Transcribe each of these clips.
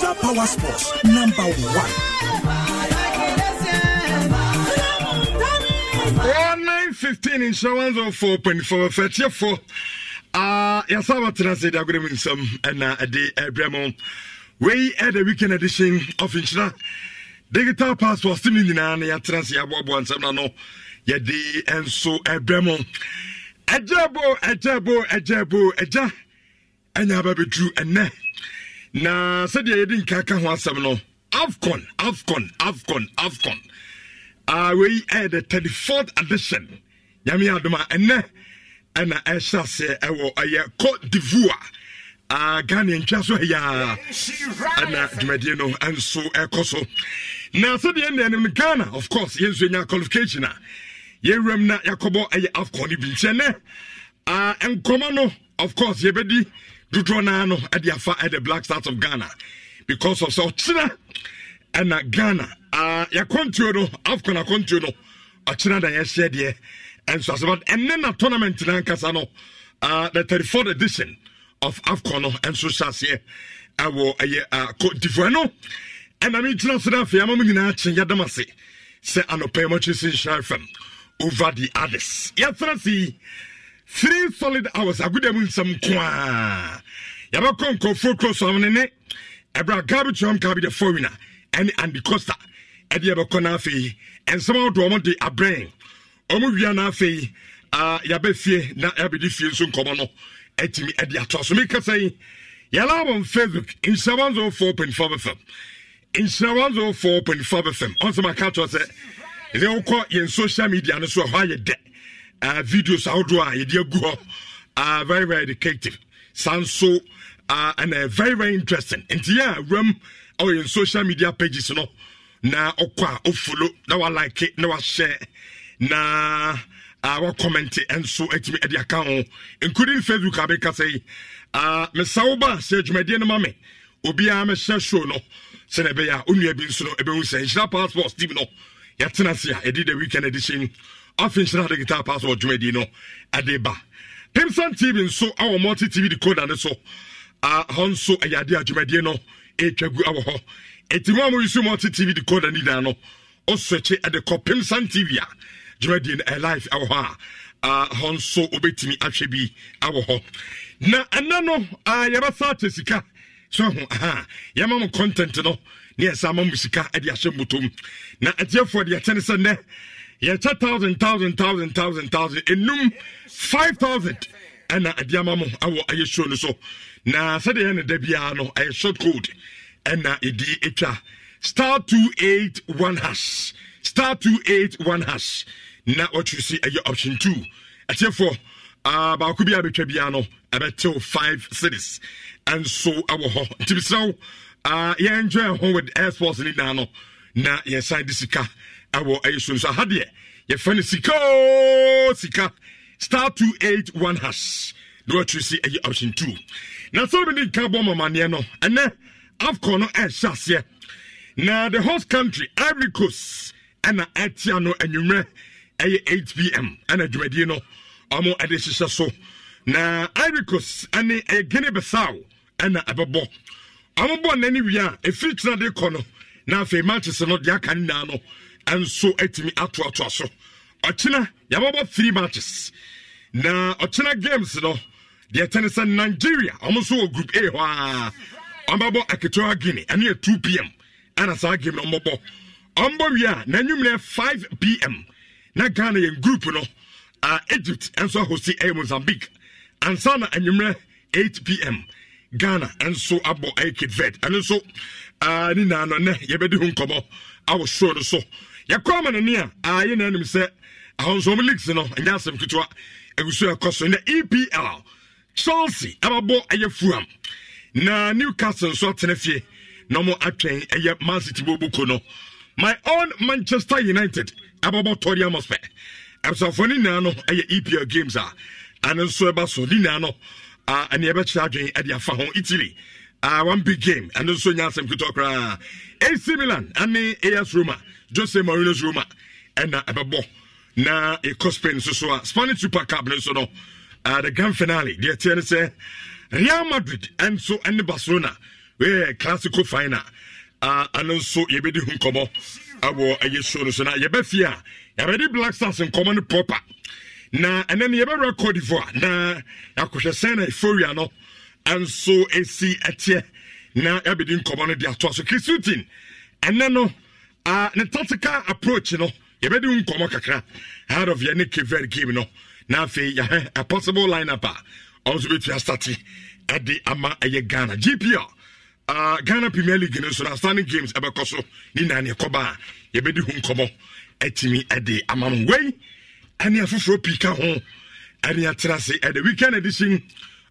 Star Power Sports, number one. One nine fifteen in Shawans of oh four point four thirty four. Ah, yes, I was the agreement some and a day Abramo. We had a weekend edition of Inchina. Digital passport still in the Nana Trans Yabo and Samano. the eh, and so Abramo. Eh, Ajabo, Ajabo, Ajabo, Aja, and Yababitru and na sɛdeɛ yɛde nka ka ho asɛm no afcon afcon afcon afcon uh, wei ɛyɛ the 34th edition nyame adom a ɛnɛ ɛna ɛhyɛ aseɛ ɛwɔ ɛyɛ cote divoire uh, ghana ntwa so ɛyɛ ɛna dwumadie no nso ɛkɔ so na sɛdeɛ ɛnɛ no ghana of course yɛnso nya qualification a yɛwuram na yɛakɔbɔ ɛyɛ afcon no uh, nkɔma no of course yɛbɛdi dodoɔ at the de at the black stars of ghana because of sɛ ɔkyena ɛna ghana uh, ah, yɛakwantuo no afcon akwantuo no ɔkyena da yɛhyɛ deɛ ɛnso asɛm ɛnɛ na tournament no ankasa no uh, the 34th edition of afcon no ɛnso hyɛ aseɛ ɛwɔ ɛyɛ kotifoɔ no ɛna menkyena so no afei ama mo nyinaa kye yɛdam ase sɛ anɔpɛ mɔkye se nhyira fam over the others yɛtena se three solid hours aguda mu nsɛm nko a yɛbɛkɔ nkɔfoɔ kuro so ne ne ɛbra garbage home garbage the foreigner ɛne andy costa ɛde yɛbɛkɔ no afei ɛnsɛm ahodoɔ ɔmo de abrɛn ɔmo wia no afei yɛbɛfie na yɛbɛdi fie nso nkɔmɔ no atumi ɛde atoa so mekasa yi yɛla wɔ facebook nhyira 104.5 fm nhyira 104.5 fm ɔnsɛm aka kyerɛ sɛ ɛsɛ wokɔ yɛn social media no so ɛhɔ ayɛ dɛ uh, ah, videos ahodoɔ a yɛde agu hɔ uh, ah, very very educative saa so uh, ah, and uh, very very interesting nti yɛ a wura mu social media pages no na ɔkɔ a ɔfolo na walike na wahyɛ na uh, wakɔmɛnte nso atumi ɛde aka ho oh. including facebook abɛkasa yi uh, mesa wo ba sɛ adwumadeɛ no ma me obiara mehyɛ show no sɛnɛ ɛbɛyɛ a onua bi nso no ɛbɛhu sɛ nhyira passport team no yɛtena se a ɛdi the weekend edition afei nhyira de guitar pass wɔ dwumadi no ɛde ba pimson tv nso awɔ multi tv decoder ne so hɔ nso ɛyɛ adeɛ a dwumadie no ɛretwa gu awɔ hɔ ɛti mu a moyusu multi tv decoder no nyinaa no ɔsɔkye ɛde kɔ pimson tv a dwumadie no ɛyɛ live awɔ hɔ a hɔ nso wobɛtumi ahwɛ bi awɔ hɔ na ɛna no yɛbɛsa akyɛ sika so ho yɛma mo content no ne yɛsa ma mo sika de ahyɛ mmotom na atiefoɔ deɛ ɛkyɛ ne sɛ nnɛ yɛkyɛ thousand thousand thousand thousand thousand enum five thousand ɛna ɛde ama mo awɔ ayɛ show no so na sɛdeɛ yɛn ne da biara no ɛyɛ short code ɛna ɛdi atwa star two eight one hash star two eight one hash na wɔtwi si ɛyɛ option two ɛtiɛfoɔ uh, ah, baako bi a bɛtwa biara no ɛbɛtew five cities ɛnso ɛwɔ hɔ nti bisiraw uh, yɛn enjoy ho with air force ne dan no na yɛn san de sika ɛwɔ ɛyɛ so nso aha deɛ yɛfɛ no sika sika star two eight one hash na wɔatwerɛ si ɛyɛ option two na sɛ obi ne nka bɔ mamaneɛ no ɛnɛ afcon no ɛhyɛ aseɛ na the host country ivory coast ɛna ɛtia no anwummerɛ ɛyɛ 8 pm ɛna dwumadie no ɔmo ɛde hyehyɛ so na ivory coast ɛne ɛyɛ guinea besaw ɛna ɛbɛbɔ ɔmo bɔ nani wie a ɛfiri kyena de kɔ no na afei manchester no deɛ aka nyinaa no nso atumi atoatoa so ɔkyena yɛbɛbɔ three matches na ɔkyena games no deɛ ɛtɛ ne sɛ nigeria ɔmo nso wɔ group a hɔ a ɔmbɛbɔ aketewa guinea ɛne yɛ two pm ɛna saa game no ɔmbɛbɔ ɔmbɔ wie a n'anim no yɛ five pm na ghana yɛn group no uh, egypt nso ahosi ɛyɛ mozambique ansa na anwummerɛ 8 pm ghana nso abɔ ɛyɛ kidved ɛno nso uh, ne naa no nɛ yɛbɛdi ho nkɔmmɔ awɔ soro no so yɛkɔ ama n'ani a ayɛ na anim sɛ ahonsom leagues no ɛnyɛ asɛm ketewa egusu ɛkɔ so na epl chelsea ababɔ ɛyɛ fulham na newcastle nso atena fie na wɔn atwɛn ɛyɛ man city no my own manchester united ababɔ tɔri amospɛ abusuafo ne nyinaa no ɛyɛ epl games a ɛne nso ɛba so ne nyinaa no a ɛne ɛbɛkyerɛ adwene ɛde afa ho italy a one big game ɛne nso nyɛ asɛm ketewa koraa ac milan ɛne as roma jose marinos roma ɛna ɛbɛbɔ na ɛkɔ spain nso so a spanish super cup no nso uh, no the grand finale deɛ teɛ no sɛ real madrid nso ne barcelona ɛyɛ classical final uh, ano nso yɛbɛdi ho nkɔmmɔ awɔ ɛyɛ show no so na yɛbɛfie a yɛbɛde black stars nkɔmmɔ no proper na ɛnɛ no yɛbɛwura cote d'ivoire na yɛakɔhwɛ sɛn na eforia no nso si ɛteɛ na yɛbɛdi nkɔmmɔ no de atoa so kristutin ɛnɛ no ne tactical approach no yɛbɛde nkɔmmɔ kakra head of yɛne caver game no na afei yɛhɛ a possible lineup a ɔnso bɛtumi asate ɛde ama ɛyɛ ghana gpl uh, ghana premier league no nso no standing games ɛbɛkɔ so ne nyinaa ne ɛkɔba a yɛbɛdi ho nkɔmmɔ atumi ɛde ama no wei ɛne afoforɔ pii ka ho ɛne atena ase ɛde weekend edition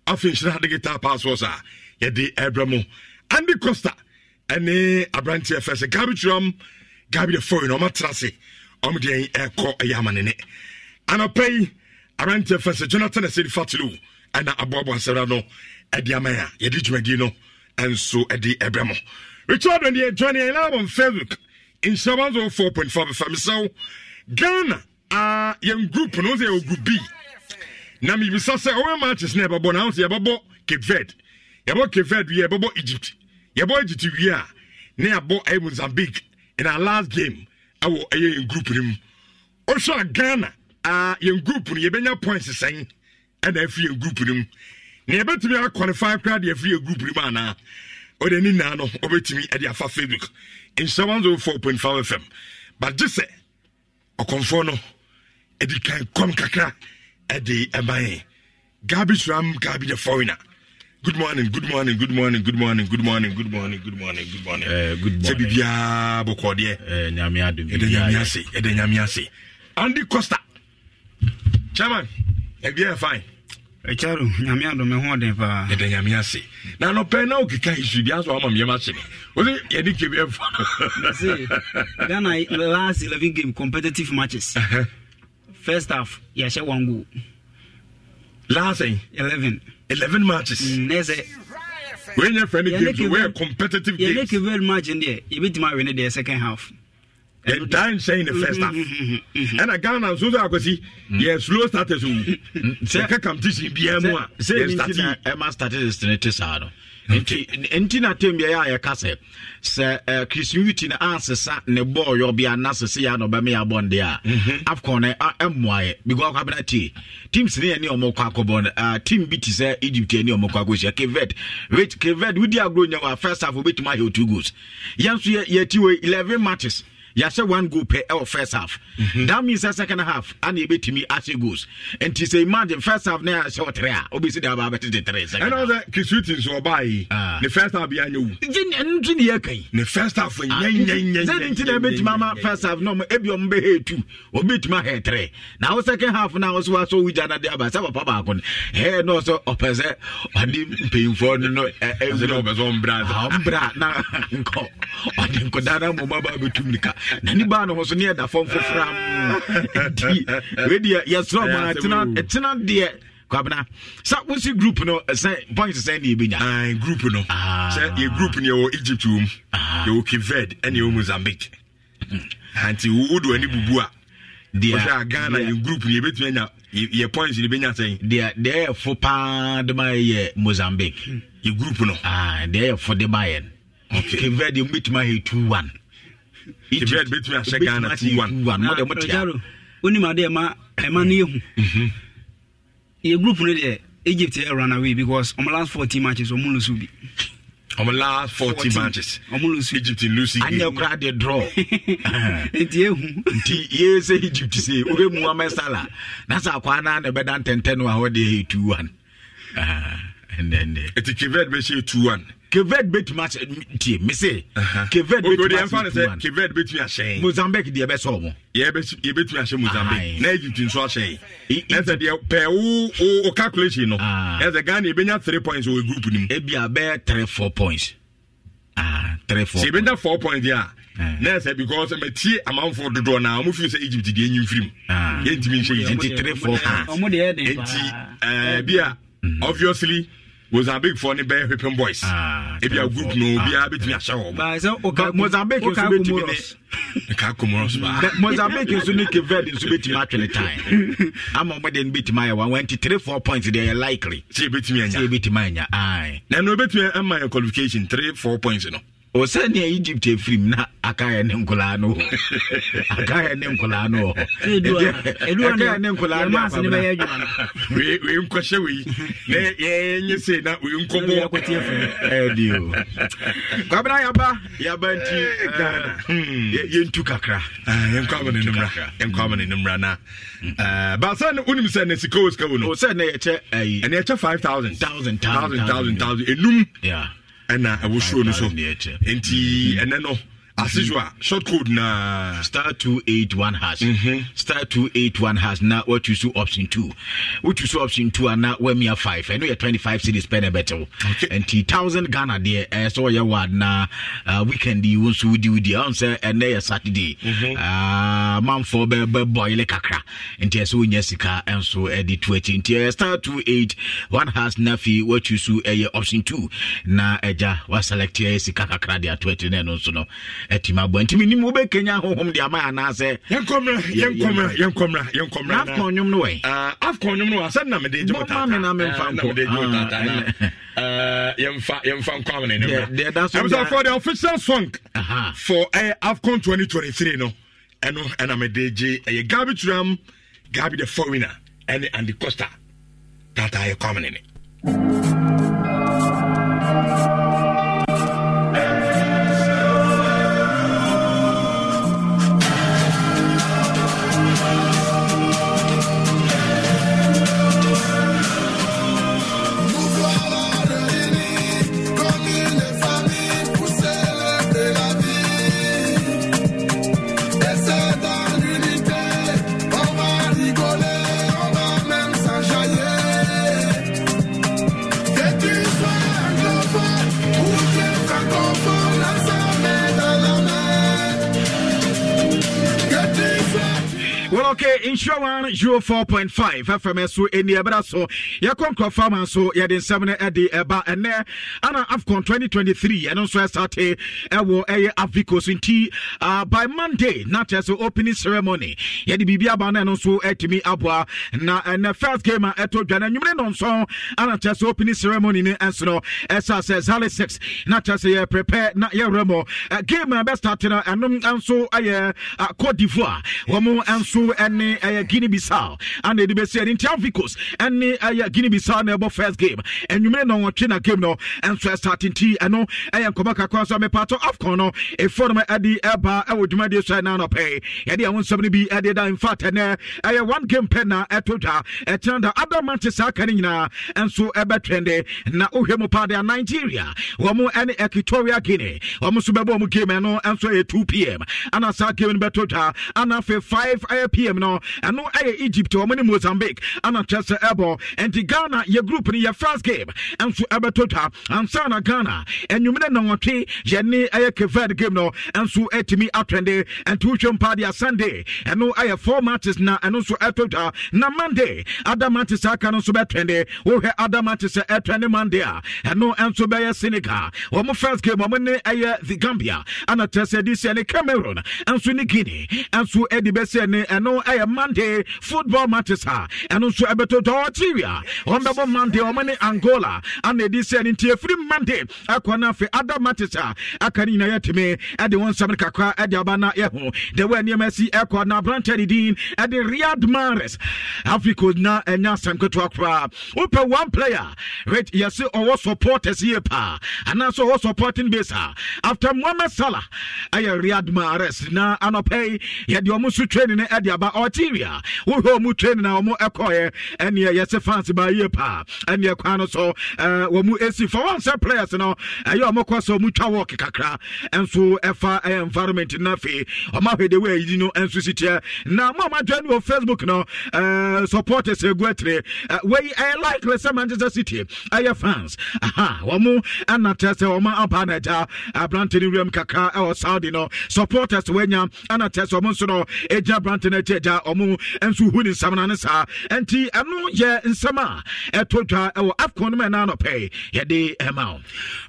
afei nhyira ade guitar passports a yɛde ɛbrɛ mu andy costa ɛne aberanteɛ fɛ sɛ gabitriam gabi the phone ɔmo atena ase ɔmo deɛ ɛkɔ ɛyɛ amanene anapa yi aberanteɛ fɛ sɛ jonathan ɛsɛ nifa tilo ɛna aboaboa asɛra no ɛde ama yɛ a yɛde dwumadie no ɛnso ɛde ɛbɛ mo richard ɔdeɛ join yɛn live on facebook nhyia one zero four point five fm sɛw ghana a yɛn group no sɛ yɛ group b na mibisa sɛ ɔwɛ matches na yɛbɛbɔ na ahosuo yɛbɛbɔ cape verde yɛbɔ cape verde wie yɛbɛbɔ egypt yɛbɔ egypt wie a na yɛbɔ ɛyɛ mozambique in our last game ɛwɔ ɛyɛ eh, group no mu ɔhwɛ ghana a yɛn group no yɛbɛnya points sɛn ɛna afiri yɛn group no mu na yɛbɛtumi akɔlifa koraa de afiri yɛn group no mu anaa ɔde ne nyinaa no ɔbɛtumi ɛde afa facebook nhyɛ one zero oh four point five fm but gye sɛ ɔkɔmfoɔ no ɛdi kan kɔm kakra ɛde ɛban gabi suram gabi the foreigner good morning good morning good morning good morning good morning good morning good morning good morning eh, good morning sɛ biribiaa bɔkɔɔdeɛ ɛdɛ nyame ase ɛdɛ nyame ase andy costa chairman ɛbiɛ yɛ fine ɛkyaro nyame adome ho ɔden paa ɛdɛ nyame ase na nɔpɛ na wokeka isu bi asɛ wama mmiɛma hye ne wo se yɛde kɛ bi last 11 game competitive matches first half yɛhyɛ one goal last 11 eleven matches. nẹsẹ. wẹ́n yẹ fẹ́ ni games o wẹ́n yẹ competitive games. yẹn lẹ́kẹ̀ well match ni dẹ ebi tí ma wẹ̀ ni dẹ second half. yɛ dan nhyɛn the first half ɛna ghana nso so akɔsi yɛ slow starters o oh. mm. sɛ yɛka competition biara mu a yɛ start uh, uh, yi. sɛ ɛma statistics ne ti saa no nti na tem biara eh, mhm. a yɛka sɛ sɛ christian wit no asesa ne bɔɔl yɛ ɔbea na sese yɛ anɔba me yɛabɔ nde a afcon no ɛmmoaeɛ because akabena tie teams ne yɛne ɔmo kɔ akɔbɔ eh, team bi te sɛ egypt yɛne ɔmo akɔhyia kevet kevet wodi agorɔ nya wɔ first half wobɛtumi ahɛ two goals yɛn nso yɛti wɔ 11 matches yɛahyɛ one goal pɛ ɛwɔ first half mm-hmm. that means sɛ second half ana yɛbɛtumi ahyɛ goals nti sɛ imagine first half na yɛahyɛ wɔ tere a wobɛsi de aba bɛtete tere ɛnɛ sɛ kisuti nso ɔbaa yi ne first half yɛanyɛ wu ɛno ne yɛka ne first half nyɛnyɛnyɛsɛne nti na ɛbɛtumi ama first half no ɛbi ɔm bɛhɛ tu ɔbɛtumi ahɛ tere na wo second half na wo so wasɔ wogya no de aba sɛ papa baako no hɛ na ɔsɛ ɔpɛ sɛ ɔde mpanyimfoɔ no no ɛwurɛ ɔmbra na nkɔ ɔde nkɔdaa no mmɔma ba bɛtum nika nani baa ne ho so ne yɛda fam foforam mm, nti wedeɛ yɛserɛ ma ɛtena deɛ kwabena sa wosi group no sɛ point sɛ ne yɛbɛnya group no ah. sɛ yɛ group ne yɛwɔ egypt wom ah. yɛwɔ kived ɛne yɛwɔ mozambique hmm. nti wodo ani bubu a deɛ ghana yɛ group no yɛbɛtumi anya yɛ points ne bɛnya sɛn deɛ deɛ yɛ fo paa de ma yɛ mozambique yɛ group no ah, deɛ yɛ fo de ma yɛ no kived yɛ mbɛtumi ayɛ 2-1 egypt betumi ahyɛ ghana two one mo de mo tia onim ade ɛma ɛma no yɛhu yɛ group no deɛ uh, egypt yɛ uh, run away because ɔmo last fourteen matches ɔmo lose bi. ɔmo last fourteen matches ɔmo lose egypt lose bi anyɛ kora de draw uh-huh. nti ehu nti yee sɛ egypt se obe mu amɛ sala na sɛ akɔ anan na ɛbɛda ntɛntɛn wa hɔ de two one. Uh-huh ɛti kevet bɛhyɛ two one kevet bɛtumi ahyɛ tie mese kevet bɛtumi ahyɛ two one Kivet kevet bɛtumi ahyɛ mozambique deɛ bɛsɛ ɔmo yɛbɛtumi ahyɛ mozambique na egypt nso ahyɛ ɛsɛ deɛ pɛ wo wo calculation no ɛsɛ ah. ghana yɛbɛnya three points wɔ group nim ebia bɛyɛ three four points ah three four sɛ yɛbɛnya e four points ya. Eh. a nɛɛsɛ because matie amanfo dodoɔ na ɔmo fi sɛ egypt deɛ ɛnyim firim yɛntumi nhyɛ yi nti three four points nti ɛɛ bia mm-hmm. obviously mozambique fɔ ne bɛɛ hwepin boys ah, ebi a group no obiara ah. bɛtumi ahyɛ wɔn. sɛ mozambique nso bɛtumi ne kaa comoros baa. mozambique nso ne cape verde nso bɛtumi atwene tan ama wɔn de bɛtumi ayɛ wɔn twenty three four points deɛ yɛ likely. sɛ ebɛtumi anya sɛ ebɛtumi anya ayi. na ɛnu ebɛtumi ama yɛ qualification three four points no. osania egypt efirim na akaya ne nkola no akaya ne nkola no akaya ne nkola A ne na se na we nkɔbɔ akɔtie fɛ ya ah, hmm. ah, hmm. ah, ba. Ya ba nti ghana kakra yɛnkɔbɔ ne nimra yɛnkɔbɔ ne nimra na na ne wonim sɛ ne sika wo sika wo no 5000 1000 1000 1000 enum ɛna ɛwɔ suro no so nti mm-hmm. ɛnɛ no asejua short code na star two eight one hash mm -hmm. star two eight one hash na wɔtu so option two wotu so option two ana wɔamia five ɛno yɛ twenty five cities pɛ na ɛbɛtew nti thousand ghana deɛ ɛyɛ sɛ wɔyɛ wad na uh, weekend yi wo nso wodi wodi ɔn sɛ ɛnɛ yɛ saturday mm-hmm. uh, manfoɔ bɛbɔile kakra nti ɛsɛ wɔnya sika ɛnso ɛde uh, to akyi nti ɛyɛ star two eight one hash na afei wɔtu so ɛyɛ option two na ɛgya waselect ɛyɛ sika kakra de ato akyi na ɛno nso no atumi aboa ntimi nim wobɛkanya honhom de ama anaasɛ yɛnkɔmmra nwom no wɛ afcon nwom no wɔ ah, asɛ na mede gyemɔma me na memfa nkɔ yɛmfa yɛmfa nkɔ amene nemra for the official song uh-huh. for uh, afcon 2023 no ɛno ɛna mede gye ɛyɛ garbage ram, garbage the foreigner and the costa tata yɛkɔ amene ne one zero four point five fm so eni ɛbɛra so yɛkɔ nkurɔfoɔ ama nso yɛde nsɛm no ɛde ɛba ɛnɛ ana afcon twenty twenty three ɛno nso ɛsate ɛwɔ ɛyɛ avico so nti uh, by monday na kyerɛ sɛ opening ceremony yɛde biribi aba no ɛno nso ɛtumi aboa na ɛnɛ first game eh, a ɛtɔ dwa no anwumere nonson ana kyerɛ sɛ opening ceremony no ɛnso no ɛsa sɛ zale six na kyerɛ sɛ yɛ prepare na yɛwerɛ mɔ game a eh, ɛbɛstarte no ɛnom um, nso ɛyɛ eh, uh, cote d'ivoire wɔn nso ɛne ɛyɛ Guinea Bissau and the best in Tiaficos and uh, Guinea Bissau never first game and you may know what China game no and so starting tea and no I am Kobaka Kwasa me part of Afcono a former Eddie Eba I would demand this right now pay Eddie I want somebody be added in fact and uh, I one game penna uh, at Tota at the other Manchester Canina and so Eba Trende eh? na Uhemo oh, oh, Pada Nigeria Wamu and Equatorial Guinea Wamu Subabo game and eh, no and so 2 p.m. and I saw game in better and after 5 p.m. no and no am egypt wɔn ne mozambique a kyerɛ sɛ and the ghana yɛ group in your first game nso ɛbɛtɔ I am Sana ghana And you enyimire nɔnwɔtwe yɛ ne ɛyɛ kevard game no nso ɛtumi atwende nti wotwe party adeɛ sunday ɛno ɛyɛ four matches na ɛno nso ɛtɔ twa na monday adam matches aka no nso bɛtwende wohwɛ adam matches ɛtwende monday a ɛno nso bɛyɛ senegal my first game wɔn ne ɛyɛ the gambia ɛna kyerɛ sɛ de sɛ cameroon nso ne guinea nso ɛde bɛsɛ ne ɛno ɛyɛ monday football matches ha ɛno nso to ɔkyiwi a ɔmbɛbɔ Monday ɔmo ne Angola ana edi sɛ ne nti efiri Monday akɔ na afei ada matches a aka ne nyinaa yɛtumi ɛde wɔn nsɛm kakra ɛde aba na yɛho deɛ wɔn nneɛma si ɛkɔ na aberante ne din ɛde Riyad Mahrez Africa na ɛnya asɛm ketewa koraa wopɛ one player rich yɛsi ɔwɔ supporters yie paa anaasɛ ɔwɔ supporting base a after Mohamed Salah ɛyɛ Riyad Mahrez na anɔpɛ yi yɛde ɔmo nso training ne ne ɛde aba ɔkyiwi a wohwɛ ɔmu train na ɔmo ɛkɔɛ ɛneɛ yɛse fans ba yie paa ɛneɛ kwan no so wɔ mu ɛsi fa wɔn sɛ players no ɛyɛ ɔmo kɔ sɛ ɔmo twa wɔɔke kakra ɛnso ɛfa ɛyɛ environment no afei ɔmo ahwɛ de wɔ ayi no ɛnso si teɛ na mo a madwa no wɔ facebook no supporters egu atire wɔyi ɛyɛ like sɛ manchester city ɛyɛ fans wɔn ɛnatɛ sɛ wɔn aba na ɛgya aberante no wiam kakra ɛwɔ saudi no supporters wɔanya ɛnatɛ sɛ wɔn nso no ɛgyina aberante no akyi ɛgya wɔn nso hu ne nsɛm no and saa ɛnti ɛno in nsɛm a ɛtɔ dwa afcon no ma ɛna anɔpɛ yɛde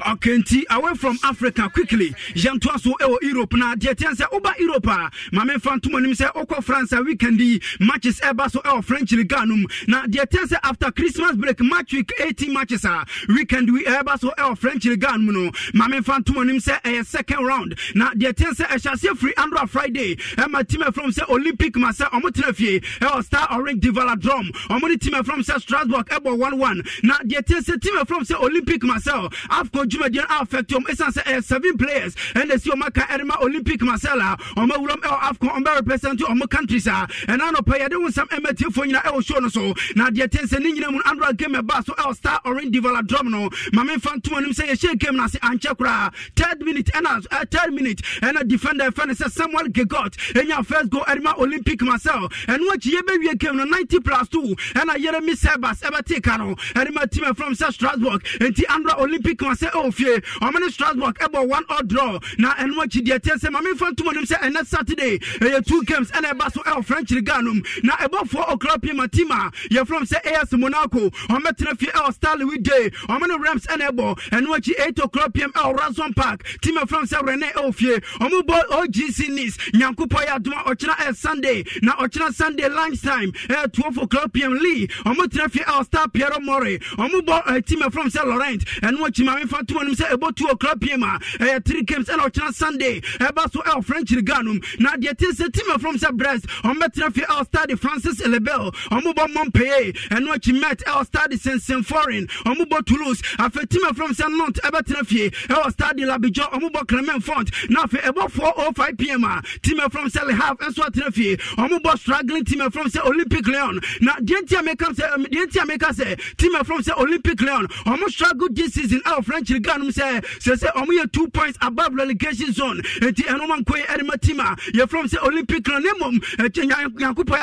okay away from africa quickly yɛntoa so ɛwɔ europe na deɛ uba sɛ woba europe fan ma memfa ntom oko france a weekend matches ɛba so ɛwɔ french liga na deɛ teɛ after christmas break match week 18 matches a weekend we ɛba so ɛwɔ french liga no mu fan ma memfa ntom anim second round na deɛ teɛ sɛ ɛhyɛ aseɛ free andra friday My team from say olympic ma sɛ fie ɛwɔ star orange divala drum ɔmo ne team ɛfrɔm sɛ strasbourg ɛbɔ one one na deɛ tie sɛ team ɛfrɔm sɛ olympic marcel afcon dwumadie affect ɔm ɛsan sɛ ɛyɛ seven players ɛna esi ɔmo aka ɛrema olympic marcel a ɔmo awuram ɛwɔ afcon ɔmo represent ɔmo countries a ɛna anɔpɛ yɛde wɔn nsɛm ɛmɛ tie fo nyinaa ɛwɔ show no so na deɛ tie sɛ ne nyinaa mu no andra game ɛba so ɛwɔ star orange divala drum no maame nfa ntoma nim sɛ yɛhyɛ game na ase ankyɛ koraa third minute ɛna third minute ɛna defender ɛfɛ no sɛ samuel gegot ɛnya first goal ɛrema olympic marcel ɛno akyi yɛbɛwie kam no ninety plus 2 ɛna yeremi sebas ɛbɛte ka no ɛne ma team from sɛ strasbourg enti andra olympic ma sɛ ɛwɔfie ɔmane strasbourg ɛbɔ one or draw na ɛno akyi deɛ teɛ sɛ mamemfa ntom anim sɛ ɛnɛ saturday ɛyɛ two games ɛna ɛba so ɛwɔ french liga nom na ɛbɔfoɔ ɔkra pie ma team a from sɛ as monaco ɔmɛtena fie ɛwɔ star lewi day ɔmane rams ɛna ɛbɔ ɛno akyi 8 o'clock pm ɛwɔ rason park team from sɛ rene ɛwɔ fie ɔmobɔ ogc nis nyankopɔn yɛ adoma ɔkyena ɛ sunday na ɔkyena sunday lunchtime uh, eh, 12 o'clock pm lee ɔmo tena fie a ɔstar piero mori ɔmo bɔ a eh, team from Saint laurent And akyi maame fa to anim sɛ about 2 o'clock pm a ɛyɛ 3 games ɛna ɔkyena sunday ɛba so ɛwɔ french liga nom um, na deɛ te sɛ team from saint brest ɔmo bɛtena fie a ɔstar de francis lebel ɔmo bɔ montpellier And ɛno akyi met ɛwɔ star de sensen foreign ɔmo bɔ toulouse afei team from saint nant ɛbɛtena fie ɛwɔ star de labidjan ɔmo bɔ clement font na afei ɛbɔ 4 05 pm a team from sɛ le half nso atena fie ɔmo bɔ strag struggling team from say Olympic Leon. Now dear tia say um, dear tia say team from say Olympic Leon. Omo struggle this season our French league and say say say omo ye points above relegation zone. Enti eno man kwe edema team ye from say Olympic Leon nemom enti yankupo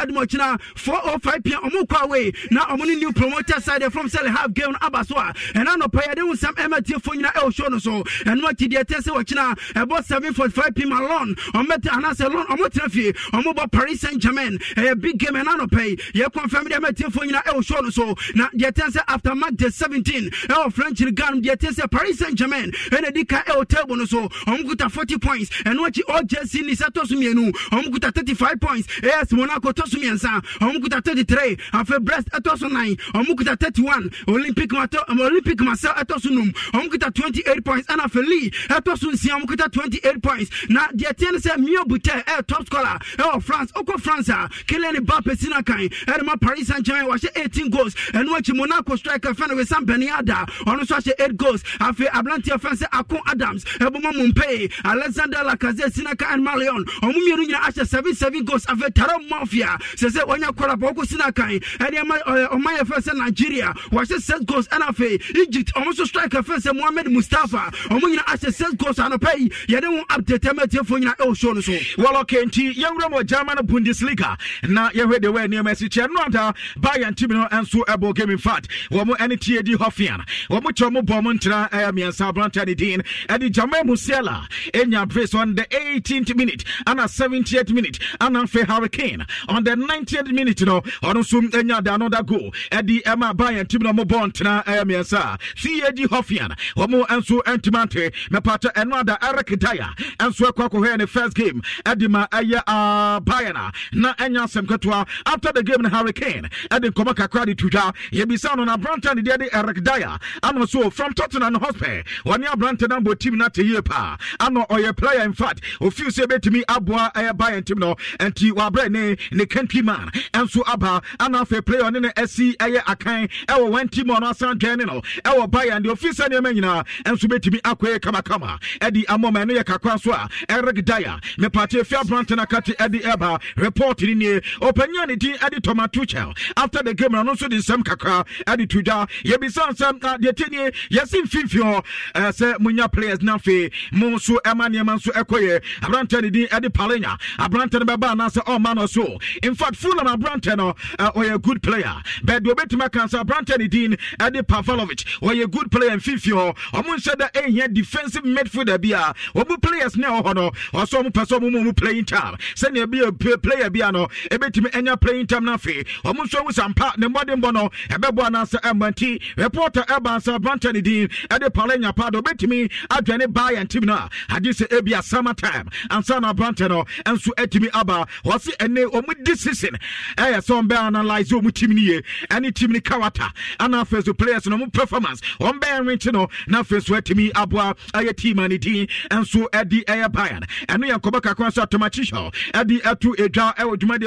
or 5 pm omo kwa Now omo ni new promoter side from say half game abasoa. And ano pa ye de unsam emetie fo nyina e show no so. Eno akidi ete say wachina about 7:45 pm alone. Omo anase alone omo trafie omo ba Paris Saint-Germain ɛyɛ big game ɛna anɔpɛ yi yɛ confirm deɛ mɛtiefoɔ nyina ɛwɔ show no so na deɛ ten sɛ after match day seventeen. ɛwɔ french league no deɛ ten sɛ paris saint germain ɛna di ka ɛwɔ table no so ɔmo kuta forty points ɛno akyi ɔgyesi ni sɛ tɔ so mmienu ɔmo kuta five points as monaco tɔ so mmiɛnsa ɔmo kuta 33 afei brest breast so 9 ɔmo kuta 31 olympic mato um, olympic marcel ɛtɔ so num ɔmo kuta 28 points ɛna afei lee ɛtɔ so nsia ɔmo kuta eight points na deɛ ten sɛ mio butɛ ɛyɛ top scholar ɛwɔ oh, france ɔkɔ france a Kylian Mbappe si na kan ɛna ma Paris Saint-Germain wahyɛ 18 goals ɛnu akyi Monaco striker fɛn wɛ san bɛni ada ɔno nso ahyɛ 8 goals afei aberanteɛ fɛn sɛ Akon Adams ɛbɔmɔ Mumpay Alexander Lacazette si na kan ɛna ma Leon ɔmo mmienu nyinaa ahyɛ 7 7 goals afei Taro Mafia sɛ sɛ wɔnyɛ kɔla bɔ ɔkɔ si na kan ɛna ma ɔman yɛ fɛn sɛ Nigeria wahyɛ 6 goals ɛna afei Egypt ɔmo nso striker fɛn sɛ Mohamed Mustafa ɔmo nyinaa ahyɛ 6 goals anɔpɛ yi yɛde wɔn update ɛmɛ tiɛ fo nyinaa ɛwɔ show no so. wɔlɔkɛ nti yɛwura mɔ German Bundesliga na yɛhwɛ deɛ wɔ nneɛma asi kyɛ no ada bayɛn timi no nso ɛbɔ game fat fact wɔn ɛne tiedi hofian wɔn kyɛ wɔn bɔ wɔn ntena ɛyɛ mmiɛnsa aberante ne din ɛde jamal musiala enya brace on the 18th minute ana 70th minute ana afei hurricane on the 90th minute no ɔno nso enya de another goal ɛde ɛma bayɛn timi no wɔn bɔ ntena ɛyɛ mmiɛnsa tiedi hofian wɔn nso ntoma ante mɛpata ɛno ada eric dyer nso ɛkɔ akɔhɛ ne first game ɛde ma ɛyɛ uh, ah, bayɛn na ɛnya anya asɛm ketewa after the game no hurricane ɛde nkɔmmɔ kakra de tutwa yɛbisa no na abranta ne deɛ de eric dyer ano so from tottenham hospital wɔne abranta no abɔ team no ate yie paa ano ɔyɛ player in fact ofiu sɛ bɛtumi aboa ɛyɛ bayern team no nti wabrɛ ne ne country man ɛnso aba ana afei player ne ne ɛsi ɛyɛ akan ɛwɔ wɔn team ɔno asan dwɛn ne no ɛwɔ bayern deɛ ofiu sɛ nneɛma nyinaa ɛnso bɛtumi akɔyɛ kamakama ɛde amɔma ɛno yɛ kakra so a eric dyer mepateɛ fi abranta no akate ɛde ɛba report ne yie ɔpanyin ne din de tɔma tuchel after the game no nso de nsɛm kakra de tuja. dwa yɛbisa nsɛm deɛ tenie yɛse mfimfini hɔ eh, sɛ monya players no afei mo nso ɛma nneɛma nso ɛkɔyɛ aberantɛ ne din de palenya aberantɛ no bɛba anaasɛ ɔma no so infact fulham aberantɛ no eh, ɔyɛ good player but deɛ obɛtumi aka nso aberantɛ ne din de pavalovic ɔyɛ good player mfimfini hɔ ɔmo nhyɛ da ɛhia defensive midfielder bi a ɔmo players ne ɛwɔ hɔ no ɔsɛ ɔmo pɛ sɛ ɔmo mu ɔmo playing time sɛnea bi yɛ player bi a no ɛbɛtumi ɛnya playin time no afei ɔmo nso ahu sampa ne mmɔdemmɔ no ɛbɛboa anaasɛ ɛmma nti reporter ɛbansa branta ne din ɛde pala nya paa dɛ ɔbɛtumi adwane baa yɛn no a agye sɛ ebia summer time ansa na branta no ɛnso atumi aba wɔse ɛne ɔmo di season ɛyɛ sɛ ɔmbɛ analyse ɔmo tim no yie ɛne tim no kawata ana afei so players no ɔmo performance ɔmbɛɛ nwenkye no na afei so atumi aboa ɛyɛ team a ne din ɛnso ɛde ɛyɛ bayan ɛno yɛ nkɔbɔ kakra sɛ atomakyihyɛ ɛde ɛto adwa ɛwɔ dwumadi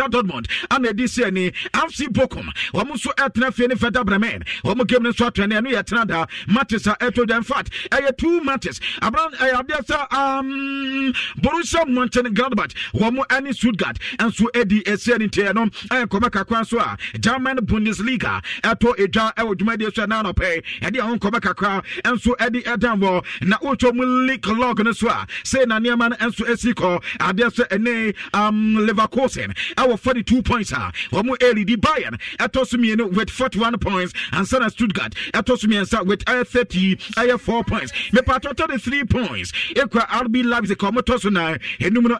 Borussia Dortmund ana ɛdi sɛ ni AFC Bochum wɔn so ɛtena fie ne Bremen wɔn game no nso atwene ɛno yɛ da matches a ɛto dɛm fat ɛyɛ two matches abran ɛyɛ adeɛ um, Borussia Mönchengladbach wɔn any Stuttgart nso ɛdi ɛsɛ ne ntiɛ no ɛyɛ nkɔmɛ kakra nso a German Bundesliga ɛtɔ edwa ɛwɔ dwumadie so ɛnan nɔpɛ ɛde ɛho nkɔmɛ kakra nso ɛde ɛdan wɔ na wotwa mu log no so a sɛ na nneɛma no nso ɛsi kɔ adeɛ um, Leverkusen 42 points a wɔn ɛredi bayern ɛtɔ with 41 points And stuttgart ɛtɔ so mmiɛnsa with ɛyɛ 30 have 4 points Me tɔ de 3 points Equa rb leipzig wɔn tɔ so na enum no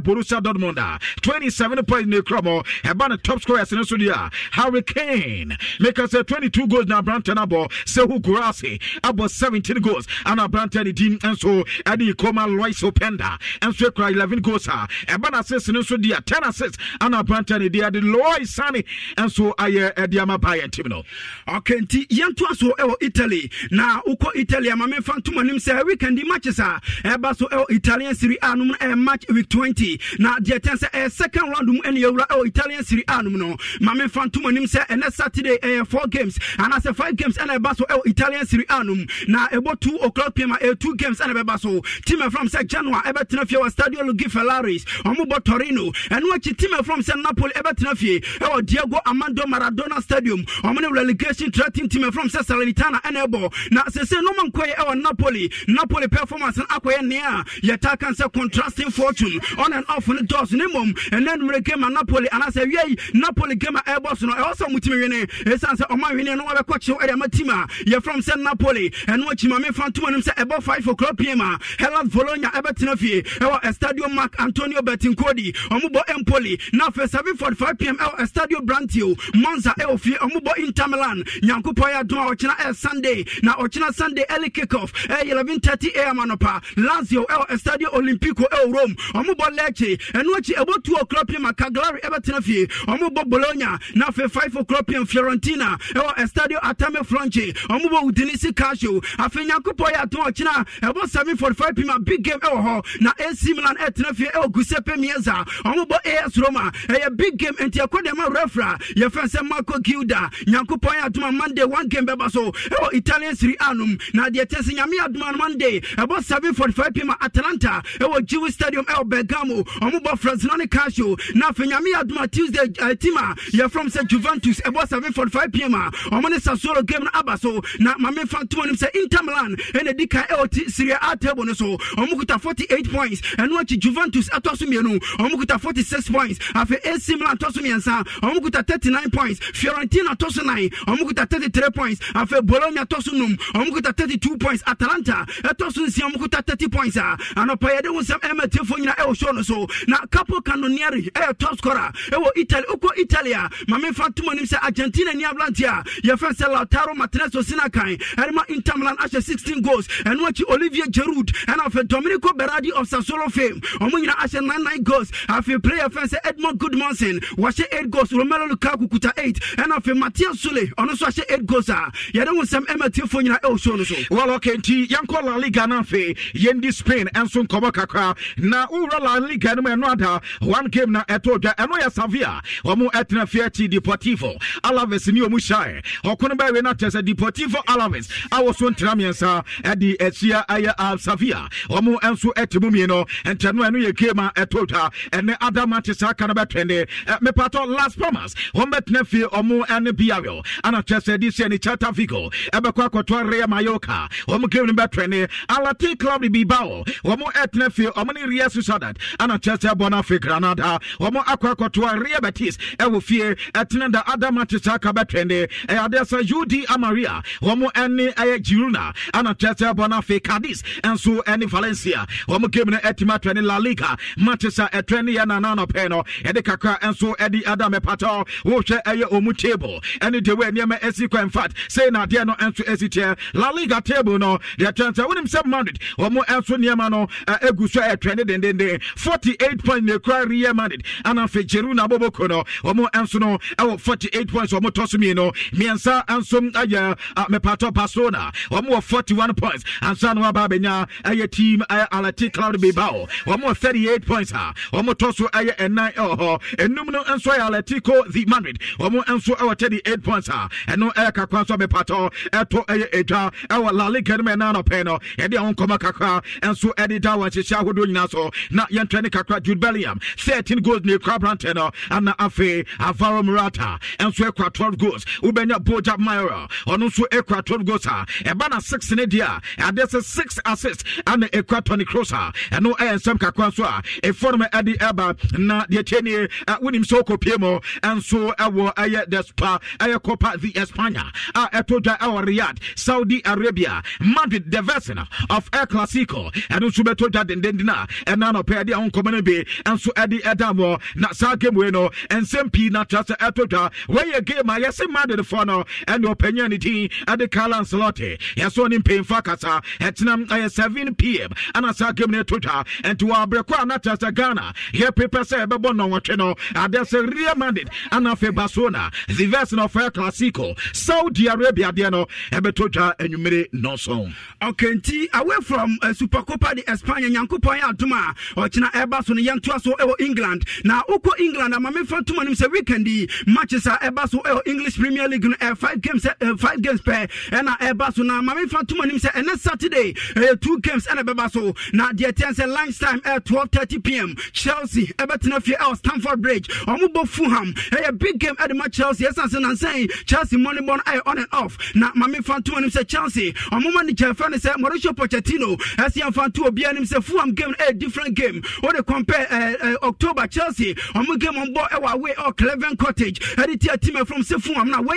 borussia dortmund 27 points in the mo ɛba top scorer in so deɛ harry kane meka sɛ 22 goals na aberanteɛ no sehu kurase about 17 goals ana aberanteɛ Dean din nso ɛde ikoma lois openda and ekura 11 goals a ɛba in assist ne 10 assists ana abranta ne deɛ de lɔɔi and nso ayɛ ɛde ama baa yɛn tim no okay nti yɛntoa so ɛwɔ eh, oh, italy na wokɔ italy ama memfa ntom anim sɛ weekend matches eh, eh, oh, a ɛba so ɛwɔ italian siri a nom no match week 20 na deɛ ɛkyɛn sɛ ɛyɛ second round mu ɛne yɛwura ɛwɔ oh, italian siri a nom no ma memfa ntom anim sɛ ɛnɛ saturday ɛyɛ four games anaasɛ five games ɛna ɛba so ɛwɔ italian siri a nom na ɛbɔ two o'clock pm a ɛyɛ two games ɛna ɛbɛba so team ɛfram sɛ genoa ɛbɛtena fie wɔ stadio lugi felaris ɔmobɔ torino ɛno akyi team from San Napoli ɛbɛtena fie ɛwɔ Diego Armando Maradona Stadium ɔmo ne relegation threatening team from sɛ Salernitana ɛna ɛbɔ na sese noma nkɔyɛ ɛwɔ Napoli Napoli performance no akɔyɛ nea yɛta kan sɛ contrasting fortune on and off ne dɔs ne mom ɛnɛ numere game Napoli and I say yi Napoli game a ɛbɔ so no ɛwɔ sɛ ɔmo timi wene ɛsan sɛ ɔmo awene no wɔbɛkɔ kyew ɛde ama team a yɛ from sɛ Napoli ɛno akyi maame fa ntoma nim say ɛbɔ five o'clock pm a Hellas Bologna ɛbɛtena fie ɛwɔ Estadio Marc Antonio Bettincodi ɔmo bɔ Empoli na afei 745pm ɛwɔ stadio brantio monza ɛwɔ eh, fie ɔmobɔ inter milan nyankopɔn yɛ adom a ɔkyena ɛyɛ eh, sunday na ɔkyena sunday early kickoff ɛyɛ eh, thirty am anɔpa lazio ɛwɔ stadio olympico ɛwɔ rome ɔmobɔ lecce ɛno akyi ɛbɔ two o'clock pm a ah, caglari ɛbɛtena fie ɔmobɔ bologna na afei five o'clock pm fiorentina ɛwɔ stadio atame fronche ɔmobɔ udinisi casio afei nyankopɔn yɛ adom a ɔkyena ɛbɔ five pm a ah, big game ɛwɔ hɔ na ac milan ɛtena fie ɛwɔ gusepe mieza ɔmobɔ as roma a ɛyɛ big game nti ɛkɔ deɛ ma refra yɛfɛn sɛ marco gilda nyankopɔn yɛ adoma monday one game bɛba so ɛwɔ italian siri anom na deɛ tɛ sɛ nyame adoma monday ɛbɔ 745 pm atalanta ɛwɔ jew stadium ɛwɔ bergamo ɔmobɔ fresnone casio na afei nyame adoma tuesday eh, team a yɛfrɔm sɛ juventus ɛbɔ 745 pm a ɔmo ne sassuolo game no aba so na mamefa ntom anim sɛ inter milan ɛna di kan ɛwɔ serie a table no so ɔmo kuta 48 points ɛno akyi juventus ɛtɔ so mmienu ɔmo kuta 46 points afei AC Milan tɔ so mmiɛnsa ɔmo kuta thirty nine points Fiorentina tɔ so nine ɔmo kuta thirty three points afei Bologna tɔ so num ɔmo kuta thirty two points Atalanta ɛtɔ so nsia ɔmo kuta thirty points a anɔpa yɛde ho nsɛm ɛma tiefo nyina ɛwɔ show no so na Capo Cannonieri ɛyɛ top scorer ɛwɔ Italy okɔ Italy a maame fa tum anim sɛ Argentina ni aberante a yɛfɛ sɛ Lautaro Martinez osina kan ɛde Inter Milan ahyɛ sixteen goals ɛno akyi Olivier Giroud ɛna afei Domenico Berardi of Sassuolo fame ɔmo nyina ahyɛ nine nine goals afei player fɛn sɛ Edmond Mark Goodmanson wɔhyɛ eight goals Romelu Lukaku kuta eight ɛna afei Matias Sule ɔno oh, nso ahyɛ eight goals a yɛde wɔn nsɛm ɛma tiefoɔ nyinaa ɛwɔ show no so. wɔlɔ kɛntì yɛnkɔ La Liga no afei yɛndi Spain ɛnso nkɔmɔ kakra na wura La Liga no mu ɛno ada one game na ɛtɔ dwa ɛno yɛ Sevilla wɔn ɛtena fie akyi Deportivo Alaves ni wɔn hyɛ ɔkono bɛɛ wei na kyɛ sɛ Deportivo Alaves awɔ so ntena mmiɛnsa ɛde ahyia ayɛ Sevilla wɔn nso ɛte mu mmienu ɛntɛno ɛno yɛ game a ɛtɔ dwa ɛne Adam ate saa kan no bɛtwɛne mepatɔ las promise. wɔn bɛtena fie ɔmo ne biawel ana kyerɛ sɛ de sɛ ne chata vigo ɛbɛkɔ akɔtɔ Ria mayoka wɔn game no bɛtwɛne alate club de bilbao wɔn ɛtena fie ɔmo ne ria susadat ana kyerɛ sɛ bɔ no afe granada wɔn akɔ akɔtɔ Ria betis ɛwɔ fie ɛtena da adamate saa ka bɛtwɛne ɛyade sɛ ud amaria wɔn ne ɛyɛ girona ana kyerɛ sɛ bɔ no afe cadiz nso ne valencia wɔn game no ɛtumi atwɛne la liga matisa ɛtwɛne yɛ nana nɔpɛ no ɛde kakra nso ɛde ada pato wohwɛ ɛyɛ ɔmu table ɛne de wɛ nneɛma ɛsi kɔ mfat sei na adeɛ no nso ɛsi teɛ la liga table no deɛ kyɛn sɛ wonim sɛ madrid ɔmo nso nneɛma no ɛgu so ɛtwɛ ne dendenden 48 point na ɛkura reyɛ madrid ana afei jeru na boboko no ɔmo nso no ɛwɔ 48 points ɔmo tɔ so mii no mmiɛnsa nso ayɛ mɛpatɔ barcelona ɔmo wɔ 41 points ansa no aba abɛnya ɛyɛ team ɛyɛ alati cloud bilbao ɔmo wɔ 38 points a ɔmo tɔ so ɛyɛ ɛnan ɛwɔ wɔ hɔ enum no nso yɛ aletico the madrid wɔn nso wɔ eight points a ɛno ɛyɛ kakra nso abɛpatɔ ɛtɔ ɛyɛ edwa ɛwɔ la liga no mu ɛnan ɔpɛn no yɛde àwọn nkɔmɔ kakra enso ɛde da wɔn nhyehyɛ ahodoɔ nyinaa so na yɛntwɛ ne kakra jude bellingham thirteen goals na ekura aberante no ana afei avaro murata nso ekura twelve goals wobɛnya boja mayora ɔno nso ekura twelve goals a ɛba na six ne deɛ ade sɛ six assist ana ekura tony cross a ɛno ɛyɛ nsɛm kakra nso a efɔnum ɛde ɛba na deɛ sɛne wonim sɛ wokɔpie mu ɛnso ɛwɔ ɛyɛ the spa uh, copa the espana a ɛto dwa ɛwɔ saudi arabia madrid the vessel of el clasico And nso bɛto dwa dendenden na ɛna nɔpɛ ɛde a wo nkɔmɔ be bi ɛnso ɛde ɛda na saa game wei no ɛnsɛm pii na tra sɛ ɛto dwa wɔyɛ game a yɛse madridfoɔ no ɛne ɔpanyɛ ne din ɛde carl ancelotti yɛsɛ ne mpanyimfoɔ uh, akasa ɛtenam ɛyɛ uh, 7 pm ana saa game no ɛto dwa ɛnti wɔ a na tra ghana Here sɛ ɛbɛbɔ no na wɔtwe no adeɛ sɛ Real Madrid ana afei Barcelona the verse no ɔfɛ Clasico Saudi Arabia deɛ no ɛbɛtɔ dwa anwumere nɔsɔn. okay nti away from uh, Supercopa de España nyankopɔn adum a ɔkyena ɛba so no yɛntoa so ɛwɔ England na wokɔ England ama mefa tuma nim sɛ weekend yi matches a ɛba so ɛwɔ English Premier League no ɛ eh, five games ɛ eh, five games pɛ ɛna ɛba so na ama mefa tuma nim sɛ ɛnɛ Saturday ɛyɛ two games ɛna ɛbɛba so na deɛ tiɛn sɛ lunch time ɛ twelve thirty pm Chelsea ɛbɛtena fie ɛwɔ. Wales, Stamford Bridge, Omubo Fulham, hey, a big game at the match Chelsea, yes, I'm saying Chelsea money born air on and off. Now, main fan two and him say Chelsea, Omumani Chafan say Mauricio Pochettino, as young fan two, be and him say Fulham game a eh, different game. What they compare uh, uh, October Chelsea, I'm game on board our way or Cleven Cottage, a team from Sefum, now way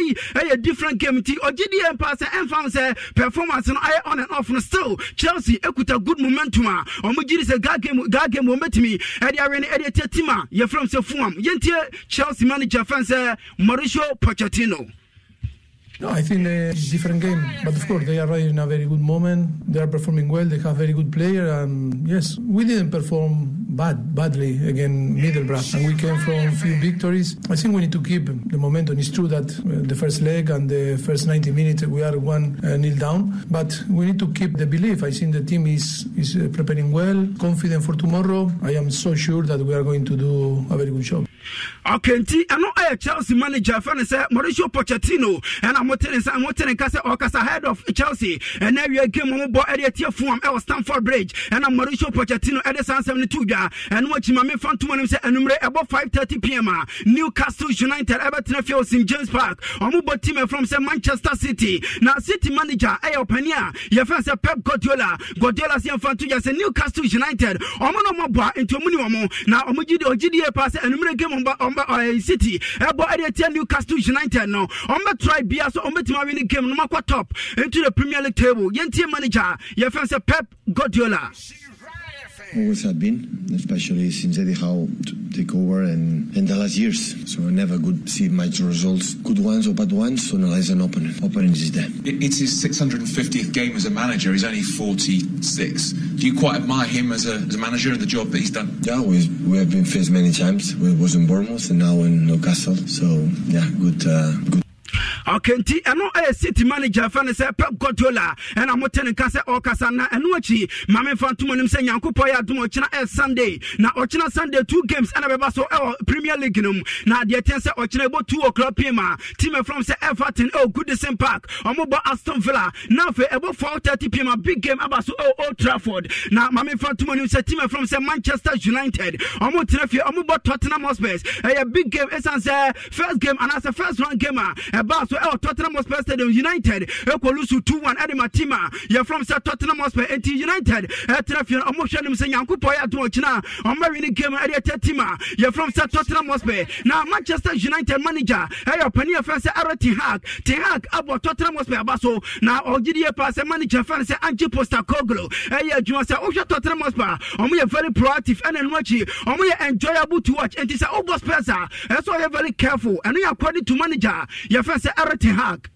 a different game. T or GDM pass and fan say performance and on and off. And still, Chelsea, a good momentum. Ah. Omu Giri say God game, God game will meet me, Eddie Arena, Eddie Tima, ah. yeah. yɛfrɛ m sɛ fuam yɛntie chelsea manager fɛn sɛ mauricio pochettino No, I think uh, it's a different game. But of course, they are in a very good moment. They are performing well. They have very good player. And yes, we didn't perform bad badly against Middlesbrough, and we came from few victories. I think we need to keep the momentum. It's true that uh, the first leg and the first 90 minutes we are one uh, nil down, but we need to keep the belief. I think the team is is uh, preparing well, confident for tomorrow. I am so sure that we are going to do a very good job. Okay, nti ɛno Chelsea manager fɛn sɛ Mauricio Pochettino I'm. motene nsa motene nka sɛ ɔkasa head of chelsea ɛnɛ awia game a mobɔ ɛde atie fuam ɛwɔ stamford bridge ɛna mauricio pochettino ɛde saa nsɛm no to dwa ɛno akyima memfa ntoma nom sɛ anummerɛ ɛbɔ 530 pm a newcastle united ɛbɛtena fie wɔ st james park ɔmobɔ team ɛfrɔm sɛ manchester city na city manager ɛyɛ ɔpani a yɛfɛn sɛ pep guardiola guardiola sɛ yɛmfa nto dwa sɛ newcastle united ɔmo no mɔboa nti ɔmu ne ɔmo na ɔmo gyidi ɔgyidie paa sɛ anummerɛ game ɔmba city ɛbɔ ɛde atia newcastle united no ɔmbɛtrae bia sɛ ɔmbɛtumi awe ne game no makɔ top into the premier league table yɛntie manager a yɛfɛn sɛ pep guardiola always have been, especially since Eddie Howe took over and in the last years. So I never could see much results, good ones or bad ones. So now there's an opponent. Opponent is there. It's his 650th game as a manager. He's only 46. Do you quite admire him as a, as a manager and the job that he's done? Yeah, we, we have been faced many times. We was in Bournemouth and now in Newcastle. So yeah, good, uh, good okay nti ɛno ɛyɛ eh, city manager fɛ no sɛ pep godola ɛna mote ne nka sɛ ɔkasa na ɛno akyi mame mfa ntom anim sɛ nyankopɔn yɛ adom ɔkyena ɛyɛ eh, sunday na ɔkyena sunday two games ɛna bɛba so ɛwɔ eh, premier league no mu na deɛ ten sɛ ɔkyena ɛbɔ two o'clock pm a team ɛfrɔm sɛ everton ɛwɔ oh, goodison park ɔmobɔ aston villa na afei ɛbɔ four thirty pm a big game aba so ɛwɔ oh, old trafford na mame mfa ntom anim sɛ team ɛfrɔm sɛ manchester united ɔmotena fie ɔmobɔ tottenham hotspurs ɛyɛ big game ɛsiane sɛ first game anaasɛ first round game a ah. ɛbaa so ɛwɔ tottenham hotspur stadium united ɛkɔlu so 2-1 ɛde ma team a yɛfrɔm sɛ tottenham hotspur enti united ɛtena fie no ɔmohwɛ nom sɛ nyankopɔn yɛ adom ɔkyena a ɔmmawi ne game ɛde ɛtɛ team a yɛfrɔm sɛ tottenham hotspur na manchester united manager ɛyɛ ɔpani ɛfɛ sɛ ɛrɛ ten hag ten hag abɔ tottenham hotspur aba so na ɔgyedie paa sɛ manager fɛ no sɛ poster postacoglo ɛyɛ adwuma sɛ wohwɛ tottenham hotspur a ɔmo yɛ very proactive ɛna ɛno akyi ɔmo yɛ enjoyable to watch enti sɛ wobɔ spurs a ɛsɛ ɔyɛ very careful ɛno according to manager yɛfɛ سأرتي هاك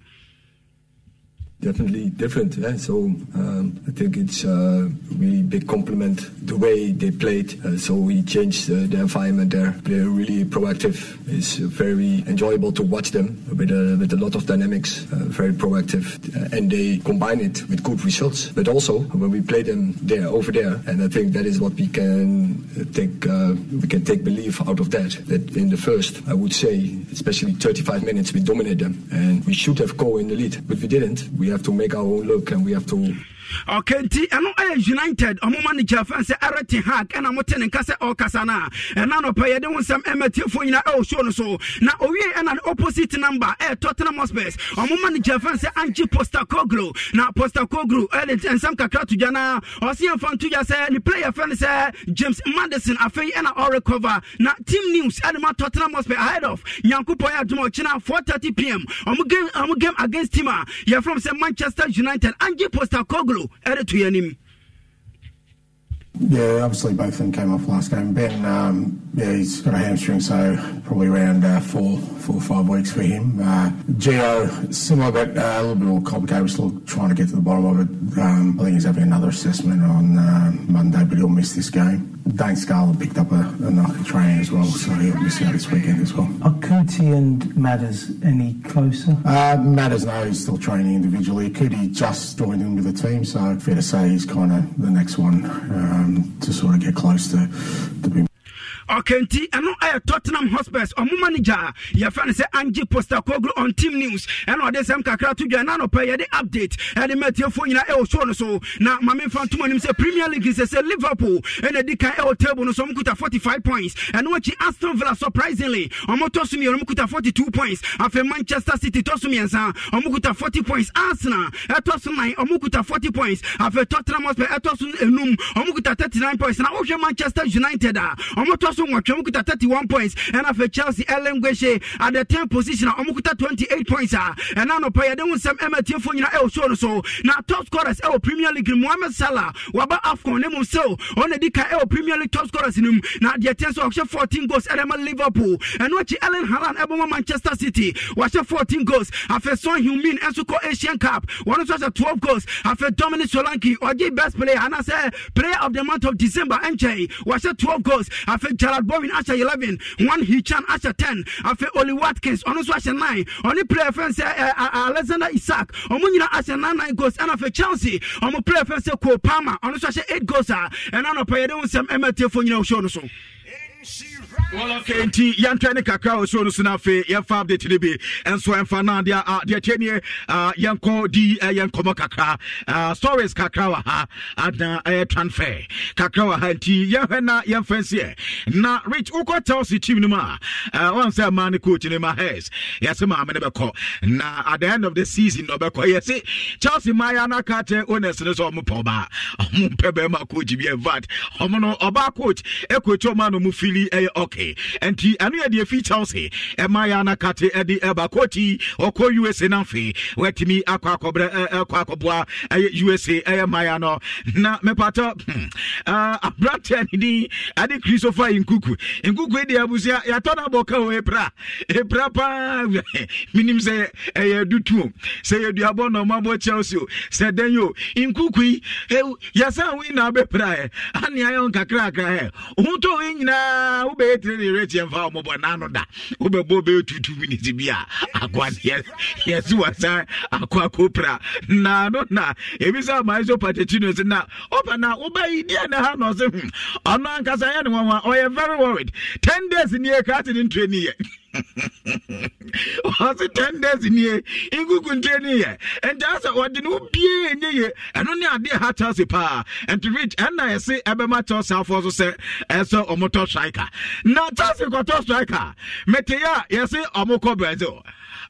definitely different. Yeah? So um, I think it's a uh, really big compliment the way they played. Uh, so we changed uh, the environment there. They're really proactive. It's very enjoyable to watch them with a, uh, with a lot of dynamics, uh, very proactive, uh, and they combine it with good results. But also when we play them there over there, and I think that is what we can take. we can take belief out of that. That in the first, I would say, especially 35 minutes, we dominate them, and we should have goal in the lead, but we didn't. We we have to make our own look and we have to ɔka nti ɛno ɛyɛ eh, united ɔmoma eh, eh, oh, no kyerɛfɛn sɛ ɛrete hak ɛna mote ne nka sɛ ɔkasa no a ɛna nɔpɛ yɛde wo nsɛm ɛmatiefoɔ nyina ɛwɔ oh, show no so na owie ɛna ne opposite number ɛyɛ tottenham hotspurs ɔmoma no kyerɛfɛn sɛ ankye postacoglu na postacoglu ɛde nsɛm kakra to gya no ɔse yɛmfa nto gya sɛ ne player fɛ no sɛ james madison afei ɛna ɔrecover na team news ɛde ma tottenham hotspurs ahead of nyankopɔn adoma ɔkyena 430 pm ɔmo game against team a yɛfrɛm sɛ manchester united ankye postacoglu Paulo ɛde to yɛn Yeah, obviously both of them came off last game. Ben, um, yeah, he's got a hamstring, so probably around uh, four, four or five weeks for him. Uh, Gio, similar but uh, a little bit more complicated. We're still trying to get to the bottom of it. Um, I think he's having another assessment on uh, Monday, but he'll miss this game. Dane Scarlett picked up a, a knocking train as well, so he'll miss out this weekend as well. Are Cootie and Matters any closer? Uh, Matters, no, he's still training individually. Cootie just joined in with the team, so fair to say he's kind of the next one um, to sort of get close to, to be. okay nti ɛno ɛyɛ tottenham hospers ɔmo manager a yɛfrɛ no sɛ angie postakoglu on team news ɛna ɔde sɛm kakra to dwa nanɔpɛ yɛde update ɛde matiefoɔ nyinaa ɛwɔ show no so na mame mfa ntom anim sɛ premier league sɛ sɛ liverpool ɛna di kan ɛwɔ table no so ɔmo kuta 45 points ɛno akyi aston villa surprisingly ɔmo tɔ so mmienu kuta 42 points afei manchester city tɔ so mmiɛnsa ɔmo kuta 40 points arsenal ɛtɔ so nnan ɔmo kuta 40 points afei tottenham hospers eh, ɛtɔ so enum ɔmo kuta 39 points na wohwɛ manchester united a ah, ɔmo tɔ so nso wɔtwa mu kuta 31 points ɛna afei chelsea ellen gweshe at the 10 position a ɔmo kuta 28 points a ah. ɛna anɔpa yɛde ho nsɛm ɛma atiefoɔ nyina ɛwɔ eh, show no so na top scorers ɛwɔ eh, oh, premier league mohamed salah waba afcon ne mu so oh. ɔna di kan ɛwɔ eh, oh, premier league top scorers no mu na deɛ teɛ nso ɔhyɛ 14 goals ɛde ma liverpool ɛno akyi ellen halan ɛbɛma manchester city wahyɛ 14 goals afei son heung-min kɔ asian cup wɔn nso hyɛ 12 goals afei dominic solanke ɔgye best player anaasɛ player of the month of december ɛnkyɛn wahyɛ 12 goals afei Gerald Bowen ahyɛ 11 Juan Hichan ahyɛ 10 afei Oli Watkins ɔno nso ahyɛ 9 ɔne player fɛn sɛ eh, eh, eh, Alexander Isaac. ɔmo nyinaa ahyɛ 9 9 goals ɛna afei Chelsea ɔmo player fɛn sɛ Cole Palmer ɔno nso ahyɛ 8 goals a ɛna anɔpɛ yɛde wo nsɛm ɛma tiefo nyina wo hyɛ ɔno so okay nti yɛntwɛ ne kakra wɔ soro no so no afei yɛmfa update no bi ɛnso ɛmfa no deɛ deɛ tiɛnie yɛnkɔ di yɛnkɔmmɔ kakra stories kakra wɔ ha ana ɛyɛ transfer kakra wɔ ha nti yɛhwɛ na yɛmfa nsiɛ na rich wokɔ telse team no mu a ɔn sɛ ma ne coach no ma hes yɛse maame no bɛkɔ na at the end of the season no ɔbɛkɔ yɛse chelsea ma yɛ no ka kyɛ owners no sɛ ɔmopɛ ɔbaa ɔmompɛ bɛrima coach bi ɛvat ɔmo no ɔbaa coach ɛkɔkyɛ ɔma no mu fili ɛyɛ okay he ɛnti ɛno yɛ deɛ fi charles he ɛma yɛ anakate ɛde ɛba kɔti ɔkɔ usa no afei watumi akɔ akɔbrɛ ɛkɔ akɔboa ɛyɛ usa ɛyɛ maya no na mepatɔ hmm, aberanteɛ ne din ade christopher nkuku nkuku deɛ abusua yɛatɔ no abɔ ka wɔ ɛpra ɛpra paa menim sɛ ɛyɛ adutuo sɛ yɛduabɔ nɔmabɔ chelsea o sɛ dɛn yo nkuku yi yɛsan wei na bɛpraɛ anea yɛ nkakrakra ɛ wohotɔ wei nyinaa wobɛyɛ tene ne rate yɛmfa wɔmmɔbɔ naano da wobɛbɔ bɛyɛ tutu minute bi a akoa yɛse wasa akoa kopra naano na ebisa mae so patatino sɛ na ɔpa na wobɛyi dia na ha na hmm, ɔno ankasa yɛ ne wɔn a ɔyɛ very worried ten days ni yɛ kaa te ne ntuani yɛ ɔse ten days nie nkukuntie ne yɛ ɛntaa sɛ ɔde ne wo bie ɛnyɛ ye ɛno ne adeɛ ha chelsea paa ɛnti rich ɛna ɛse ɛbɛma chelsea afoɔ so sɛ ɛsɛ ɔmotɔ striker na chelsea kɔtɔ striker meteyɛ a yɛse ɔmokɔ brazil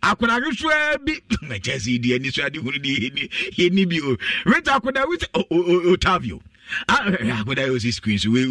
akwadaa ketewa bi na chelsea deɛ ni so ade hunu deɛ yɛni bio rich akwadaa wit otavio ahoda yɛ osi screen so wei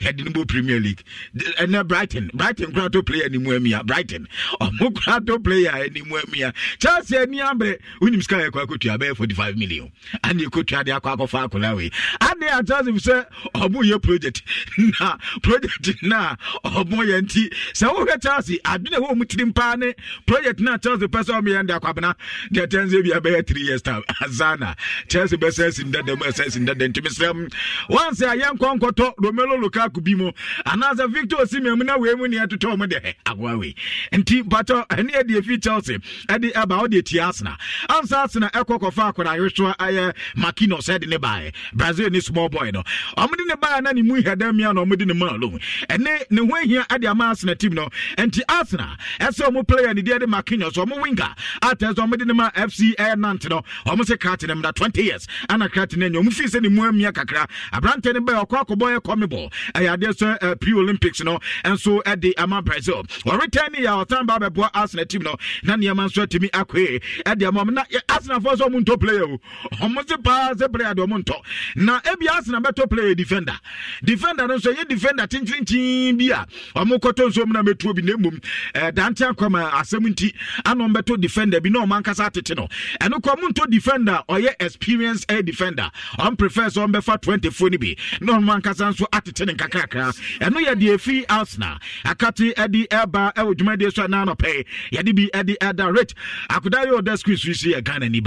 yɛde no bɔ premier league ɛnɛ eh, brighton brighton kora to player anim amia brighton ɔmo kora to player eh, anim amia chelsea eh, ani abrɛ wonim sika yɛkɔ akɔtua bɛyɛ 45 million ane ɛkɔtua de akɔ akɔfa akɔla wei ade a chelsea sɛ ɔmo yɛ project na project na ɔmo yɛ nti sɛ wohwɛ chelsea adwene wɔ mu tirim paa ne project na chelsea pɛ sɛ ɔmo yɛ de akɔabena deɛ tɛnse bia bɛyɛ 3 years time azana chelsea bɛsɛ si ndadam ɛsɛ si ndadam ntumi srɛm Once wansi a yɛn nkɔ nkɔtɔ romelo lukaku Bimo, and as a victor osimhen mu na wei mu nea ɛtotɔ mu the agoa wei nti mpatɔ ɛne ɛde efi chelsea ɛde ɛba ɔde eti asena ansa asena ɛkɔ kɔfa akɔda ayewa ayɛ Said in the baayɛ eh. brazil ne small boy no ɔmo de ne baayɛ na ne mu ihɛdɛ mia na ɔmo de ne maa lom ɛne ne ho ehia ɛde ama asena team no nti asena ɛsɛ ɔmo player ne deɛ de makinos ɔmo winga atɛ sɛ ɔmo de ne ma fc ɛyɛ nante no ɔmo se kraate ne mu da twenty years ɛna kraate ne nya ɔmo fi sɛ ne mu amia kakra. kakra aberante no bɛɛ ɔkɔ akɔbɔ yɛ kɔmebɔ ɛyɛ adeɛ sɛ pre olympics no nso de ama brazil ɔretɛn ne yɛ ɔtan ba bɛboa arsenal team no na nneɛma nso atumi akɔe ɛde ama na arsenalfoɔ sɛ ɔmo ntɔ player o ɔmo se paa sɛ player deɛ ɔmo ntɔ na ebi arsenal bɛtɔ player defender defender no nso yɛ defender kyenkyenkyen bi a ɔmo kɔtɔ nsuo mu na mɛtuo bi na mmom ɛɛ dante akɔma asɛm nti ana ɔmo bɛtɔ defender bi na ɔmo ankasa atete no ɛno kɔ ɔmo ntɔ defender ɔyɛ experience air defender ɔmo prefer sɛ ɔmo bɛfa 20foɔ no bi na ɔnom ankasa nso atete ne nkakrakra ɛno yɛde ɛfiri alsna akate ɛde ɛba ɛwɔ dwumadeɛ so anaa nɔpɛ yɛde bi ɛde ɛda rich akoda yɛ ɔda screen so so yɛ ghana ni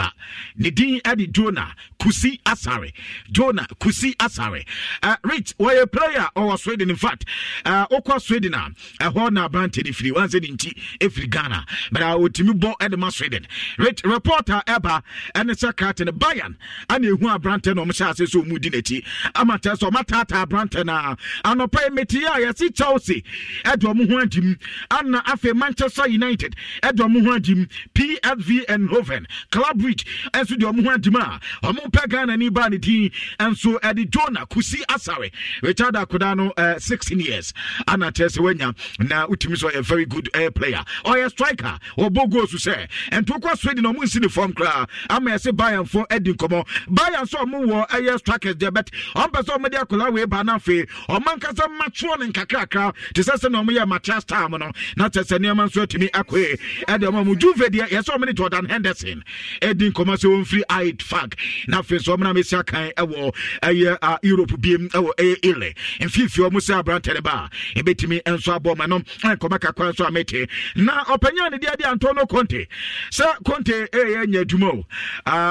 ne din ɛde jona kusi asare jona kusi asare uh, rich wɔyɛ player ɔwɔ sweden in fact uh, sweden a ɛhɔ na aberante no firi wansɛ ne nti ɛfiri ghana but ɔtumi bɔ ɛde ma sweden rich reporter ɛba ɛne sɛ karte no bayan ane ɛhu aberante na ɔmhyɛ ase sɛ ɔmudi n'akyi ama matata Brantena, ɔmataataa aberantɛ no a chelsea ɛde ɔmo ho agyim manchester united ɛde ɔmo PSV and psv club bridge ɛnso de ɔmo ho agyim a ɔmo pɛ ghana ni baa ne din ɛnso ɛde kusi asare richard akudano uh, 16 years ana kyerɛ sɛ na wotumi a very good uh, player ɔyɛ striker ɔbɔ goal so sɛ ɛntokɔ sweden ɔmo nsi ne fam koraa ama yɛse bayernfoɔ adi nkɔmmɔ bayern sɛ ɔmo wɔ ɛyɛ striker. deɛ bɛt ɔmpɛ sɛ ɔmde akɔla wei ba no afei ɔma nkasa matoɔ ne nkakrakra te sɛ sɛ na ɔmyɛ matias tam no na kyɛ sɛ nneɛma nso atumi akɔe ɛde ɔma mu juve deɛ yɛ sɛ ɔmne jordan henderson ɛdi nkɔma sɛ wɔmfiri id fag na afei sɛ ɔmna mɛsi akan ɛwɔ ɛyɛ europe biam ɛwɔ ɛyɛ ile mfifie ɔmo sɛ aberantɛ ne ba a ɛbɛtumi nso abɔ ma no nkɔma kakra nso a mete na ɔpanyɛ ne deɛ de antɔ no konte sɛ konte ɛyɛ nya adwuma o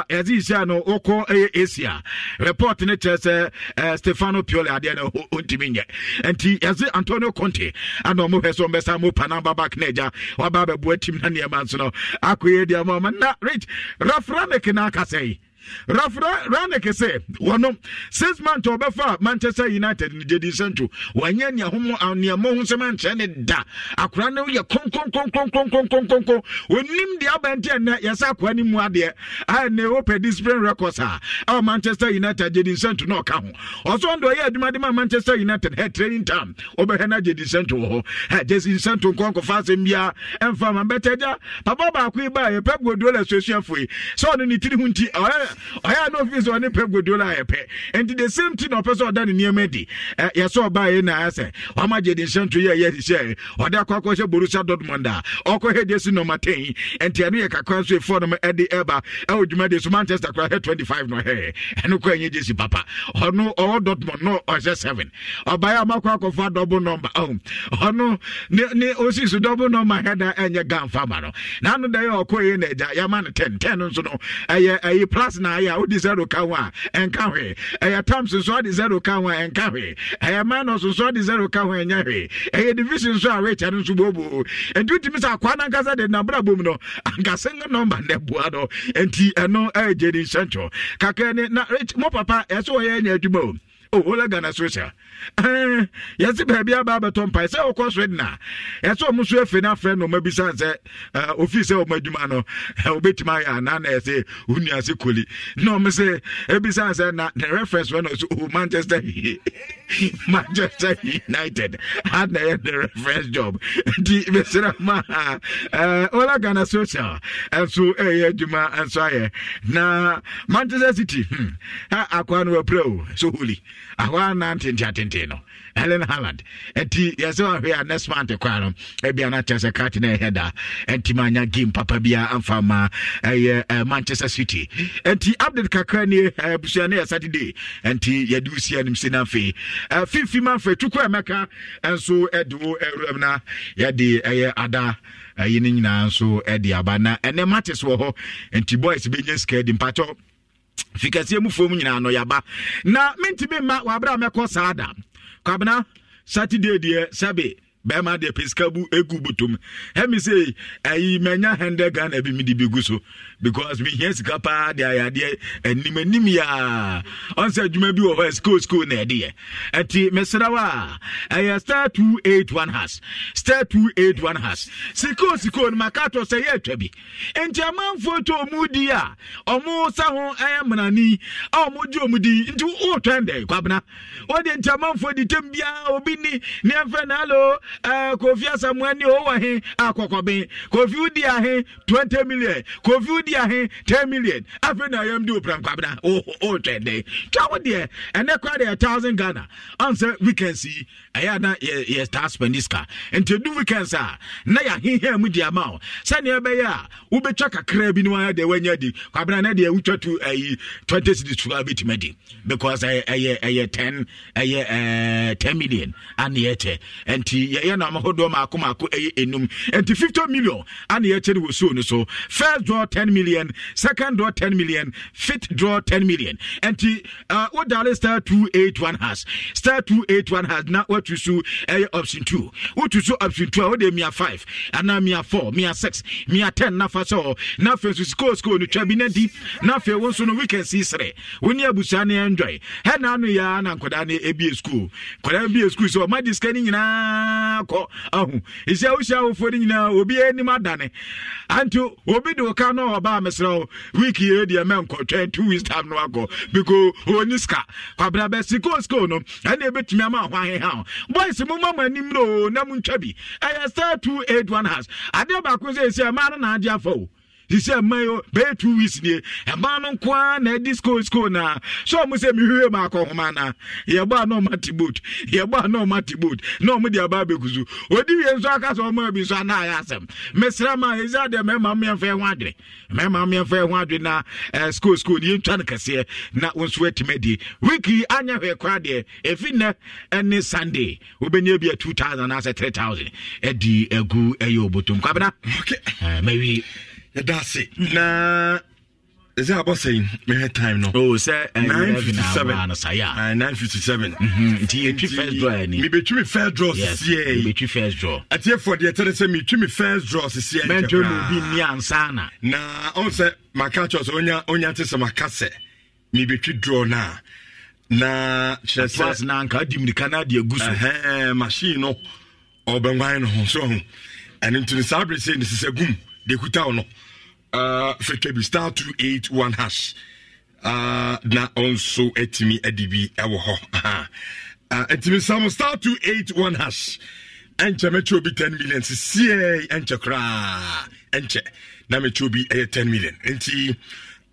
yɛde yi sɛ no wokɔ ɛyɛ asia report ne kyerɛ sɛ eh, stefano piole adeɛ no ɔntumi nyɛ nti yɛse antonio conte ana ɔmo hwɛ sɛ ɔmbɛsa mo pa namba back na agya waba abɛboa tim na nneɛma nso no akɔyɛ deɛ ma ɔma na rich rafranek na aka Rafra raneke sɛ wɔno six month ɔbɛfa manchester united uh, no gyedi nsɛnto wanyɛ neahomo neɛmɔ ho nsɛm ankyerɛ ne da akora no yɛ konkonkonkonkonkonkonkonko onim deɛ abɛnte ɛnɛ yɛsɛ akoa no mu adeɛ ɛnɛ wopɛ discipline records a ah. ɛwɔ manchester united gyedi nsɛnto na ɔka ho ɔsɔ ndo ɔyɛ adwuma de ma manchester united hɛ training time wɔbɛhɛ no gyedi nsɛnto oh. wɔ hɔ hɛ gyedi nsɛnto nkɔnkɔfa asɛm biara ɛmfa ma bɛtɛ gya papa baako yi baa yɛpɛ guoduo la asuasuafoɔ sɛ ɔno ne tiri ho nti ɔyɛ ah, eh, ɔyɛ na ofi sɛ ɔne pɛ godo la ayɛ pɛ nti the same thing na ɔpɛ sɛ ɔda ne nneɛma di yɛsɛ ɔbaa yɛ na ayɛ sɛ ɔma gye de nhyɛn to yɛ yɛ hyɛ ɔde akɔ akɔhyɛ borussia dortmund a ɔkɔ hɛ de si nɔma ten nti ɛno yɛ kakra nso efo nom ɛde ɛba ɛwɔ dwuma de so manchester kora hɛ twenty five na ɔhɛ ɛno kɔ ɛnyɛ jesi papa ɔno ɔwɔ dortmund no ɔhyɛ seven ɔbaa yɛ ɔmakɔ akɔfa double number ɔn ɔno ne ne osi so double number hɛ da ɛnyɛ gan fama no n'ano da yɛ ɔkɔ yɛ na ɛgya yɛama no ten ten nso no ɛyɛ ɛyɛ plus na ayɛ a wode zero ka ho a ɛnka hwee ɛyɛ times nso ade zero ka ho a ɛnka hwee ɛyɛ minus nso ade zero ka ho a ɛnyɛ hwee ɛyɛ division nso a rekyɛ no nso booboo enti wotumi sɛ akoa no ankasa de nabra bom no ankasa ne nɔmba ne boa no enti ɛno ɛyɛ gyedi nhyɛnkyɔ kakra ne na mo papa ɛsɛ wɔyɛ anya adwuma o whole Ghana Yasi Yes, baby, I'm about to pay. Say, of course, right now. Yes, I'm so afraid now, friend, or maybe since officer or my Jumano, I'll bet my anan as a unia sequally. No, me say, eh, eh, na that, the reference one was oh, Manchester Manchester United had the reference job. The Mr. Ma, whole eh, Ghana social. And so, eh, Juma, and so, eh, na Manchester City, hmm, I can't pro, so holy ahɔ a na ntente atente no helen halland ɛnti yɛsɛ ahwɛ a next month kɔa no ɛbia no akyɛ sɛ kate no ɛhɛ da ɛntim anya game papa biaa amfa ma ɛyɛ eh, manchester city ɛnti update kakra ni abusua eh, no yɛ saturday ɛnti yɛde eh, wo sia nom se no afei fimfim afei tukɔ ɛmɛka ɛnso ɛde wo awuram na yɛde ɛyɛ ada ɛyi no nyinaa nso ɛde aba na ɛnɛ mates wɔ hɔ ɛnti boys bɛnya sika di mpakyɛw fikɛseɛ mufoɔ mu nyinaa no yɛaba na mentimi mma waberɛ a mɛkɔ saa kwabena saturday deɛ sɛbe bɛrima deɛ pesika bu ɛgu botom ɛmi sɛ ɛyi manya hɛndɛ ghana bi mede bi gu so because mehia sika paa de ayadeɛ anim anim yaa ɔn sɛ adwuma bi wɔ hɔ school school na ɛdeɛ ɛti mesrɛ w a ɛyɛ uh, star 281 has star 281 has sikoo sikoo no maka atɔ sɛ yɛatwa bi enti amanfoɔ tɔ ɔmu di a ɔmo sa ho ɛyɛ mmanani a ɔmo gye ɔmu di nti wotwɛn dɛ kwabena wɔde nti amanfoɔ di tɛm biara obi ni ne ɛmfɛ na alo ɛɛ uh, kofi asamuani owɔ he akɔkɔben kofi wodi ahe 20 million kofi wodi bi ahe ten million afei na ayam de opram kwabena wotwɛ dɛn twa wo deɛ ɛnɛ kora deɛ thousand ghana ansɛ weekends yi ɛyɛ na yɛstar spendis ka nti du weekends a na yɛahehia mu de ama wo sɛneɛ ɛbɛyɛ a wobɛtwa kakra bi no ayɛ deɛ woanya di kwabena na deɛ wotwa to ayi 20 cities to bɛtumi adi because ɛyɛ ɛyɛ 10 ɛyɛ ten million ane yɛkyɛ nti yɛyɛ no amahodoɔ maako maako ɛyɛ enum nti 50 million ane yɛkyɛ no wɔ suo no so first draw ten million million, second draw 10 million, fifth draw 10 million. And to uh, what dollar star 281 has star 281 has now what you so uh, eh, option two. What you so option two, what they me are five, and now me are four, me are six, me are ten, Now na now na faso score score, no chabina deep, na fair once on a weekend see three. When you are busani enjoy, Hey now no ya na kwadani ABA school, kwadani ABA school, so my discanning na ko ahu. Oh. Is your show for the be any madane. And to obi do can aba mesrɛ wo week yɛ deɛ mɛnkɔ twɛn two weeks time no akɔ because ɔni sika kwabra bɛ sika sika no ɛne ɛbɛtumi ama ho aheha o boys momma mo anim no na montwa bi ɛyɛ star two eight one house adeɛ baako sɛ ɛsi ɛmaa no naagye afa o te sɛ mma yo bɛyɛ two weeks nie ɛma ah. no nko na ɛdi school school na sɛ ɔmo sɛ mehwie ma akɔ homa na yɛbɔ a na ɔma te boat yɛbɔ a na ɔma te boat na ɔmo de aba abɛku so ɔdi wie nso aka sɛ ɔmo abi nso ana ayɛ asɛm mesrɛ ma ɛsi adeɛ mɛma mmeɛmfa ɛho adwene mɛma mmeɛmfa ɛho adwene na ɛɛ school school ne yɛntwa no kɛseɛ na wɔn nso atumi adie wiki anya hwɛ kora deɛ efi nnɛ ɛne sunday wobɛnya bi a two thousand anaasɛ three thousand ɛdi agu ɛyɛ obotom kwabena ɛɛ mɛwie yɛda ase na ɛsɛ abɔ sɛi mehɛ time no sɛ 957 mebɛtwimi first draw sesiɛ eh, atiefoɔ deɛ ɛtere sɛ metwimi first draw sesiɛ eh. eh. na ɔhu sɛ maka kyɛ sɛ ɔnya te sɛ maka sɛ mebɛtwi draw no a na kyerɛ sɛ machine no ɔbɛnwan no ho so ɔho ɛno nti no saa berɛ sei ne sesɛ gum deɛ kuta wo no uh, fɛtwa bi star 281 hash uh, na ɔnso atumi adi bi ɛwɔ hɔ ɛtumi sa mo star 281 hash ɛnkyɛ mɛkyɛ obi ten million sisiɛ ɛnkyɛ eh, koraa ɛnkyɛ na mɛkyɛ obi ɛyɛ ten million nti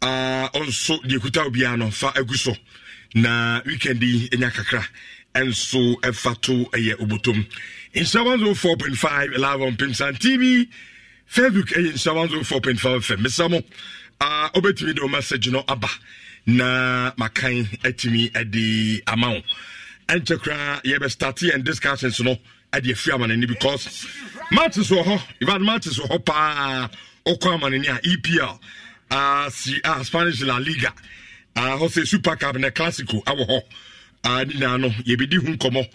ɔnso uh, deɛ kuta wo biara no fa agu so na weekend yi ɛnya kakra ɛnso ɛfa to ɛyɛ obotom nhyɛ 104.5 live on pimsan tv facebook ɛyɛ eh, nhyira one zero four point five fm mesra mo aa ah, obetumi de o message no aba na makan atumi ɛde ama wo ɛnkyɛ koraa yɛbɛ start yɛn discussions no ɛde afi amanani because matches wɔ hɔ ivan matches wɔ hɔ paa ɔkɔ amanani a epl uh, si, uh, spanish la liga uh, hɔ sɛ super cup na classico awɔ hɔ uh, ne nyinaa no yɛbɛdi ho nkɔmmɔ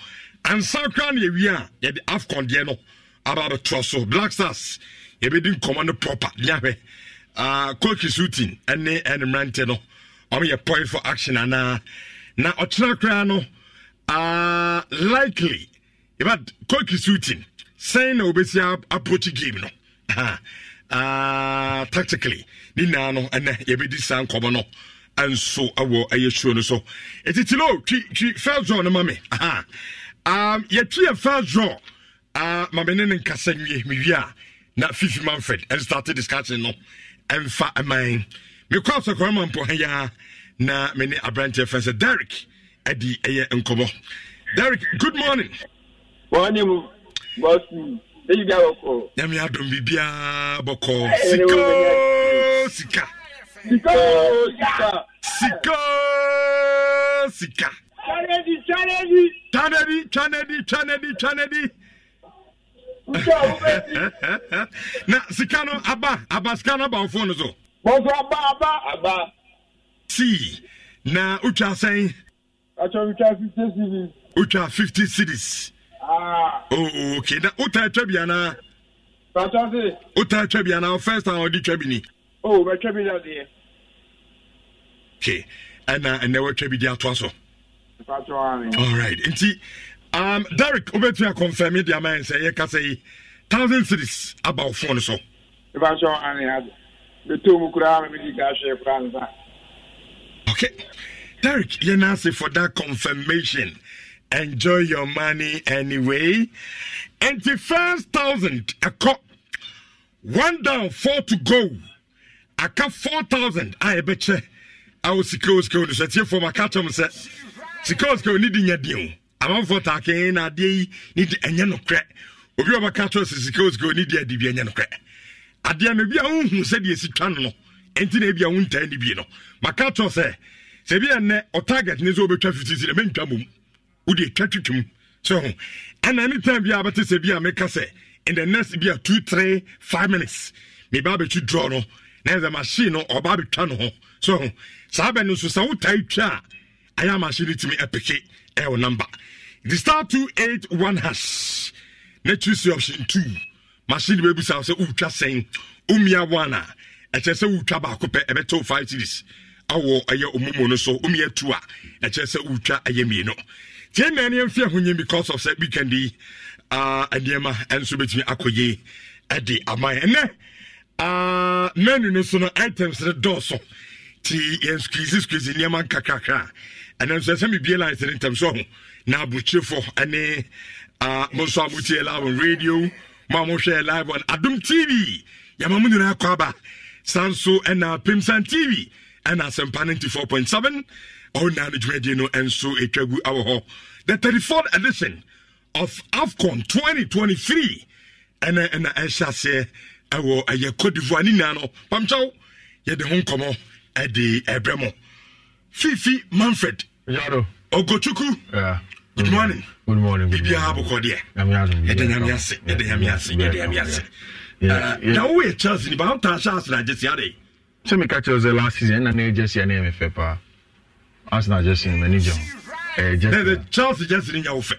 ansa koraa na yɛwie a yɛde afcon deɛ no aba abɛtoa so black stars yɛbɛdi nkɔmmɔ no proper ne ahwɛ uh, ah, coach shooting ɛne ɛne mmerante no ɔmoyɛ point for action anaa na ɔkyena koraa no uh, likely yɛbɛ coach shooting sɛn na wobɛsi approach game no uh, uh, tactically ne nyinaa no ɛnɛ yɛbɛdi saa nkɔmmɔ no nso wɔ ɛyɛ suo no so ɛtitilo twi twi first draw no ma me um, yɛtwi yɛ first draw uh, ma me ne ne nkasa nwie mewie a na fifi manfred and started discussion no ɛmfa ɛman mekɔ asɔkora ma mpɔ ya na me ne aberanteɛ fɛ sɛ derek ɛde ɛyɛ nkɔmmɔ derek good morning morning bɔsi ɛyi bi abɔkɔ nyame adom biribiaa bɔkɔ sika sika sika sika sika twanadi twanadi twanadi twanadi twanadi na sika no aba aba sika no aba wo fone so wɔso aba aba aba si na wotwa sɛn atwa fifty cities. wotwa fifty cities. ah. oh, oh okay na uta atwa bi anaa pata se wota atwa bi anaa first time wɔde twa bi ni oh bɛtwa bi na deɛ okay ɛna ɛnɛ wɔatwa bi de atoa so all right nti um, Derek, over Confirm akɔmfɛmi deɛ ama sɛ yɛkasa say, thousand cities about wo phone so if I show mu the two medi ka hwɛ koraa okay Derek, you're nasty for that confirmation. Enjoy your money anyway. And the first thousand, a cop, one down, four to go. I cut four thousand. I bet you. I was secure, secure. So, for my catch, I'm set. Secure, secure, needing your deal. amanfoɔ taakee na adeɛ yi ne de ɛnyɛ nokorɛ obi a ɔbɛka to sɛ sika osika ne deɛ ade bi ɛnyɛ nokorɛ adeɛ no bi a wohu sɛdeɛ ɛsi twa no ɛnti na ebi a wontaa ne bi no maka to sɛ sɛ bi ɛnɛ ɔtarget ne sɛ wobɛtwa 50 si na mɛntwa mmom wode ɛtwa twitwim so ɛna ne time bi a bɛte sɛ bi a meka sɛ in the next bi a 2 3 5 minutes meba bɛtwi draw no na ɛsɛ machine no ɔba bɛtwa no ho so saa bɛ no nso sɛ wotae twa a ayɛ machine no tumi ɛpeke ɛwɔ eh, number the star two eight one hash na choose your option two machine bɛ busa sɛ wotwa sɛn umia one a ɛkyɛ sɛ wotwa baako pɛ ɛbɛtɔ five series awɔ ɛyɛ omumu no so umia two a ɛkyɛ sɛ wotwa ɛyɛ mmienu tie mmaa ne mfe ahonyɛ because of sɛ weekend yi uh, ah, nneɛma nso bɛtumi akɔ yie ɛde aman ɛnɛ uh, ah, menu ne so no items no dɔɔso nti yɛn squeeze squeeze nneɛma nkakrakra ɛnanso ɛsɛ mebie line sɛ ne ntɛm so ho na aborɔkyerefo ne mo nso a motie live on radio mo a mohwɛ live on adom tv yɛma mo nyinaa kɔ aba saa nso ɛna pemsan tv ɛna asɛmpa no nti seven ɔwonaa no dwumadie no ɛnso ɛtwa gu awɔ hɔ the thirty th edition of afcon 2023 ɛna ɛna ɛhyɛ aseɛ ɛwɔ ɛyɛ cote d'ivoire ne nyinaa no pamkyɛw yɛde ho nkɔmmɔ ɛde ɛbrɛ mo fifi manfred Yaro. Ogochukwu. Yeah. Good morning. Good morning. Bibi abokɔ deɛ. Ɛdɛ nyame ase. Ɛdɛ nyame ase. Ɛdɛ nyame ase. Na wo yɛ Chelsea ni ba how tan chance na Jesse ade. Sɛ mi ka kyerɛ sɛ last season ɛna ne Jesse ɛna yɛ fɛ paa. Arsenal Jesse ni mɛni jɛn. Ɛɛ Jesse. Dɛbi Chelsea Jesse ni nya wo fɛ.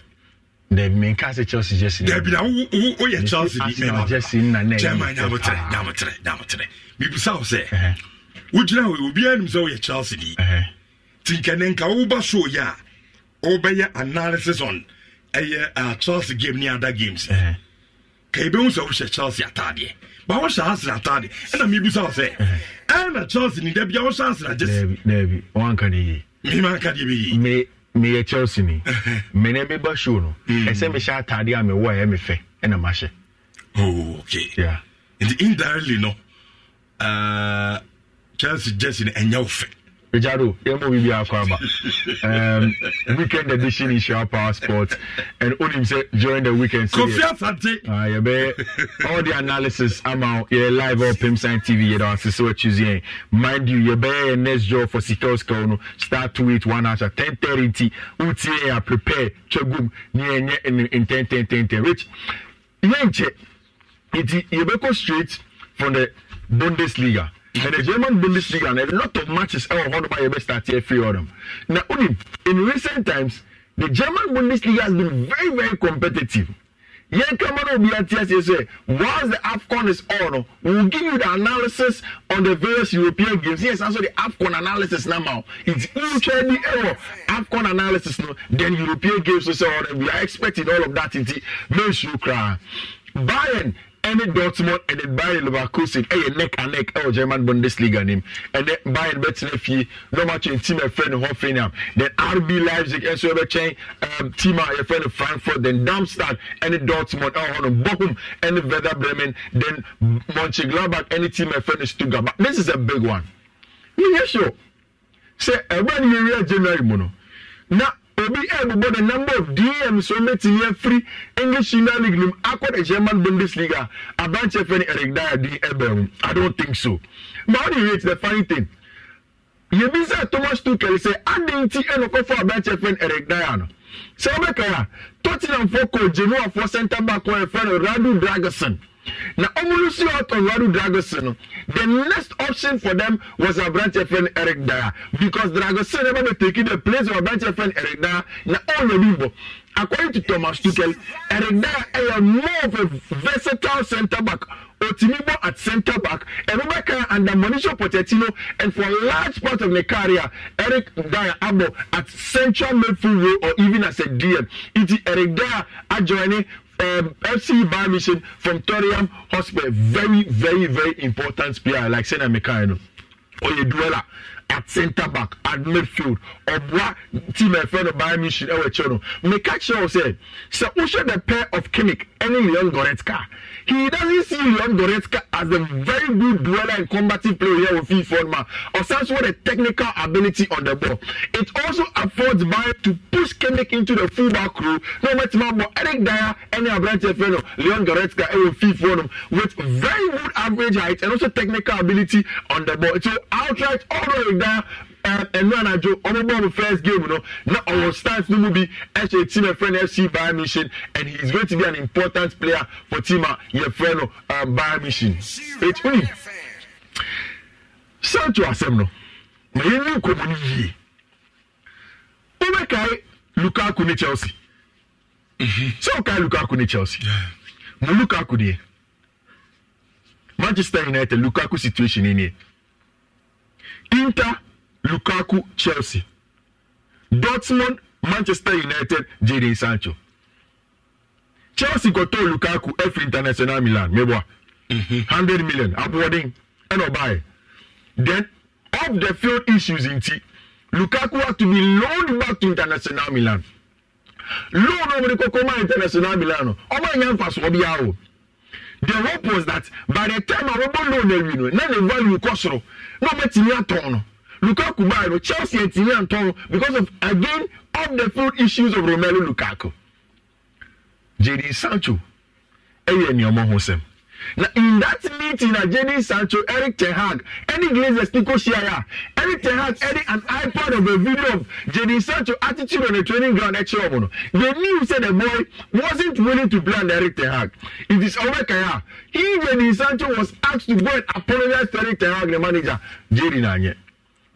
Dɛbi mi nka se Chelsea Jesse ni. Dɛbi na wo wo yɛ Chelsea ni mɛ ma. Arsenal Jesse ni na ne yɛ fɛ paa. Jɛma nyamutere nyamutere nyamutere. Bibusa wo sɛ. Wogyina hɔ obiara nim sɛ Chelsea ni ti nkɛne nka woba so yɛ a wobɛyɛ analysis on ɛyɛ uh, chelsea game ne ada games uh-huh. ka yɛbɛhu sɛ wohyɛ chelsea ataadeɛ ba wohyɛ asena ataadeɛ ɛna mebusa wo sɛ ɛna chelsea ne da bia wohyɛ asena gye memanka deɛ bɛyi meyɛ chelsea ni mene meba show no ɛsɛ mehyɛ ataadeɛ a mewɔ ɛyɛ mefɛ ɛna mahyɛ okay yeah. nti indirectly no chelsea jersey no ɛnyɛ wo fɛ Richardo, Yemo will be our farmer. Um, weekend edition is your passport. And Onim said during the weekend. Kofi Asante. Uh, yeah, be, all the analysis, I'm out. live on Pimsign TV. Yeah, that's so Tuesday. Mind you, yeah, be next job for Sikos Kono. Start two eight one hour, 10 30. Uti, yeah, prepare. Chagum, yeah, yeah, in ten ten 10 10. Rich, yeah, check. It, you go straight from the Bundesliga the german bundesliga na a lot of matches ɛwɔ hɔ noma yɛbɛ start yɛ free hɔnom na only in recent times the german bundesliga has been very very competitive yẹn kama náà obi ati ase sẹ once the afcon is on we will give you the analysis on the various european games yes that's why the afcon analysis na ma o it's usually ni ẹwọ afcon analysis no then european games so sẹ ọrẹ we are expecting all of that nti mẹsùn kra bayern ɛne dortmund ɛde bayern leverkusen ɛyɛ eh, neck and neck ɛwɔ eh, german bundesliga nim ɛnɛ bayern bɛtena fie dɔmatwɛn team a ɛfrɛ no hoffenheim then rb leipzig ɛnso eh, ɛbɛkyɛn um, team a yɛfrɛ no frankfurt then darmstadt ɛne dortmund ɛwɔ hɔ no bochum ɛne werder bremen then monchengladbach ɛne team a ɛfrɛ no stuttgart but this is a big one woyɛ sure sɛ ɛbɛn no yɛwia january mu no na obi ɛbobɔ the number of dms ɔmɛtumi afiri english premier league nim akɔ the german bundesliga aberanteɛ fɛ ne eric dyer din ɛbɛn i don't think so ma ɔne yɛ ti the funny thing yɛbi sɛ thomas tukel sɛ adan ti ɛnɔkɔfo aberanteɛ fɛ ne eric dyer no sɛ ɔbɛka a tottenham fo kɔ genuafoɔ centre back ɔyɛ fɛ no radu dragerson na ɔmo no si out on Dragosin no the next option for them was aberanteɛ fɛn Eric Dyer because Dragosin never been taking the place of aberanteɛ fɛn Eric Dyer na ɔmo bi bɔ according to Thomas Tuchel Eric Dyer ɛyɛ more of a versatile centre back Otimibo at centre back Erubeka under Mauricio Pochettino and for large part of the career Eric Dyer abo at central midfield role or even as a DM iti Eric Dyer adjoining um, FC Bayern Mission from Torium Hospital. Very, very, very important player, like Sena Mekano. Oyeduela at centre back at midfield Or what team I ẹfẹ no Bayern Munich ẹwọ ẹkyẹ no mẹka kyerɛ ọ sɛ sɛ wohyɛ the pair of Kimmich ɛne Leon Goretzka he doesn't see Leon Goretzka as a very good dweller and combative player here with FIFA man. Osanso with a technical ability on the ball. It also affords Bayern to push Kendrick into the fullback crew. No matter what, Eric Dyer and Abrante Feno, Leon Goretzka and with FIFA with very good average height and also technical ability on the ball. So outright, all the way down ɛnu anadwo ɔmo bɔ no first game no na ɔwɔ start no mu bi ɛhyɛ team ɛfrɛ no fc bayern mission and he is going to be an important player for team a uh, yɛfrɛ uh, no bayern mission etuni santo asɛm no na yɛn ni nkɔmɔ no yie wobɛkae lukaku ne chelsea mm-hmm. sɛ wokae lukaku ne chelsea mo lukaku deɛ manchester united lukaku situation ni nie inter lukaku chelsea dortmund manchester united jadon sancho chelsea kɔtɔɔ lukaku ɛfiri international milan meboa mm-hmm. hundred mm -hmm. million aboɔden ɛna ɔbaayɛ then off the field issues nti lukaku had to be loaned back to international milan loan no wɔde kɔkɔ maa international milan no ɔmo anya nfasoɔ biara o the hope was that by the time a wɔbɔ loan awi no na the value kɔ soro na ɔmo atumi atɔn no. Lukaku buy no Chelsea and Tini and Toro because of again off the field issues of Romelu Lukaku. Jadon Sancho, ɛyɛ nneɛma ho sɛm. Na in that meeting na Jadon Sancho, Eric Ten Hag, ɛne Glazers ni Shia, hyia a, Eric Ten Hag ɛde an iPad of a video of Jadon Sancho attitude on the training ground ɛkyerɛ wɔn no. They knew said the boy wasn't willing to blend Eric Ten It is Kaya. He Jadon Sancho was asked to go and apologize to Eric Ten the manager. Jadon na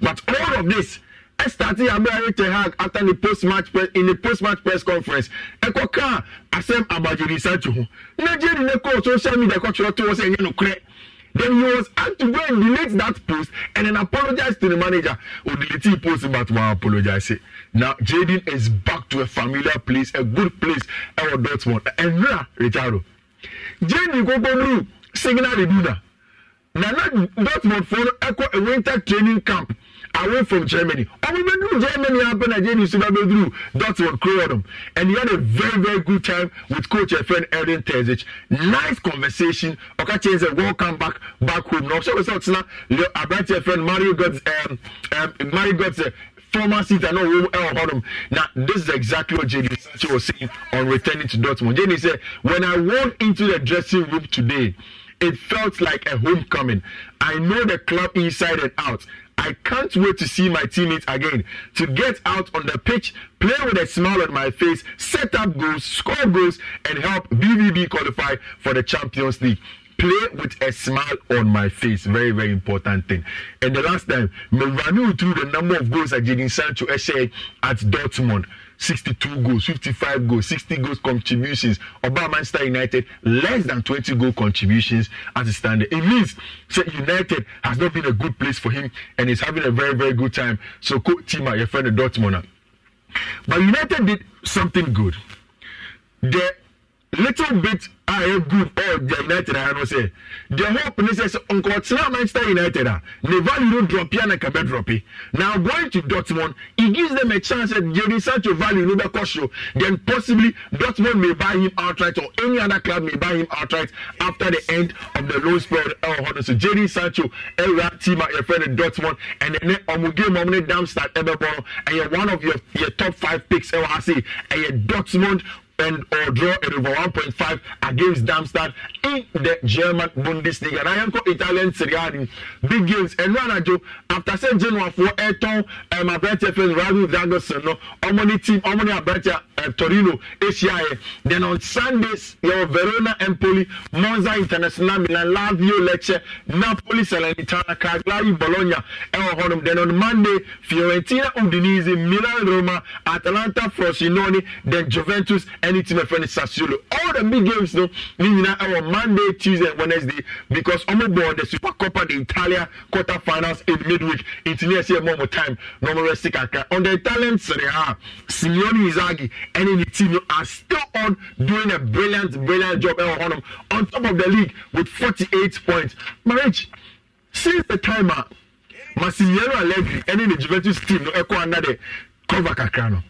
But all of this, starting Abraham Tehag after the post-match press, in the post-match press conference, ẹ̀kọ́ kan asẹ́m àbàjòdì sáàtù hù. Nàìjíríà ní kò social media kò twerɛ to wọ́n sẹ́ ẹ̀yẹ́ nù Then he was asked to go and delete that post and then apologize to the manager. O delete post but wa apologize. Now Jaden is back to a familiar place, a good place, ẹwọ Dortmund. Ẹnura Richardo. Jaden kókó mú signal the dinner. Nana Dortmund fọ́nrán ẹ̀kọ́ a winter training camp away from Germany. Ọmọ bẹ́ẹ̀ Germany apẹ́ Nigeria ní Super through. Dortmund Croydon and he had a very very good time with coach and friend Edin Terzic. Nice conversation. okay, change said welcome back back home. Now, ọ̀ṣẹ́ wẹ̀sẹ̀ ọ̀tún náà Abranti ẹ̀ friend Mario Götze um, um, Mario Götze former seat and all uh, hold Now this is exactly what JD Sancho was saying on returning to Dortmund. JD said, "When I walked into the dressing room today, it felt like a homecoming. I know the club inside and out. I can't wait to see my teammates again, to get out on the pitch, play with a smile on my face, set up goals, score goals, and help BVB qualify for the Champions League. Play with a smile on my face. Very, very important thing. And the last time, Mourinho threw the number of goals that Jadon Sancho SA at Dortmund. 62 goals, 55 goals, 60 goals contributions. About Manchester United, less than 20 goal contributions as a standard. It means that United has not been a good place for him and he's having a very, very good time. So, coach Tima, your friend, the Dortmunder. Ah. But United did something good. They little bit a ɛyɛ good ɛyɛ the united ayɛ no sɛ the hope ne sɛ sɛ nkɔtena manchester united a ah. ne value no drop yɛ na kɛbɛ drop na going to dortmund e gives them a chance that jerry sancho value no bɛkɔ so then possibly dortmund may buy him outright or any other club may buy him outright after the end of the loan spell ɛwɔ hɔ no so jerry sancho ɛwura team a yɛfrɛ no dortmund and ɛnɛ ɔmo game ɔmo ne damstad ɛbɛbɔ no ɛyɛ one of your your top five picks ɛwɔ ase ɛyɛ dortmund and or draw a river 1.5 against Darmstadt in the German Bundesliga. Na yɛn kɔ Italian Serie A big games and ɛnu anadio after say Genoafoɔ ɛtɔn ɛm um, abirante fɛn Ravi Dagosin no ɔmo ni team ɔmo ni abirante ɛ uh, Torino ehyia then on Sundays yɛwɔ Verona Empoli Monza International Milan Lazio Lecce Napoli Salernitana Cagliari Bologna ɛwɔ hɔnom then on Monday Fiorentina Udinese Milan Roma Atalanta Frosinone then Juventus and Any team ɛfɛ is sasiolo all the big games no ne nyinaa ɛwɔ monday tuesday wednesday because ɔmo bɔ the super copa the italia quarterfinals in midweek nti ne ɛsɛ more time No more resi on the italian serie a simeone izagi ɛne ne team are still on doing a brilliant brilliant job eh, on top of the league with 48 points marriage since the timer, ah, Massimiliano Allegri, alevi ɛne juventus team no ɛkɔ under the cover kakra no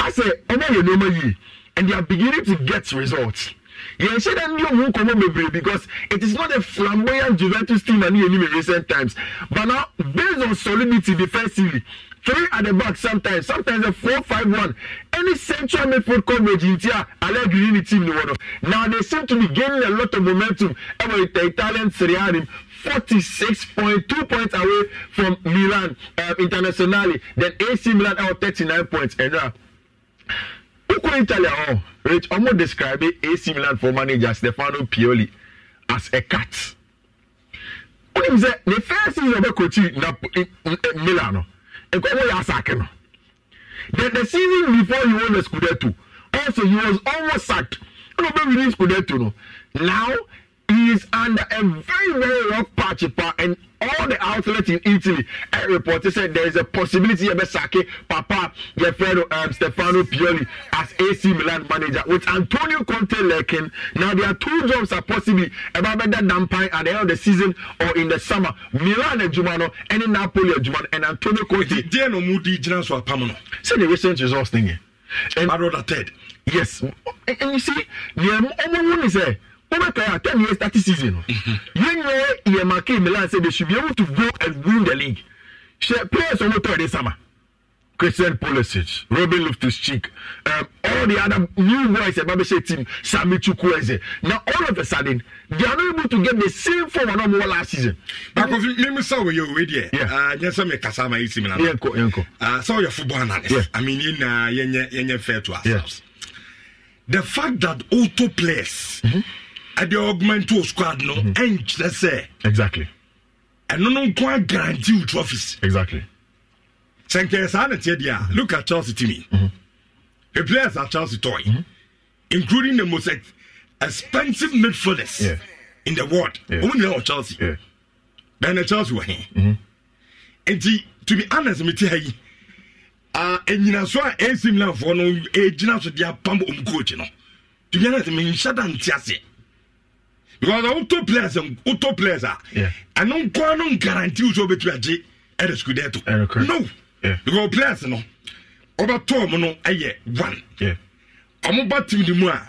asɛ ɔmo yɛ nneɛma yie and they are beginning to get results. yẹn ṣe dẹ ní òun kọ́ mọ́ bebree because it is not a flamboyant Juventus team na ní yẹn ní in recent times but now based on solidity defensively three at the back sometimes sometimes a four five one any central midfield coverage in tia Allegri ni team ni wọn no now they seem to be gaining a lot of momentum ẹwọ the Italian Serie A rim forty-six point two points away from Milan uh, um, internationally then AC Milan are thirty-nine points. And, uh, ɛkɔ italy hɔ oh, rich ɔmo describe ac milan for manager stefano pioli as a cat wonim sɛ ne first season ɔbɛkɔkyi na milan no nkɔmɔ yɛ asake no then the season before he won the scudetto also he was almost sacked ɛna ɔbɛ winning scudetto no now he is under a very very rough patch pa and all the outlets in italy ẹ report said there is a possibility yẹ bẹ sake papa yẹ fẹ um, stefano pioli as ac milan manager with antonio conte lurking. now there are two jobs are possibly about better bẹ da at the end of the season or in the summer milan and adwuma no ẹni napoli adwuma no and antonio conte. díẹ̀ no ọmú di gyina permanent. See the recent results thingy. and i rather third. yes and you see the ọmọ wọn ni sẹ́ẹ̀. Obata at 10 years, 30 season. Mm-hmm. You know, EMK Milan said they should be able to go and win the league. She players on the third summer. Christian Pulisic, Robin Loftus-Cheek, um, all the other new boys the Babeshe team, Sami Chukwueze. Now, all of a sudden, they are not able to get the same form and more last season. Because me me saw you with you. Yeah. Uh, yes, I'm a Kasama is similar. Yeah, go, uh, saw your football analyst. Yeah. I mean, in uh, yenye, yenye fair to ourselves. Yeah. The fact that auto players mm-hmm ɛde augment wo squad no mhm. ɛnkyerɛ sɛ exactly ɛno no nko a guarantee wo trophies exactly sɛ nkɛyɛ saa ne teɛ deɛ a mhm. look at chelsea timi mhm. the players are chelsea toy including the most expensive midfielders yeah. in the world wɔn nyinaa wɔ chelsea yeah. then the chelsea wɔ hɛn mm nti to be honest mi ti ha yi ɛnyinaso a ac milan foɔ no ɛgyina so de apam omu coach no to be honest mi nhyɛ da nti aseɛ because wotɔ players wotɔ players a ɛno nkoa no nkarantiw sɛ wobɛtumi agye ɛde skudɛto no because players no wɔbɛtɔɔ mu no ɛyɛ one ɔmo ba team ne mu a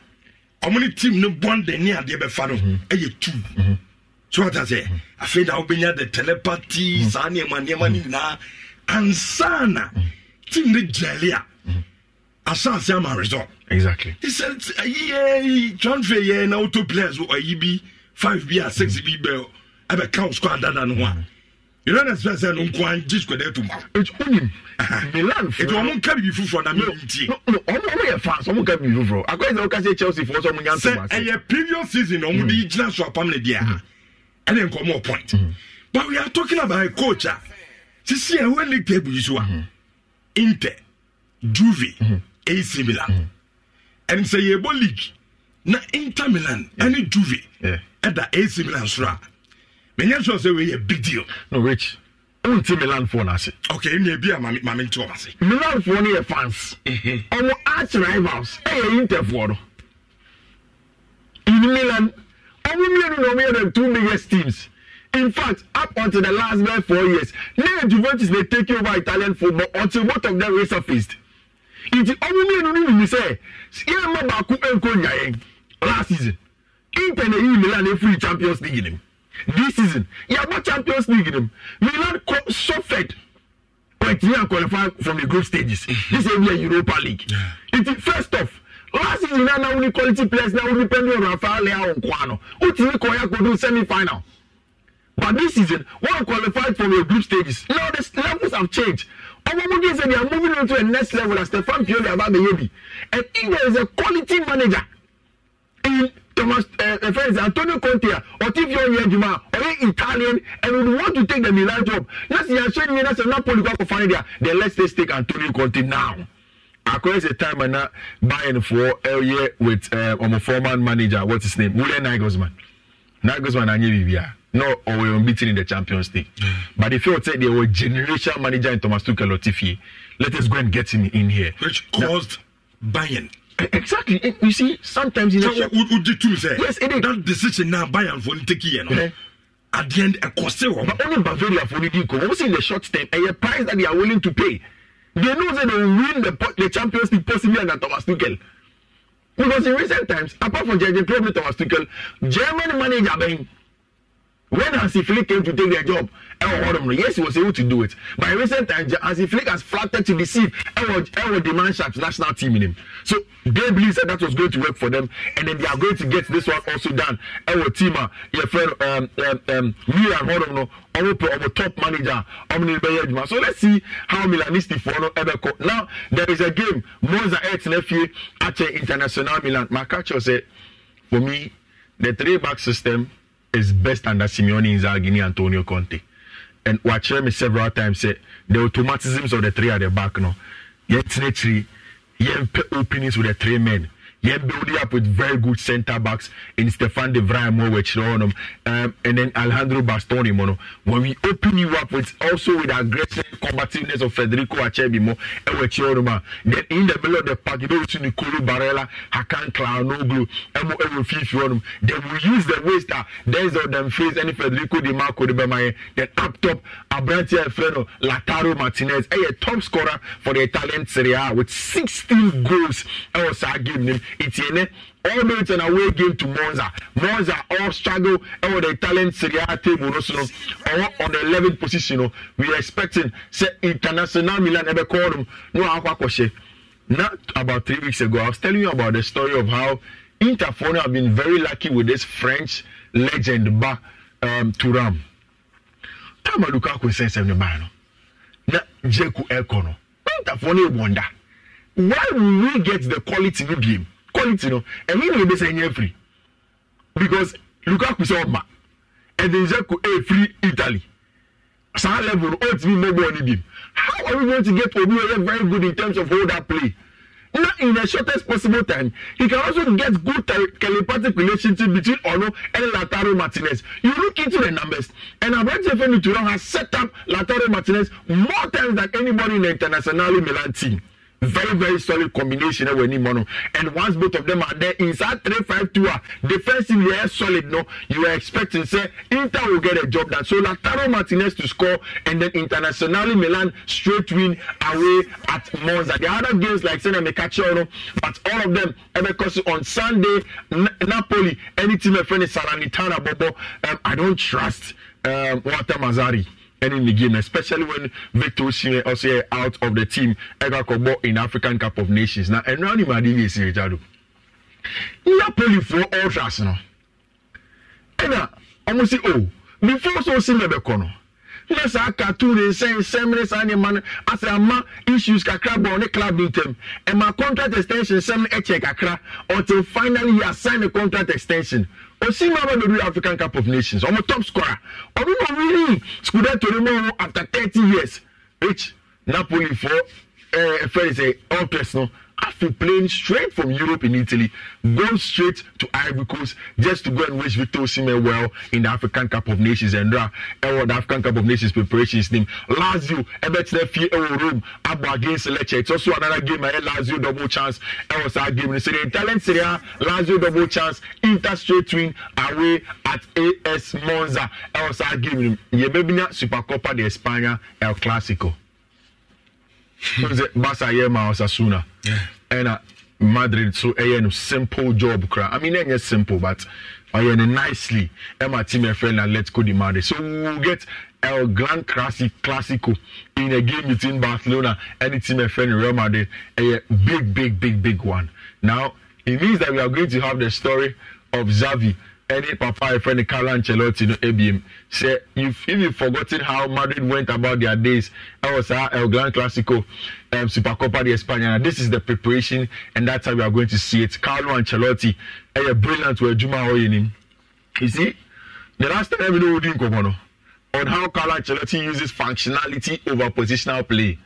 ɔmo ne team no bɔnde ne adeɛ bɛfa no ɛyɛ two mm-hmm. so wata sɛ afei mm-hmm. na wobɛnya de telepathy mm-hmm. saa nneɛma nneɛma no nyinaa ansa na team no gyale a asase ama result. exactly. sisan ayi yɛ transfer yɛ na auto players ayi bi five bi a six bi bɛ ɛbɛ ka o score dada no ho a you don't expect sɛ no nko an gye score dɛ to ma. only uh-huh. milan fɛ. etu ɔmo nka bibi foforɔ na mi n tie. ɔmo ɔmo yɛ fans ɔmo nka bibi foforɔ akɔyɛ sɛ ɔka se chelsea fɔ sɛ ɔmo nya ntoma se. sɛ ɛyɛ previous season ɔmo de hmm. gyina so apam ne deɛ ɛna nkɔmɔ more point hmm. but we are talking about a coach a sisi ɛwɔ league table yi so a hmm. inter juve. Mm -hmm. AC Milan and sɛ yɛbɔ league na Inter Milan ɛne Juve ɛda AC Milan soro a mɛnyɛ sɔ sɛ wei yɛ big deal. no rich Inter nti milanfoɔ no Okay, ok ne bi a mame nte ɔm ase milanfoɔ no yɛ fans ɔmo mm-hmm. arch rivals ɛyɛ interfoɔ no in milan ɔmo mmienu na ɔmo yɛ the two biggest teams in fact up until the last four years na juventus they take over italian football until both of them resurfaced nti ɔmo mmienu no nimi sɛ yɛn mma baako nko nya last season inter na yi milan efiri champions league nim this season yabɔ champions league nim milan kɔ suffered continue and qualify from the group stages this is a europa league nti first off last season na na wuli quality players na wuli pɛndu ɔrɔ afa lɛ awo nkɔ ano o ti ni kɔ ya kodo semi final but this season one qualified from your group stages now the levels have changed ọmọ mu gye sɛ they are moving on to a next level as stefan pioli aba abɛyɛ bi and if there is a quality manager in thomas uh, friends antonio conte a ɔte fi ɔyɛ adwuma a ɔyɛ italian and we want to take the milan job na sɛ yɛahyɛ nwie na sɛ napoli kɔ akɔfa ne deɛ then let's take take antonio conte now akɔyɛ sɛ time ana bayern foɔ ɛyɛ with ɔmo uh, eh, former manager what's his name william nagelsmann nagelsmann anyɛ biribiara No, na ɔwɔ beating in the champions league but if you say they were generation manager in thomas tuchel otifie let us go and get him in here which caused bayern e, exactly e, you see sometimes in so the would you say yes it is that decision now bayern for take here no okay. at the end a cost eh, but only bavaria for the deal what's in the short term a price that they are willing to pay they know that they will win the, the champions league possibly under thomas tuchel because in recent times apart from judging probably thomas tuchel german manager ben when Hansi Flick came to take their job, yes, he was able to do it. But in recent times, Hansi Flick has flattered to deceive Errol demand Sharp's national team in him. So they believe that that was going to work for them, and then they are going to get this one also done. Errol Tima, your friend, um, um, um, me and Horom, our top manager, Omni So let's see how Milanisti for ever Now, there is a game, Monza X nephew, Ache International Milan. My catcher said, for me, the three back system is best under Simeone Inzaghi and Antonio Conte. And watch me several times say the automatisms of the three at the back now. Yet three, yet openings with the three men. They're building up with very good centre backs in Stefan De Vrij, Mo um, and then Alejandro Bastoni. Mono. When we open you up with also with aggressive combativeness of Federico Achebe, Mo, ah. then in the middle of the pack, you know, Nicolo Barella, Hakan Klaanoglu, Emo Ewo Fifi, then we use the ways that them face any Federico Di Marco de Bemaye, then up top, Abrantia Efreno, Lataro Martinez, a top scorer for the Italian Serie A with 16 goals. That was our game It's in eh, all minutes an away game to Monza. Monza all struggle over the Italian Serie A table no, so, no, on the 11th position. No. We are expecting say International Milan ever call them. No, eh? not about three weeks ago. I was telling you about the story of how Interfono have been very lucky with this French legend, Ba um, Turam. Tama Lukaku says, "Everybody, na Jeku Ekono." Interfono wonder why will we get the quality we give? quality no ɛno na ebɛsɛ ɛnyɛ firi because lukaku sɛ ɔba ɛdi nzeko efiri italy saa level no ɔtumi mbɔ bɔɔl ni bi how are we going to get obi wey very good in terms of hold up play na in the shortest possible time he can also get good telepathic relationship between ono and lataro martinez you look into the numbers and abrante fenituro has set up lataro martinez more times than anybody in the international milan team very very solid combination ɛwɔ anim hɔ no and once both of them are there inside three five two a ah, defensive yɛ solid no you are expecting say inter will get a job done so lataro martinez to score and then internationally milan straight win away at monza the other games like sena mekachio no but all of them ebekose on sunday napoli any team efreni Saranitana, bobo um, i don't trust um, walter mazari. Any in the game, especially when Victor Osimhen also out of the team, Eka Kobo in African Cup of Nations. Now, and round him at the AC He You are playing for ultras now. And uh, I almost say, oh, before so Osimhen Bekono. na saa cartoon de nsɛn seven ne saa nneɛma no asɛ ama issues kakra bɔ ne club bi And my contract extension seven eight years, kakra until finally he signed the contract extension osima bɛ lori african cup of nations ɔmo top scorer ɔmo na ɔmo win scudetto ni mo after thirty years h napoli fo ɛɛ eh, fɛn sɛ all press no. Afi plane straight from Europe in Italy, go straight to Ivory Coast just to go and wish Victor Osimhen well in the African Cup of Nations and uh, eh, the African Cup of Nations preparations team. Lazio, Everton FA room. Abba against Lecce. It's also another game ahead, eh, Lazio double chance. It was our game. So the Italian Serie A, Lazio double chance, Inter straight win away at AS Monza. It was our game. Yebebina Supercopa de España, El Clásico. Barca yɛ ma Osasuna ɛna uh, madrid so ɛyɛ eh, no simple job kora i mean ɛnyɛ eh, simple but ɔyɛ oh, no nicely ɛma eh, team ɛfrɛ na atletico de madrid so we'll get el gran classic classico in a game between barcelona ɛne team ɛfrɛ no real madrid ɛyɛ big big big big one now it means that we are going to have the story of xavi any papa a friend Carlo Ancelotti no ebiem say if if you forgotten how Madrid went about their days that was our El Gran Clasico um, Supercopa de España this is the preparation and that's how we are going to see it Carlo Ancelotti ɛyɛ eh, brilliant wɔ adwuma hɔ yɛ nim you see the last time we no wodi nkɔmɔ no on how Carlo Ancelotti uses functionality over positional play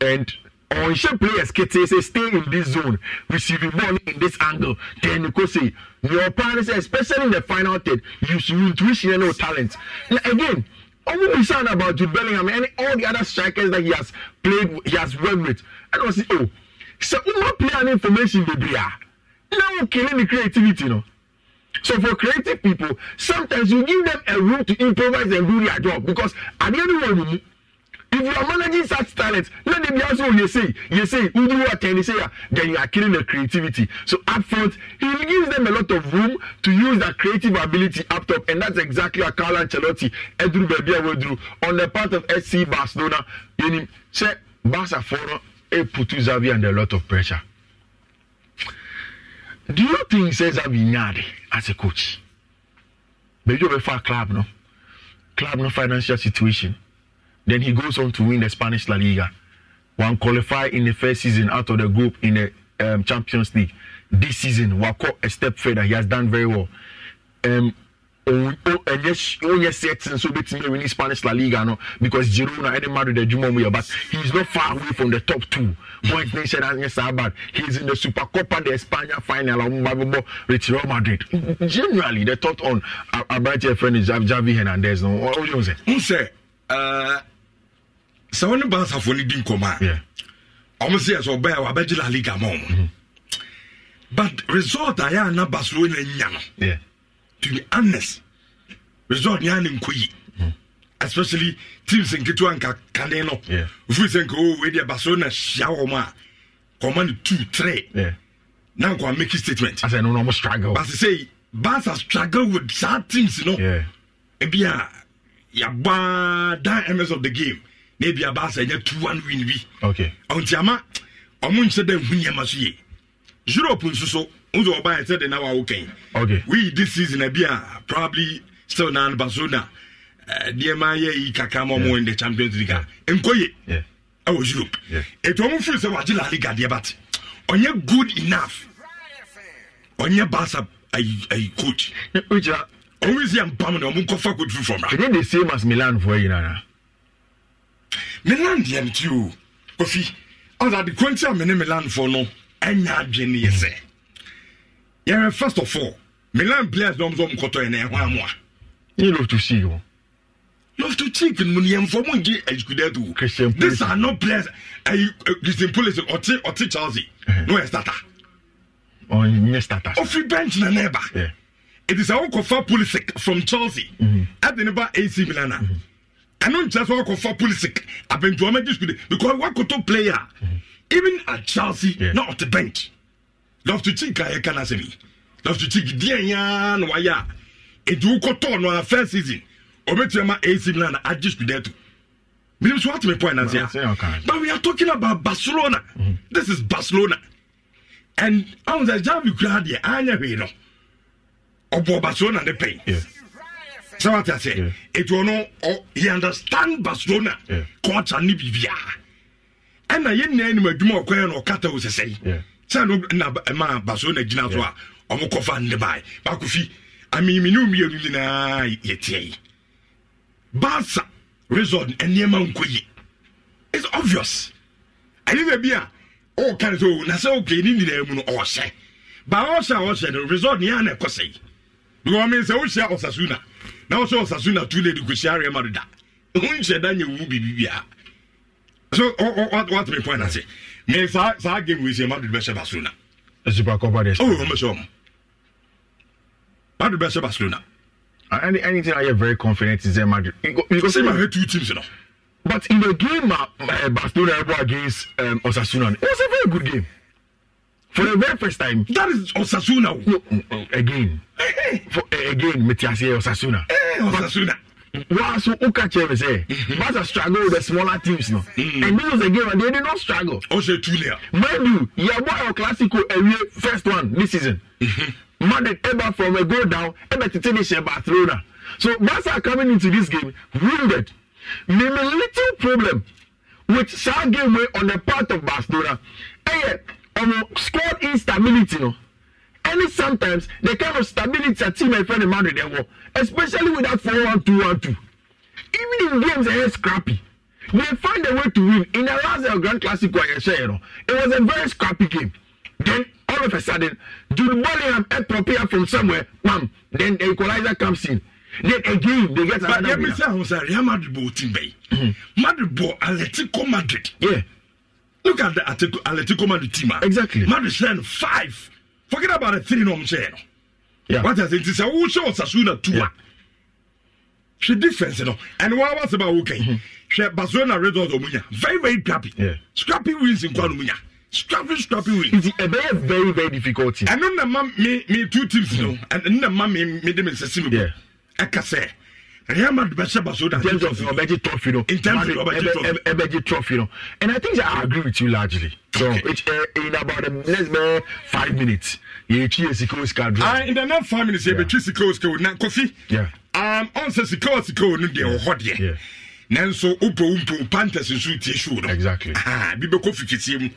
and Or ɔnhyɛ players kete say stay in this zone receiving ball in this angle then you go say your plan especially in the final third you should intuition and your talent now again ọmọ we sàn about jude bellingham and all the other strikers that he has played he has worked with and i was say oh sẹ ọmọ player ni information bebree ah na o kele ni creativity no so for creative people sometimes you give them a room to improvise and do their job because adeɛ ni wɔn ni mu if you are managing such talent let them be also you say you say who do what and say ah, then you are killing their creativity so up front he gives them a lot of room to use their creative ability up top and that's exactly what Carlo Ancelotti Edru Bebia will do on the part of SC Barcelona You know, say Barca fọrọ e eh, putu Xavi under a lot of pressure do you think say Xavi nyaade as a coach baabi o bɛ fa club no club no financial situation. Then he goes on to win the Spanish La Liga. One qualify in the first season out of the group in the um, Champions League. This season, Wako a step further. He has done very well. Um, onyɛ oh, oh, certain oh, so obetumi win spanish la liga no because girona ɛne madrid adwuma mu yɛ but he is not far away from the top two point ne nhyɛ n'anyɛ saa bad he is in the super copa de españa final a wɔn real madrid generally the thought on uh, aberante efrain javi hernandez no ɔyɛ n sɛ. n sɛ sɛ wone bansafoɔ no di nkɔmmɔ a ɔmo sɛ yɛ sɛ ɔbɛɛ wabɛgye la liga ma ɔmo mm-hmm. but result a yɛa na barcelona nya no yeah. to be honest result ne a nkɔ yi mm-hmm. especially teams nketewa nka kane no ofiri sɛ nka ɔwei oh, deɛ barcelona hyia wɔ m a kɔma no two three yeah. na nkɔ make statement asɛ no ɔmo struggle but sɛ barca struggle with saa teams no yeah. ebia yɛabaa dan ms of the game na ebi abaasa ɛnyɛ two one win bi ɔnti ama ɔmo nkyɛ dɛ nhu nneɛma so yie europe nso so nso ɔba yɛ na wa awokɛn we this season ɛbi a probably still na barcelona nneɛma eh, yɛ yi kakra ma ɔmo in the champions league a nkɔ yie ɛwɔ europe etu ɔmo firi sɛ wagye la liga deɛ bat ɔnyɛ good enough ɔnyɛ baasa ayi ayi coach ɔmo si yɛ mpam na ɔmo nkɔfa coach fufuo mra. ɛnyɛ the same as milan fo yi nana milan deɛ no ti o kofi ɔda de kwanti a mene milan fo no ɛnya adwe ne yɛ sɛ yɛrɛ first of all milan players dɔm sɛ ɔmkɔtɔ yɛ na ɛho amoa ne love to see o love to cheek no mu no yɛmfɔ mo ngye adikudat this are not players ayi christian police ɔte ɔte chelsea No ɔyɛ starter ɔnyɛ starter ɔfiri bench na na ɛba ɛti sɛ wokɔfa polisic from chelsea mm-hmm. ɛde ne ba ac milan a mm -hmm ɛno nkyerɛ sɛ wakɔfa polisic abɛntuama gye skude because wakoto player mm -hmm. even at chelsea yeah. na ɔte bench lofto chinka yɛka no asɛm yi lofto chink deɛ nyaa na wayɛ a ɛnti wokɔtɔɔ no a first season ɔbɛtumi ma ac milan na agye skude to menim so wateme point nansea but we are talking about barcelona mm -hmm. this is barcelona and ɔn sɛ javi koraa deɛ anyɛ hwee no ɔbɔɔ barcelona ne pɛi yes sɛ wate aseɛ ɛti ɔno eh. he understand barcelona culture ne biribiaa ɛna yɛnna anim adwuma ɔkɔɛ no ɔkata wo sɛsɛi sɛ no na ma barcelona gyina so a ɔmo kɔfa nne bae bakofi amemene mmienu nyinaa yɛtiɛi barsa resort nneɛma nkɔ yi it's obvious ɛne da bi a ɔka ne sɛ oh, na sɛ okei ne nyinaa mu no ɔhyɛ ba ɔhyɛ a ɔhyɛ no resort ne yɛ ana ɛkɔ sɛi because ɔme sɛ wohyɛ ɔsasuna na wosɛ ɔsaso na tu lady kɔhyia areɛ ma do da wonhyɛ da nyɛ wu biribibia so wat me point ase me saa game wei sɛ madod bɛhyɛ barcelona ɔmɛhyɛ ɔm madod bɛhyɛ barcelona Any, anything I am very confident is Real Madrid because I had two teams, you know. But in the game, uh, eh, Barcelona against um, Osasuna, it was a very good game for the very first time. that is osasuna. no mm, again for eh, again meti osasuna. Hey, eh, osasuna. But, wàá so uka kyerɛ mi sɛ barca struggle with the smaller teams no mm. and this was a game and they did not struggle. o ṣe tulia. mind you yabɔ ɛwɔ classico ɛwie first one this season mm-hmm. madrid eba from a goal down eba tete de hyɛ barcelona so barca coming into this game wounded with a little problem with saa game wey on the part of barcelona ɛyɛ eh, ɔmo squad instability no any sometimes the kind of stability a team ɛfɛ ne madrid ɛwɔ especially with that four one two one two even if games ɛyɛ scrappy they find a way to win in the last uh, grand classico ɛyɛ hyɛ yɛ no it was a very scrappy game then all of a sudden jude bellingham ɛpɔpia from somewhere pam then the equalizer comes in then again they get another winner. but yẹn mi sẹ́ àwọn sáré real madrid bọ̀ ọ́ ti bẹ̀ yìí madrid bọ̀ alẹ́ ti kọ́ madrid. Yeah. Look at the Atletico, Atletico Madrid team. Exactly. Madrid send five. Forget about the three norm share. Yeah. What has it is a who shows Sasuna two. She difference, you know. And what was about okay? Mm-hmm. She Barcelona Red Hot Omunya. Very, very scrappy. Yeah. Scrappy wins in Kwan Omunya. Scrappy, scrappy wins. It's a very, very, very difficult team. And on the man, me, me two teams, you know. And on the man, me, me, me, me, me, me, me, me, me, me, ɛyɛ ma bɛsɛ baso da ten trophy ɔbɛgye trophy no in terms of ɔbɛgye trophy ɛbɛgye trophy no and i think that i agree with you largely so okay. Eh, in about the next uh, five minutes yɛtwi yɛ sika osika draw uh, in the next five minutes yɛbɛtwi sika osika na kofi ɔnsɛ sika osika no deɛ wɔ hɔ deɛ nanso wopowompo pantes nso tie show no exactly ah, bi bɛkɔ fifisie mu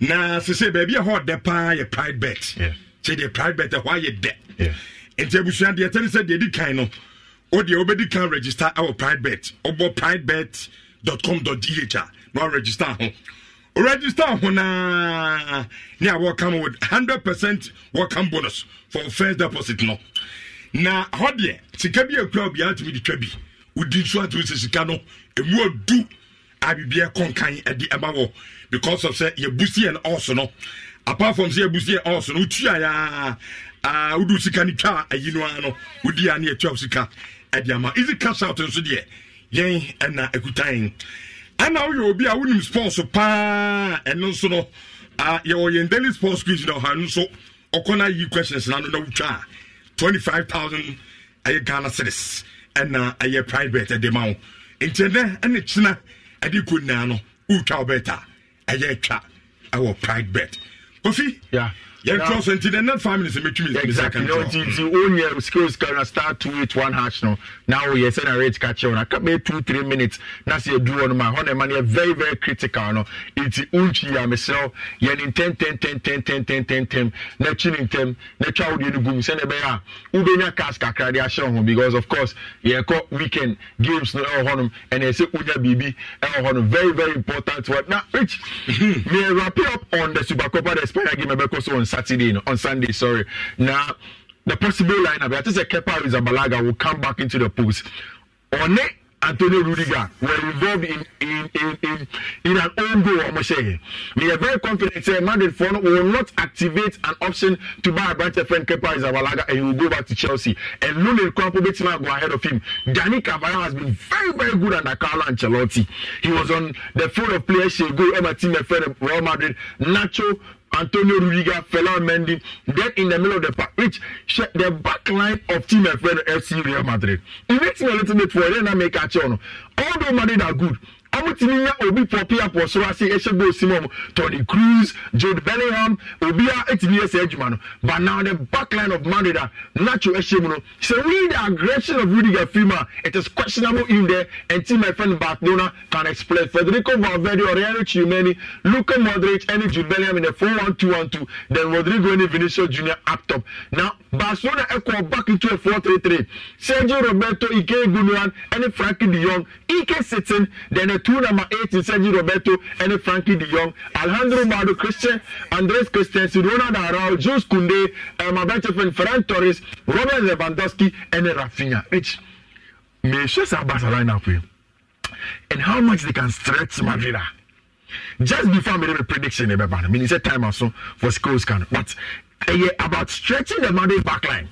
na sesɛ baabi a hɔ dɛ paa yɛ pride bet kyɛ de pride bet ɛhɔ ayɛ dɛ nti abusua deɛ ɛtɛne sɛ deɛ di kan no wode wobɛdi kan register ɛwɔ pride bet pridebet com gh a na waregister ho register ho naa ne a wɔkam with 100 percent welcome bonus for first deposit no na hɔ deɛ sika bi akura obiara tumi de twa bi wodi nso ato sɛ sika no ɛmu adu a biribiɛ kɔnkan de ɛma wɔ because of sɛ yɛbusiɛ no ɔso no apart from sɛ yɛbusiɛ ɔso no wotuaeɛ a wodu sika no twa ayi no a no wodi a ne yɛtua wo sika ɛde ama easy cash out nso deɛ yɛn ɛna ekutan ɛna woyɛ obi a wonim sports paa ɛno nso no a yɛwɔ yɛn daily sports quiz na ɔha no nso ɔkɔ na yi questions na no na wotwa a twenty five thousand ɛyɛ ghana cedis ɛna ɛyɛ private ɛde ma wo nti ɛnɛ ɛne kyena ɛde ko nyinaa no wotwa ɔbɛta ɛyɛ twa ɛwɔ private kofi. Yeah yɛtwa so nti the net five minutes mɛtumi exactly no nti nti wonyɛ sika sika na start two eight one hash no na woyɛ sɛ na rate ka kyerɛ no aka bɛyɛ two three minutes na sɛ yɛduru hɔ no ma hɔ na ɛma no yɛ very very critical no nti wontwi yɛ amesrɛ yɛne ntɛm ten ten ten ten ten ten ten na kyi ne ntɛm na twa wodeɛ no gum sɛne ɛbɛyɛ a wobɛnya cars kakra de ahyɛ ho because of course yɛkɔ weekend games no ɛwɔ hɔnom ɛna ɛsɛ wonya biribi ɛwɔ hɔnom very very important word na rich me wrap up on the super copa the spider game ɛbɛkɔ so on Saturday, on Sunday, sorry. Now, the possible lineup, I think Kepa Balaga will come back into the post. On it, Antonio Rudiger were involved in in in in, in an own goal ọmọ ṣe we are very confident say Madrid for will not activate an option to buy a Abrante friend Kepa Arrizabalaga and he will go back to Chelsea and Lulin Kwampo Betima go ahead of him Dani Carvajal has been very very good under Carlo Ancelotti he was on the full of players ṣe go emma team friend Real Madrid Nacho Antonio Rudiger, Felan Mendy. Then in the middle of the park, which the back line of Team FN FC Real Madrid. It makes me a little bit worried, and I make a channel. All the money that good amutumi nya obi pɔpi apɔ soro ase ɛhyɛ goal si mu tony cruz jude bellingham obi a etumi yɛ sɛ adwuma no but now the back line of madrid a nacho ɛhyɛ mu no sɛ we the aggression of rudiger film it is questionable in there until my friend barcelona can explain federico valverde oriano chimeni luka modric ɛne jude bellingham in the four one two one two then rodrigo ɛne vinicius junior up top now barcelona ɛkɔ back into a four three three sergio roberto ike gunuan ɛne frankie de jong ike sitting then two number eight is Sergio Roberto and Frankie de Jong, Alejandro Bardo, Christian, Andres Christensen, Ronald Arau, Jules Kunde, uh, um, my best friend Ferran Torres, Robert Lewandowski, and Rafinha. Which? may share some Barca lineup with and how much they can stretch Madrid. Just before I made a prediction, eh, I mean, it's a time or so for schools can, but uh, yeah, about stretching the Madrid back line.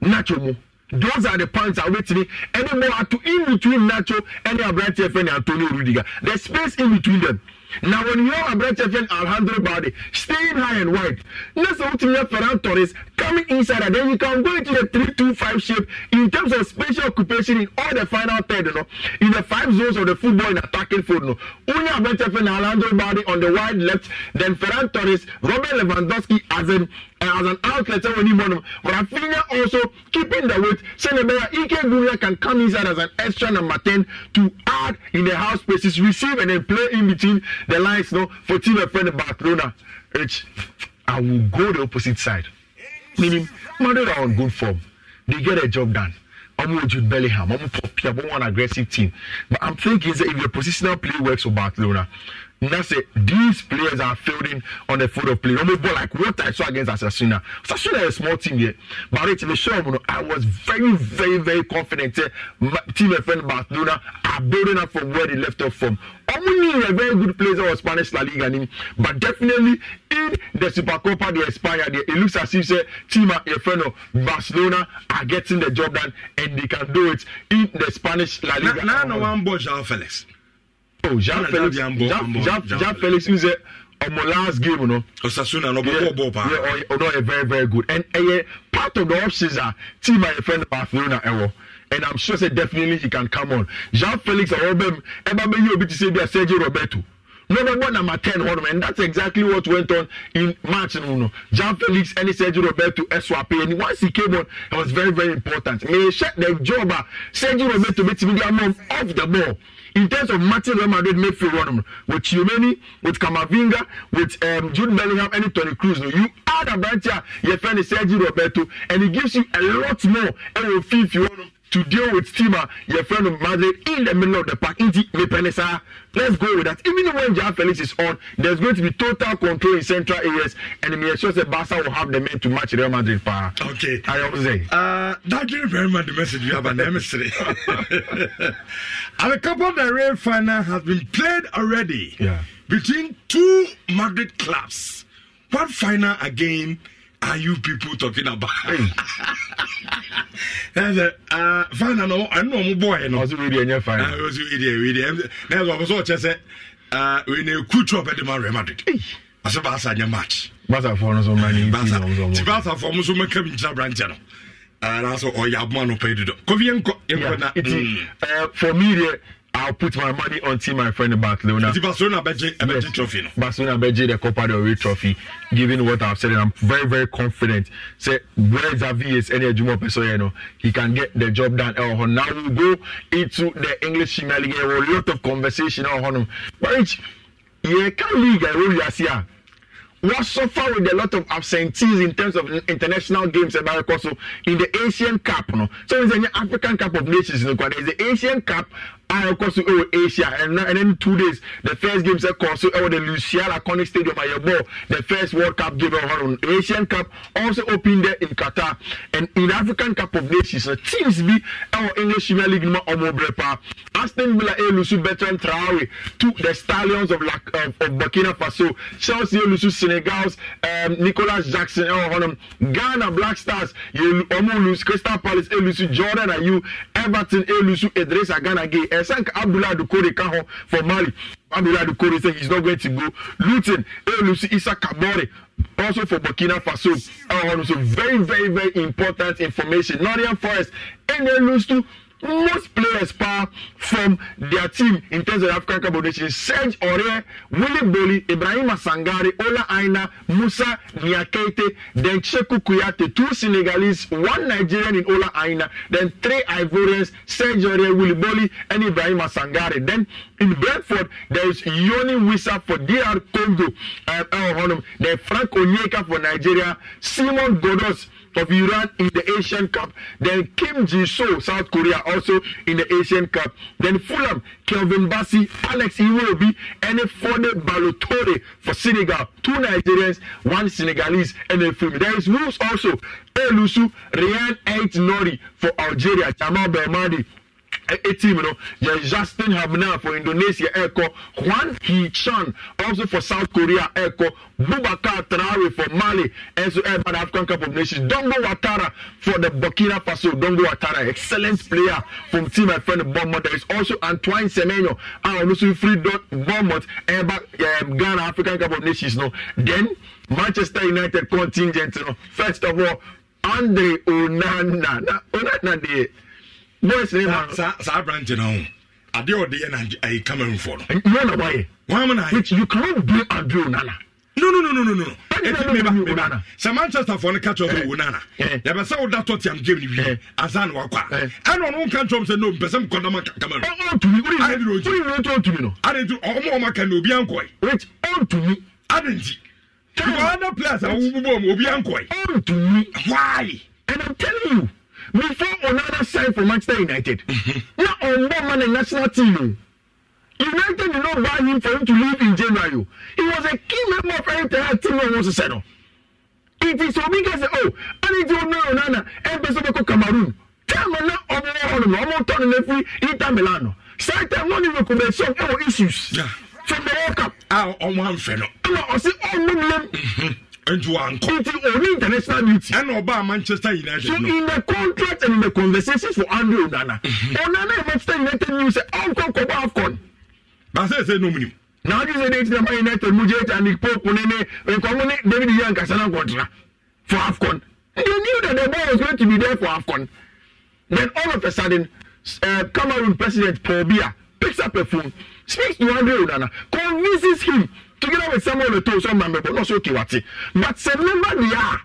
Natural those are the points a wobɛtumi ɛne mo ato in between nacho ɛne aberanteɛ fɛ ne antonio Rudiga. the space in between them na wɔn nyɛ aberanteɛ fɛ alejandro balde staying high and wide na sɛ wotumi ferran torres coming inside and then you can go into the three two five shape in terms of spatial occupation in all the final third you know, in the five zones of the football in attacking field no onye aberanteɛ fɛ ne alejandro balde on the wide left then ferran torres robert lewandowski as in as an outlet sɛ wɔn ni bɔ no but afinya also keeping the weight sɛnɛ bɛyɛ ike gunya can come inside as an extra number ten to add in the house spaces receive and then play in between the lines no for team friend barcelona rich i will go the opposite side meaning madrid are on good form they get their job done ọmọ ojú bellingham ọmọ pọpi ọmọ one aggressive team but i'm thinking say if the positional play works for barcelona na say these players are failing on the field of play wɔn bɔ like what i saw against asasuna asasuna a small team here, but it me sure no i was very very very confident sɛ eh, team fn barcelona are building up from where they left off from ɔmo ni a very good player of spanish la liga nim but definitely in the supercopa de españa there it looks as if say team a yɛ fɛ barcelona are getting the job done and they can do it in the spanish la liga. na na na wan bɔ jao felix jean felix jean felix n sɛ ɔmo last game oh, oh, no. osasuna na ɔbɔ bɔɔl paa. yɛ ɔdɔ yɛ very very good and ɛyɛ part of the options a team a yɛ fɛn no barcelona ɛwɔ eh, and i'm sure say definitely he can come on jean felix a eh, ɔbɛm ɛba eh, bɛ yi obi ti se bi a sergio roberto nobɛbɔ number ten hɔnom and that's exactly what went on in march no no jean felix ɛne sergio roberto ɛsoape and once he came on it was very very important He meehyɛ the job a sergio roberto bɛ ti bi di amom off the ball in terms of matching Real Madrid midfield one with Chiumeni, with Kamavinga, with um, Jude Bellingham, and Tony Cruz. No, you add a bunch of your friend Sergio Roberto, and it gives you a lot more. And feel if you want to deal with Steamer, your friend no madrid in the middle of the park in the ne let's go with that even when Jao Felix is on there's going to be total control in central areas and me sure say Barca will have the men to match Real Madrid pa. okay I don't say. Uh, thank you very much the message you have an emissary. and a couple of the real final has been played already yeah. between two Madrid clubs. What final again are you people talking about? That's a uh, fine. I know, I'm a boy. I was really in your I was really, really. That's what I was all just said? Uh, when you could drop at the Real Madrid. I said, Barca, your match. Barca for us, man. Barca, Barca for us, man. Come in, Jabran, Jano. And also, oh, yeah, man, no pay the door. Kovienko, mm. uh, for me, I'll put my money on Team my friend Barcelona. Is Barcelona Beji yes, trophy? No? Barcelona Beji the Copa del Rey trophy. Given what I've said, and I'm very very confident. Say where Xavi is any Jumo Pesoye, you know, he can get the job done. now we we'll go into the English Premier League. a lot of conversation on him. But yeah, can league I will We Was suffer with a lot of absentees in terms of international games and also in the Asian Cup. No? So it's an African Cup of Nations. No? There's the Asian Cup a ɛkɔ so ɛwɔ oh, asia ɛna ɛna ne two days the first game sɛ kɔɔ so ɛwɔ oh, the luciana conic stadium a yɛbɔ the first world cup game ɛwɔ hɔnom asian cup also opened there in qatar and in african cup of nations teams bi ɛwɔ oh, english premier league ma ɔmo brɛ paa aston villa elusu eh, bertrand traore to the stallions of, La, uh, of burkina faso chelsea elusu eh, senegals um, nicholas jackson ɛwɔ eh, hɔnom ghana black stars yɛ ɔmo lusu crystal palace elusu jordan ayew everton elusu edresa ghana gay ɛsank abdullah adukore ka hɔ for mali abdullah adukore say he's not going to go luton elusi isa kabore also for burkina faso ɛwɔ hɔ no so very very very important information norian forest enelusu most players pa from their team in terms of African Cup of Nations Serge Aurier, Willie Boli, Ibrahim Sangare, Ola Aina, Musa Niakete, then Cheku Kuyate, two Senegalese, one Nigerian in Ola Aina, then three Ivorians, Serge Aurier, Willie Boli, and Ibrahim Sangare. Then in Brentford, there is Yoni Wissa for DR Congo, uh, El uh, then Frank Onyeka for Nigeria, Simon Godos of Iran in the Asian Cup. Then Kim Ji So, South Korea, also in the Asian Cup. Then Fulham, Kelvin Bassi, Alex Iwobi, and Fone Balotore for Senegal. Two Nigerians, one Senegalese, and a film. There is Wolves also. Elusu, Ryan Ait Nori for Algeria, Jamal Belmadi team, you know, Justin Habna for Indonesia, Echo, Juan Hee also for South Korea, Echo, Bubakar Traore for Mali, and so Urban African Cup of Nations, Dongo Watara for the Burkina Faso, Dongo Watara, excellent player from team my friend Bournemouth. There is also Antoine Semenyo, and also Free Dot Bournemouth, and eh, um, Ghana African Cup of Nations, you no. Then Manchester United contingent, you first of all, Andre Onana, na, Onana, the boys ne ma saa branch na ho ade ɔde yɛ na ayi kamɛn fɔ no. yɛ do nana. no no no no no no. eti mi ba mi manchester for ne catch of sɛ wo nana yabɛ sɛ o da tɔ tiam game ni wi asan wa kɔ a ɛna ɔno ka kyerɛ sɛ no mpɛsɛ nkɔdama kamɛn. ɔ ɔ tumi o de ye o de ye o tɔ tumi no. adi nti ɔmɔ ɔmɔ kan na obi an kɔ ye. wait ɔ tumi. adi nti. because other players awo bubu ɔmɔ obi an why. and i'm telling you before onana signed for manchester united na ọ̀nbọ̀ man in national team o united did not buy him for him to leave in january o he was a key member of anytime team wey to ṣiṣẹ no nti sọ obi kẹsẹ oh, I need to know onana ẹ bẹ sọ bẹ kọ cameroon táàmù náà ọmọ ọhún náà ọmọ tọ́nu náà fi inter milan nọ sáyẹtẹ wọn ni recommendation ẹ wọ issues from the world cup. a ọmọ àǹfẹ nọ. ẹ wọ ọsẹ ọmọ mi lẹnu nti wankɔ nti ori international duty ɛna ɔbaa manchester united so in the contract and in the conversation for andrew onana mhm. onana manchester united new sɛ ɔnkɔ kɔbɔ afcon baasa ɛsɛ nom nim na adi sɛ deɛ tinama united mu gye ta nick pope ne eh, ne nkɔmo ne david yan kasana nkɔntra for afcon they knew that the boy was going to be there for afcon then all of a sudden uh, cameroon president paul biya picks up a phone speaks to andrew Nana, convinces him together with someone on the some member not so okay but say member they are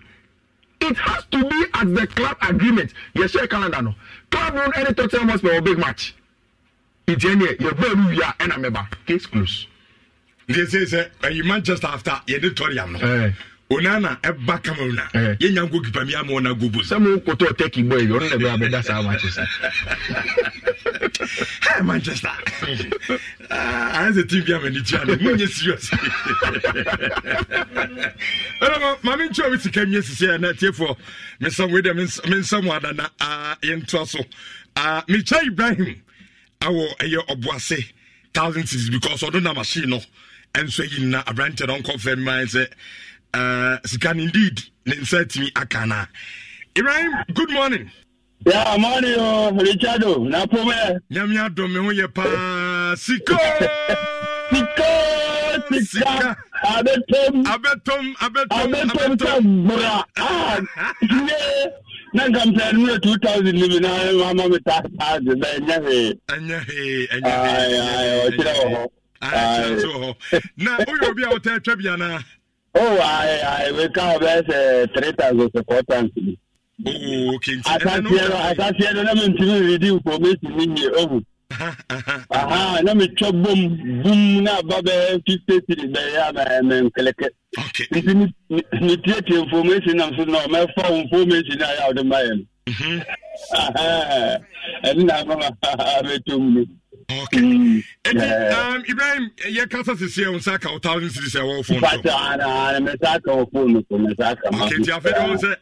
it has to be at the club agreement yes share calendar no club won any total must be a big match ìjẹni yẹ bẹẹ mi wia ẹna member. case close. This is. é sẹ ẹyin manchester after yẹ de tọrọ yam no. Eh onana ɛba eh, cameroon na eh. yɛ nya nko kipa mi ama ɔna gobo sɛ mo kɔtɔ turkey boy ah, bi ɔno na bɛ abɛda saa manchester hi manchester ayɛ sɛ team bi ama ne tia no mo nyɛ serious ɛnna maame nkyɛn mi sika nyɛ sisi ɛ na tiefoɔ mesam wei dɛ mensam adana a yɛntoa so ah, mekyɛ ibrahim awɔ ɛyɛ ɔboase thousand six because ɔno na machine no ɛnso ayi nna aberanteɛ no nkɔ fɛ mmaa sɛ Eh, sika no indeed ne nsa atumi aka no ibrahim good morning Yeah, morning o richardo na pomɛ nyame adɔ me ho yɛ paa sika sika sika abɛtɔm abɛtɔm abɛtɔm abɛtɔm sɛ bra ah na nka mpɛ no yɛ two thousand bi na mama me ta ade bɛ ɛnyɛ hee ɛnyɛ hee ɛnyɛ hee ɔkyerɛ wɔ hɔ na woyɛ obi a wotɛ atwa bi anaa oh i i make am bẹ sẹ three thousand to four thousand bi. oo okay nti ẹnu ẹnu asase ẹnu ẹnu mi ti mi ridi information mi nye owu. aha na mi twa bom bum na aba bẹ fifty three bẹ ya mẹ mẹ nkeleke. nti mi tie tie information I'm so na My phone, fa information na ya ọ dị mma yẹn. ẹnu na ama ma ha ha ha bẹ tó mu Okay. Mm, um, Ibrahim, yɛ kasa sisi ɛwọn sa ka o thousand series ɛwɔ fone so. Bàtà ara mɛ sá ka o fone so mɛ sá ka ma. Okay, ti afɛ de wɔn sɛ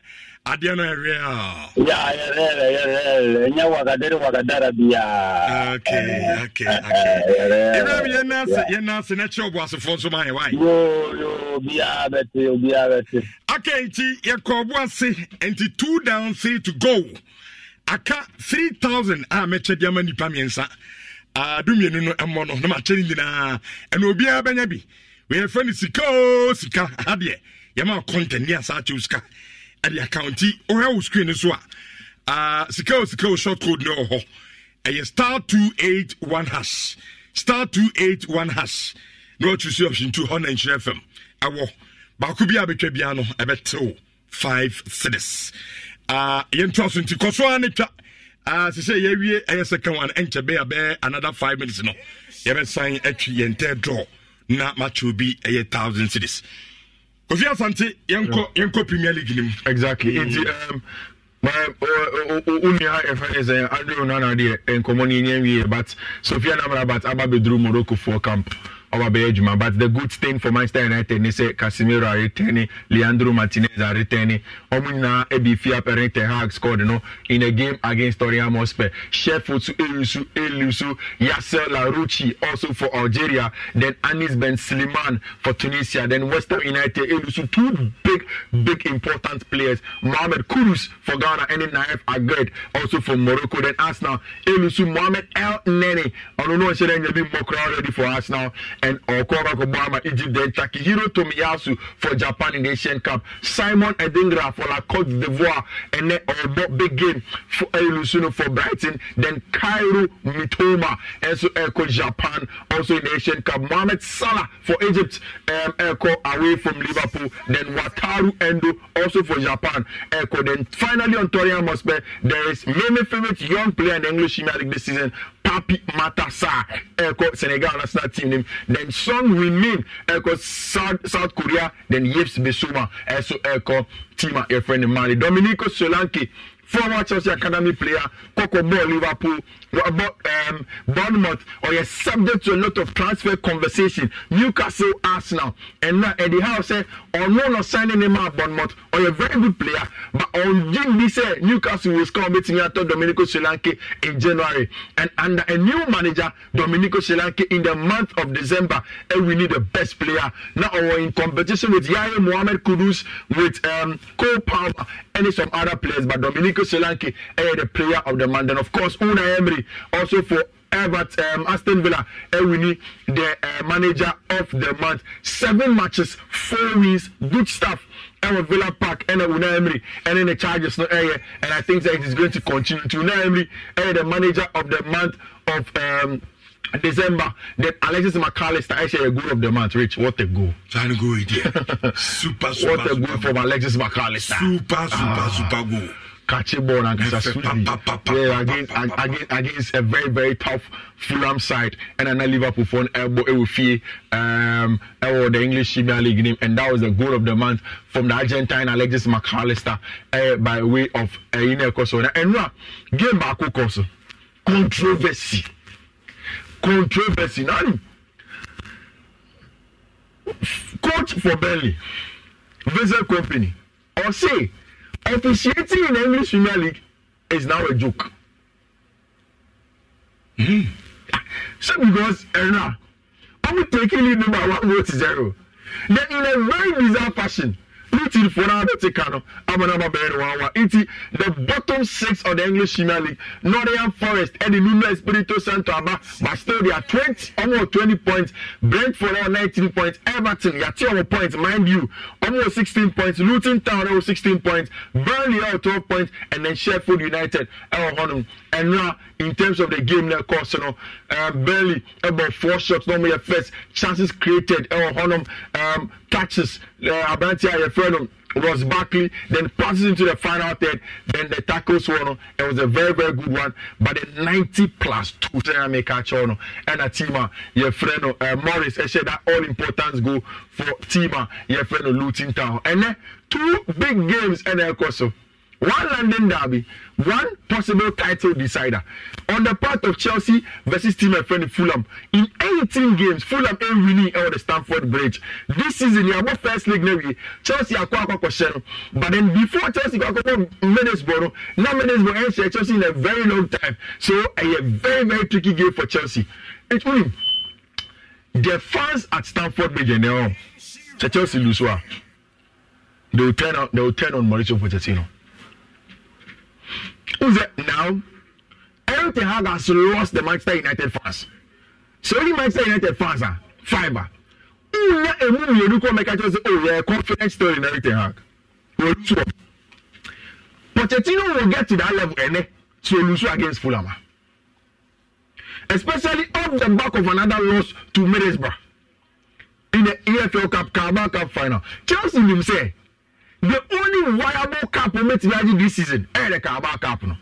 adeɛ náà a. Ya yɛrɛ yɛrɛ yɛrɛ n yɛ wakadere wakadara bi eh, eh, eh, ya. Okay, okay, okay. Ibrahim yɛ nase yɛ nase ne kyerɛ ɔbɔ asefo nso ma yɛ wa yi. Yo yo obiara bɛ te obiara bɛ te. Aka nti yɛ kɔ ɔbɔ ase nti two down three to go. Aka three thousand a mɛ kyɛ di ama nipa mmiɛnsa adumienu ah, no mmɔ no na makyɛ ne nyinaa ɛna obiara bɛnya bi wɔyɛfrɛ no sika o oh, sika ha ah, deɛ yɛma kɔntɛn ne asa akyɛw sika ɛde akaunti wohɛ wo screen no so a ah, sika o oh, sika o oh, short code no wɔ hɔ ɛyɛ star 281 hash star 281 hash na wɔtwi so option 2 hɔ na nkyerɛ fam ɛwɔ baako bi a bɛtwa biara no ɛbɛterew 5 cities yɛntoa so nti kɔ so a ne twa Ah, sɛ yɛwie ɛyɛ second one ɛnkyɛ bɛyɛ bɛyɛ another five minutes no yɛbɛsan atwi yɛn tɛ draw na makyɛw bi ɛyɛ thousand cities kofi asante yɛnkɔ yɛnkɔ premier league nim. exactly nti wonua um, ɛfɛ ne sɛ adre onana deɛ nkɔmmɔ no yɛnya wieɛ but sofia namrabat aba bɛduru moroccofoɔ camp ɔba adwuma but the good thing for manchester united ne sɛ casemiro aretɛni leandro martinez aretɛni ɔmo nyinaa ebi fi apɛrin ten hag scored no in a game against Torino. hotspur sheffield so elusu elusu yasser larouchi also for algeria then anis ben sliman for tunisia then west ham united elusu two big big important players mohamed kudus for ghana and naif agred also for morocco then arsenal elusu mohamed el nene ɔno no ɔhyɛ dɛ nyɛ bi mbɔ koraa already for arsenal and Okoro Kobama, Egypt, then Turkey. Hiro Tomiyasu for Japan in the Asian Cup. Simon Edingra for La Cote d'Ivoire, and then Obo Big Game for Elusuno for Brighton. Then Cairo Mitoma, also Echo Japan, also in the Asian Cup. Mohamed Salah for Egypt, um, Echo away from Liverpool. Then Wataru Endo, also for Japan, Echo. Then finally on Torian Mosbe, there is Meme favorite young player in the English Premier League this season, Papi Matassa, Echo Senegal national team then some remain ɛkɔ south south korea then yeps besoma ɛso ɛkɔ team a yɛfrɛ no mali dominico solanke former chelsea academy player kɔkɔ bɔ liverpool wabɔ um, bournemouth ɔyɛ subject to a lot of transfer conversation newcastle arsenal ɛnna Eddie Howe sɛ ɔno oh, na signing ne ma bournemouth ɔyɛ oh, very good player but on June bi sɛ newcastle will score ɔbɛtumi atɔ dominico solanke in january and under a new manager dominico solanke in the month of december and eh, we need the best player na ɔwɔ in competition with yaya mohammed kudus with um, cole palmer and some other players, but Dominico Solanke is eh, the player of the month. And of course, Una Emery also for Everton, um, Aston Villa, Ewini, eh, the uh, manager of the month. Seven matches, four wins, good stuff. ɛwɔ villa park and una emery and ɛne the charges no area, and i think that it is going to continue to una emery ɛyɛ the manager of the month of um, December, that Alexis McAllister actually a goal of the match. Rich, what a goal! Trying to go again. super, super. What a goal super, from Alexis McAllister. Super, super, ah. super goal. Catch Catching ball and yeah, against, against, against a very, very tough Fulham side. And then Liverpool for an elbow, it will feel um, oh, the English Premier League name. And that was the goal of the month from the Argentine Alexis McAllister uh, eh, by way of uh, eh, Ine Koso. And now game back, Koso. Controversy controversy nani coach for burnley visit company ɔse officiating in english premier league is now a joke mm. so because Erna, I'm taking lead number one vote zero then in a very bizarre fashion. Lutonfoɔ no ara te ka no ama no ama bɛyɛ no wawa nti the bottom six of the English Premier League Nottingham Forest ɛde Nuno Espirito Santo aba but still they are twenty ɔmo wɔ twenty points Brentford ɔwɔ nineteen points Everton yate ɔmo points mind you ɔmo wɔ sixteen points Luton Town ɔwɔ sixteen points Burnley ɔwɔ twelve points and then Sheffield United ɛwɔ hɔnom ɛnura in terms of the game na ɛkɔɔso no. Uh, barely about four shots normally ɔmo first chances created ɛwɔ uh, Honum um, catches uh, aberanteɛ a yɛfrɛ no Ross Barkley then passes into the final third. Then the tackles won. It was a very, very good one. But the 90 plus two center make catch on. And a teamer, your friend uh, Morris, I said that all importance go for teamer, your friend Luton Town. And then two big games and El Coso one London derby, one possible title decider. On the part of Chelsea versus team and friend Fulham, in 18 games, Fulham ain't winning out the Stamford Bridge. This season, you have first league maybe Chelsea are quite question. But then before Chelsea got Middlesbrough, now Middlesbrough ain't Chelsea in a very long time. So a very, very tricky game for Chelsea. It means the fans at Stamford Bridge and they all Chelsea lose. They will turn on they will turn on Mauricio Pochettino. Uze, now, Eric Ten Hag has lost the Manchester United fans. So only Manchester United fans are fiber. Uwe emu mmienu kọ mẹka kyerɛ sɛ ɔyɛ confidence story na Eric Ten Hag. Wɔlusu ɔ. Pochettino will get to that level ɛnɛ to lose against Fulham. Especially off the back of another loss to Middlesbrough in the EFL Cup Carabao Cup final. Chelsea nim sɛ the only viable cap ometumi agye this season ɛyɛ eh, dɛ kaaba cap no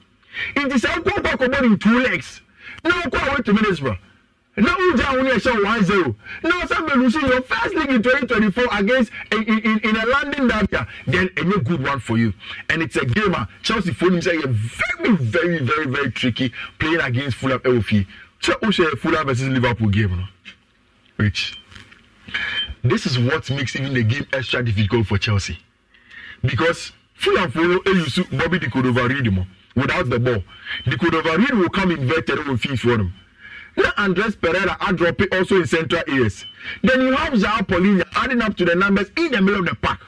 nti sɛ wokɔ kɔ kɔbɔ in two legs na wokɔ away two minutes bro na wogya wo ne ɛhyɛ one zero na ɔsɛ bɛlusi your first league in twenty twenty four against in, in, in a London derby then ɛnyɛ good one for you and it's a game ah Chelsea fo nim sɛ yɛ very very very very tricky playing against Fulham ɛwɔ fie sɛ wohyɛ Fulham versus Liverpool game no rich this is what makes even the game extra difficult for Chelsea because Fulham use Bobby De Cordova mo without the ball. De Cordova will come inverted on fifth one. Now Andres Pereira are dropping also in central areas. Then you have Zao Polina adding up to the numbers in the middle of the park.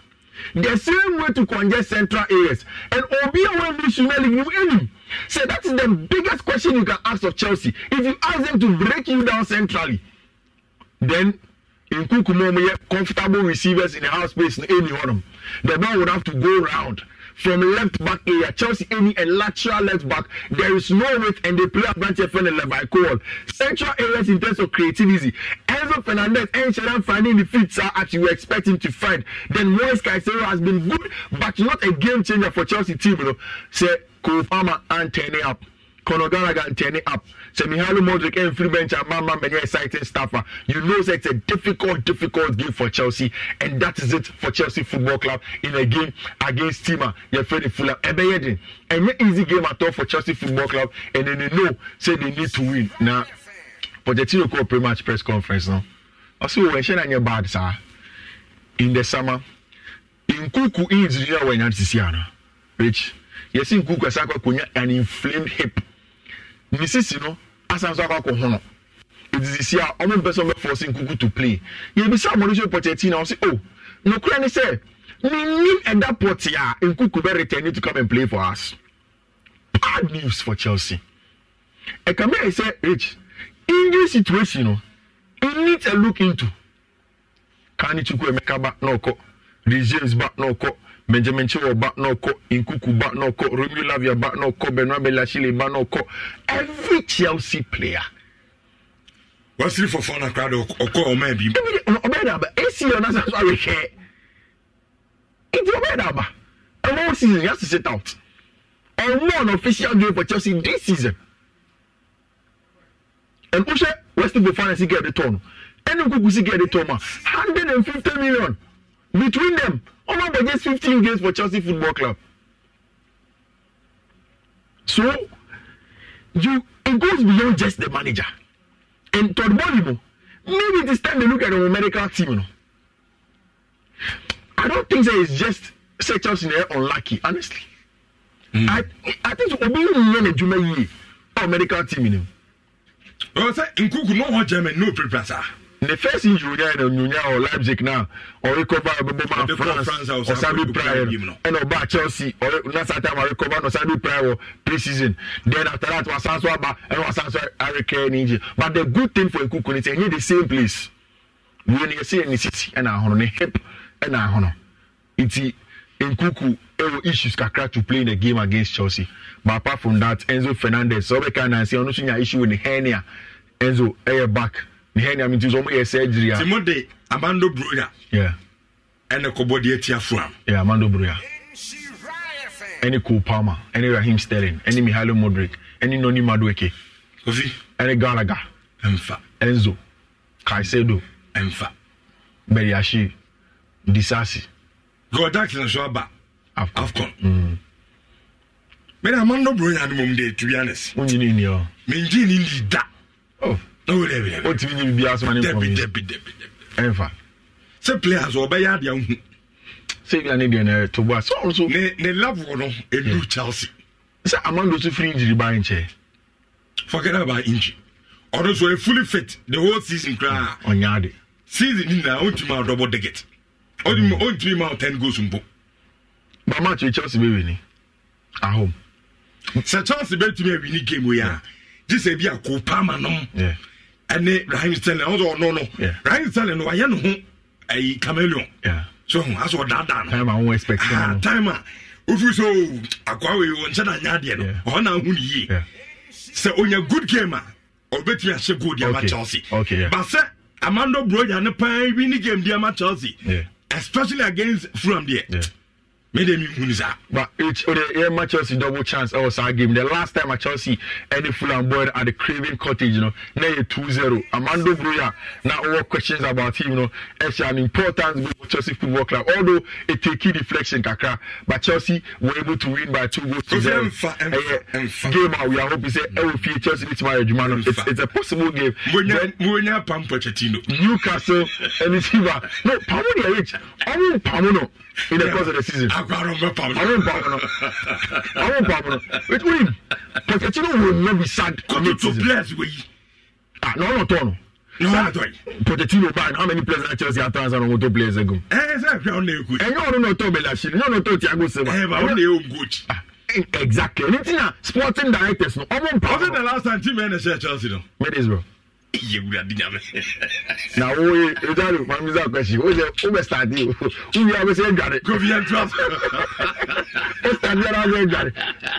The same way to congest central areas. And Obi Awembi Premier League you any. So that is the biggest question you can ask of Chelsea. If you ask them to break you down centrally, then nkukum a wɔyɛ comfortable receivers in the house space no ɛni hɔnom the ball would have to go round from left back area chelsea any a lateral left back there is no width and they play advantage for the levi cole central areas in terms of creativity enzo fernandez and sharon finding the fit sir as you were expecting to find then moise kaisero has been good but not a game changer for chelsea team you know say kofama and turning up conor gallagher and turning up Semihalo Montreal free bench and Mama many exciting staffer. You know that it's a difficult, difficult game for Chelsea, and that is it for Chelsea Football Club in a game against Tima, your friend Fulham. Ebeyedin, an easy game at all for Chelsea Football Club, and then they know say they need to win. Now, Pochettino called pre-match press conference now. Also, sharing your bad, sir, in the summer, in Kuku engineer when you're Sisiana, Rich. Yes, in Kuku, Asako, an inflamed hip. Mrs. You know, asan so akɔ akɔ ho no ɛdidi si a ɔmo mpɛ sɛ ɔbɛfɔ ɔsi nkuku to play yɛbisa Mauricio Pochettino ɔsi o oh, nokura ne sɛ minim ɛda pɔte a nkuku bɛ return to come and play for us bad news for Chelsea ɛka e bɛyɛ sɛ rich injury situation no it e needs a look into kane chukwu emeka ba na ɔkɔ regimes ba na ɔkɔ benjamin chilwell ba na ɔkɔ nkuku ba na ɔkɔ romeo lavia ba na ɔkɔ benoit belachile ba na ɔkɔ every chelsea player. wasiri fɔfɔ na kora de ɔkɔ ɔma bi. ɔbɛn daba esi yɛ ɔna sasu awehwɛ nti ɔbɛn daba ɛwɔ season yasi sit out ɔmo an official game for chelsea this season ɛnkuhyɛ west bofana si gɛɛ de tɔ no ɛne nkuku si gɛɛ de tɔ ma hundred and fifty million between them. All Holland against 15 games for Chelsea Football Club. So, you it goes beyond just the manager. And Todd Bodibo, maybe it is time to look at our medical team. You know? I don't think that it's just say Chelsea are unlucky, honestly. Mm. I, I think Obi manage you may our medical team. You know? Well, sir, in Kuku, no German, no prepressor the first injury yɛ no nyonya ɔ leipzig na ɔrecover ɔbɛbɔ ma france ɔsabi prayer ɛna ɔba chelsea ɔre na saa time ɔrecover na ɔsabi prayer wɔ pre-season then after that wasan so aba ɛna wasan so arekɛ ne injury but the good thing for ekuku ne sɛ ɛnyɛ the same place wei ne yɛsɛ ne sisi ɛna ahono ne hip ɛna ahono nti nkuku ɛwɔ issues kakra to play in the game against chelsea but apart from that enzo fernandez sɛ ɔbɛka nansi ɔno nso nya issue with ne hernia enzo ɛyɛ back hɛn nyame nti sɛ ɔmo yɛ surgery a. ti mo de amando broya. ɛna kɔbɔ deɛ ti afro am. amando broya ɛne Cole Palmer ɛne Raheem Sterling ɛne Mihailo Modric ɛne Noni Madueke. kofi. ɛne Gallagher. ɛnfa. Enzo Kaisedo, ɛnfa. Beriashi Disasi. gɔdak na so aba. afcon. afcon. mɛ na amando broya ni mo mu de to be mo nyini oh? ni ɔ. mɛ n jí ni ni da. Oh wotumi nye biribi asoma ne nkɔmɛmfa sɛ players ɔbɛyɛ adeɛ wohu sɛbia ne deɛ no to boa sɛ ɔno so ne level no ɛnu hmm. chelsea sɛ amando so firi injiri ba nkyɛ forget about injury ɔno so ɛfully fit the whole season koraa hmm, ɔnya ade season ni nyinaa ɔntumi a double digit ɔntumi hmm. ma ten goals mpo ba match with chelsea bɛwi ni ahom sɛ chelsea bɛtumi awini game wei a gye sɛ bi a kɔɔ paama nom yeah ɛne rahim stanley ɔmo sɛ ɔno no rahim stanley no wayɛ no, ho ayi chameleon so ɔmo hmm, asɛ ɔdaadaa no time a ɔmo expect ah, no time a ofiri so oh, akwawe wɔ nkyɛn na nya adeɛ no ɔmo na ahu ne yie sɛ onya good game a ɔbɛtumi ahyɛ goal di ama chelsea basɛ amando broja ne paa bi ne game di ama chelsea especially against fulham deɛ mede mi hun saa. but it o oh, de yɛ ma chelsea double chance ɛwɔ saa game the last time a chelsea ɛne fulham boy at the craven cottage no na yɛ two zero amando broya na ɔwɔ questions about him no ɛhyɛ an important goal for chelsea football club although it take key deflection kakra but chelsea were able to win by two goals to zero ɛyɛ game a ah, we are hoping say ɛwɔ fie chelsea bit ma yɛ adwuma no it's a possible game. mo nya pam pochettino. newcastle ɛni siva no pamu de ɛyɛ ɔmu pamu no in the course of the season. Agbára ọmọ pàmò. Àwọn pàmò náà. Àwọn pàmò náà. Wait wait. Pochettino will not be sad. Kòtòtò players wẹ̀ yìí. Ah na ọ̀nà tọ̀ nù. N'ọ̀nà tọ̀ yìí. Pochettino ban how many players na Chelsea at times and Owoto players ago. Ẹ ẹ sẹ́ fi ọ̀nà èkó. Ẹ̀yin ọ̀nà náà tọ̀ Bẹ̀lá Ṣèlú, ẹ̀yin ọ̀nà tọ̀ Tiago Silva. Ẹ bá ọ̀nà èyí ò ń gòjì. Exactly. Ní ti na sporting directors nù, ọmọ mpàmò. Ọ̀sẹ̀ the last time tí mẹ́rin ṣe Chelsea No. Where is bro? yewurade nyame na woye ɛdare famisa kwasi woyɛ wobɛstade wowia wobɛsɛ adware koviantram ɛstadiara sɛ adware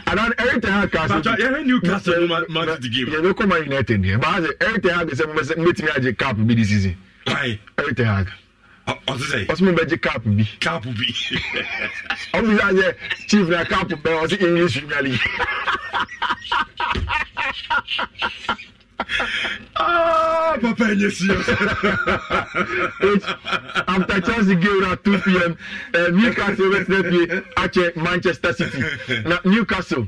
anan ɛretɛ e ha kaseyɛbɛkɔma united deɛ baa sɛ ɛretɛ ha de sɛ mobɛtumi agye cap bi de sisi ɛretɛ ha ɔsome bɛgye cap bi cap bi ɔmisa sɛ chief na cap bɛ ɔse english premier league ah, papa ɛnyɛ serious. after Chelsea game na two pm uh, eh, Newcastle west dey play eh, Manchester City Now Newcastle.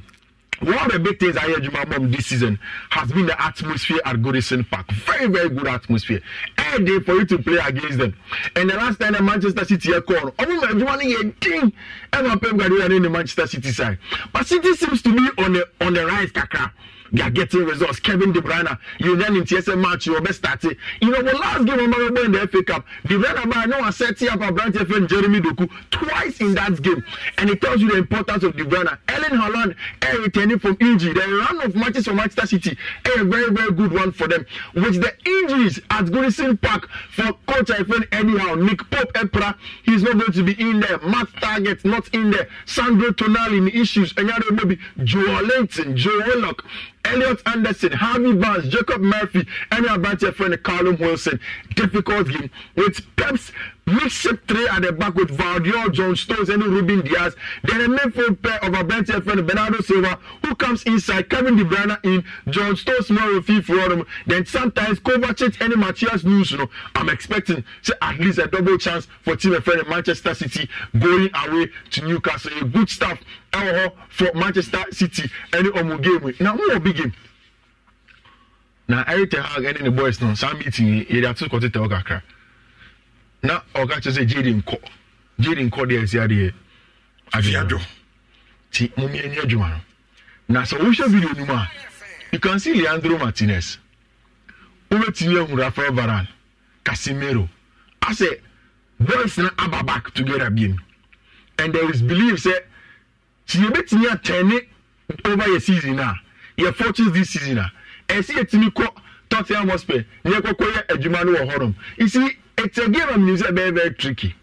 One of the big things I heard hear my Mom this season has been the atmosphere at Goodison Park. Very, very good atmosphere. Every day for you to play against them. And the last time the Manchester City are called, I oh, mean, you want to hear ding, and I'm going to in the Manchester City side. But City seems to be on the, on the rise, Kakra they are getting results. Kevin De Bruyne, you then in TSM match, you best start it. You know, well, last game, I'm in the FA Cup. De Bruyne, I know I set up a branch friend Jeremy Doku twice in that game, and it tells you the importance of De Bruyne. Ellen Holland, eh, returning from injury, the run of matches for Manchester City, eh, a very, very good one for them. With the injuries at Goodison Park for coach and friend anyhow, Nick Pope Epra, he's not going to be in there. Matt Target, not in there. Sandro Tonali, issues, and maybe Joe Linton, Joe Willock. Elliot Anderson, Harvey Barnes, Jacob Murphy, ẹni abájẹ fún ẹni Callum Wilson. Difficult game with Pep's midship three at the back with Valdior, John Stones, and Ruben Diaz. Then a midfield pair of a bench friend Bernardo Silva, who comes inside, Kevin De Bruyne in, John Stones, Moro Fiforum. Then sometimes Kovacic and Matias news. You know, I'm expecting say, at least a double chance for team friend Manchester City going away to Newcastle. good stuff for Manchester City and Omo game. Now, who will be game? na eric ten hag the ne boys no some meeting They are ato kɔtetɛ to kakra na ɔka kyerɛ sɛ gyeri nkɔ gyeri nkɔ deɛ ɛsi adeɛ afiadwo ti mo mmienu adwuma no na sɛ wohwɛ video no mu a you can see leandro martinez wobɛtumi ahu rafael varan casimiro asɛ boys na aba back together biem and there is belief sɛ sɛ yɛbɛtumi atɛne over yɛ season a yɛ fortunes this season a ɛsɛ e yɛtumi kɔ tottenham hospital na yɛkɔkɔ yɛ adwuma no wɔ hɔnom you Isi it's a game of music, very very tricky.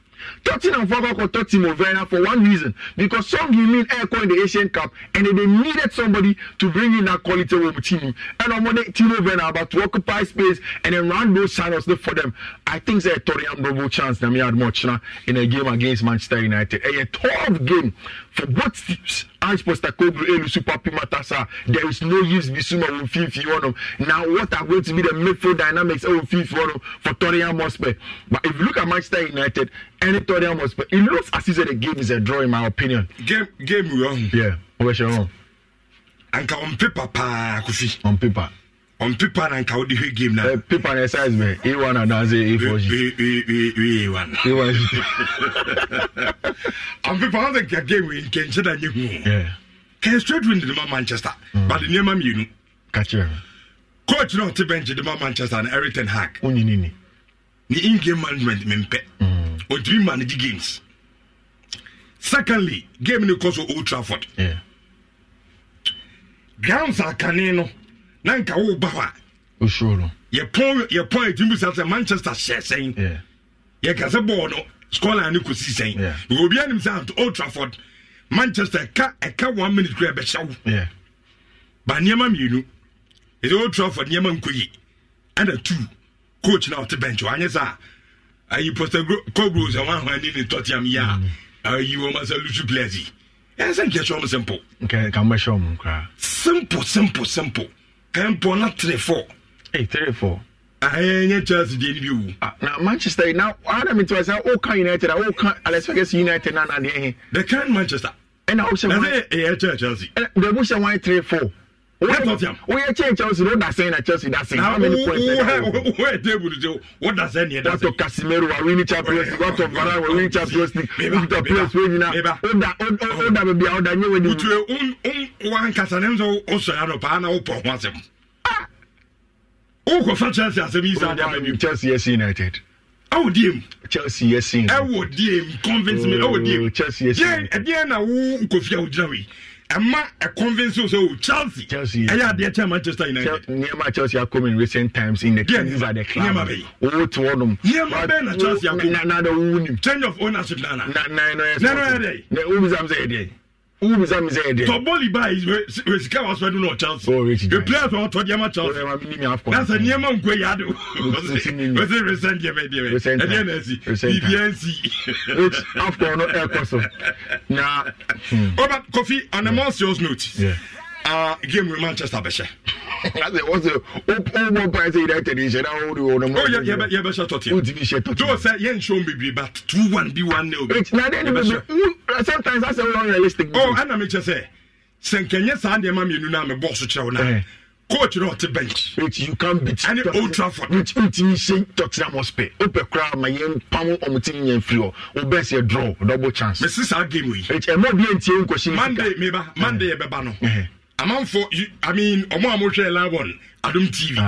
Tottenham for Tottenham Vera for one reason because some you mean air in the Asian Cup and they needed somebody to bring in that quality of team and I'm on Tino Vera about to occupy space and then run those channels for them. I think they a Torian Robo chance that we had much in a game against Manchester United. A 12 game for both teams as Postecoglou elusu Papi Matasa there is no use Bissouma wɔ mfimfini hɔnom now what are going to be the midfield dynamics ɛwɔ mfimfini hɔnom for Tottenham Hotspur but if you look at Manchester United and Tottenham Hotspur it looks as if the game is a draw in my opinion. game game wrong. yeah ɔbɛhyɛ wrong. anka on paper paa kofi. on paper on paper na nka wode hwɛ game na eh, paper na size bɛ a1 anaasɛ a4 a one. on paper na nka game wei nkɛnkyɛ da nyɛ hu kɛ straight win de ma manchester mm. but nneɛma mmienu ka kyerɛ coach na ɔte bench de ma manchester na eric ten hag onyinini ne in game management mempɛ mm. dream manage games secondly game ne kɔ so old trafford yeah. grounds akane no na nka woba hɔ a yɛpɔn yɛpɔn ɛtumi sa sɛ manchester hyɛ sɛn yɛka sɛ bɔɔl no scotland ne kɔsi sɛn obia nim sɛ ant old trafford manchester ka ɛka one minute kora ɛbɛhyɛ wo ba nneɛma mmienu ɛsɛ old trafford nneɛma nkɔ yi ɛna two coach na ɔte bench wanyɛ sɛ a ayi poster cogros a wahwan ne ne tɔteam yi a mm-hmm. ayi wɔ ma sɛ lusu players yi ɛsɛ nkyɛ hyɛ wɔm simple simple simple simple ɛmpɔ na three four. Hey, three four. ɛnyɛ ah, eh, chelsea deɛ ni bi wu. Ah, na manchester na adam ah, nti wa sɛ o kan united a o kan alex ferguson united na na deɛ eh. ye. the kind manchester. ɛna eh, o sɛ wọn. ɛna ɛyɛ chelsea. ɛna bɛɛ b'o sɛ wọn ye three four. What of him? We are Chelsea, what does saying at ah! Chelsea? That's how What does any that of Casimiro winning champions? What of Vara will win champions? Maybe the players winning up. That would be that you would do to your own one Chelsea asɛm yi saa deɛ Chelsea United. Awo diem. Chelsea convince me ɛwɔ diem. Oh, Chelsea yɛsi United. Deɛ ɛdeɛ na wo nkɔfi a wogyina ɛma ɛconvince sɛ o oh, chelsea ɛyɛ adeɛ kyɛ manchester united nneɛma chelsea akɔm in recent times in the things at the club wowo te wɔnom nneɛma bɛɛ na chelsea akɔm na na na wowu change of ownership nana na na na ɛyɛ dɛ na wobisam sɛ ɛdeɛ wúmi sá mi sẹ́yìn dẹ́. tọ́bọ́lì báyìí wẹ̀sìkà wà sọ́dún náà chance. o rich guy epi àti ọ̀tọ̀ díẹ̀mà chance. ọ̀rẹ́ wa mi ní mi afọ. n'asẹ ní ẹ ma nkwe yá do. wẹsẹ rẹsẹn díẹmẹ díẹmẹ ẹdí ẹ na ẹsì bíbí ẹ nsì. rich afọ ọ̀nà ẹ kọ so. na. ọba kofi on a more note. Yeah. Ah. game with manchester bɛhyɛ ase wɔsɛ ɔmɔ pan sɛ united nhyɛ na ɔwɔ de wɔn nam. ɔyɛ yɛ yɛ bɛ sɛ yɛn but two one bi one ne omi. na de ni bebe sometimes ase wɔn unrealistic. ɔ ɛna mi kyɛ sɛ sɛnkɛnyɛ saa nneɛma mienu na mi bɔ so kyerɛw na coach náà ti bench. which you can beat. ɛni old trafford. which o ti ṣe tottenham hotspur pamu ɔmu ti yɛn firi hɔ draw double chance. mɛ sisan game yi. ɛmɔ bi yɛn ti yɛn nkɔsi ni sika. monday meba. monday yɛ eh. bɛ amanfo i mean ɔmo a mohwɛ live on adom tv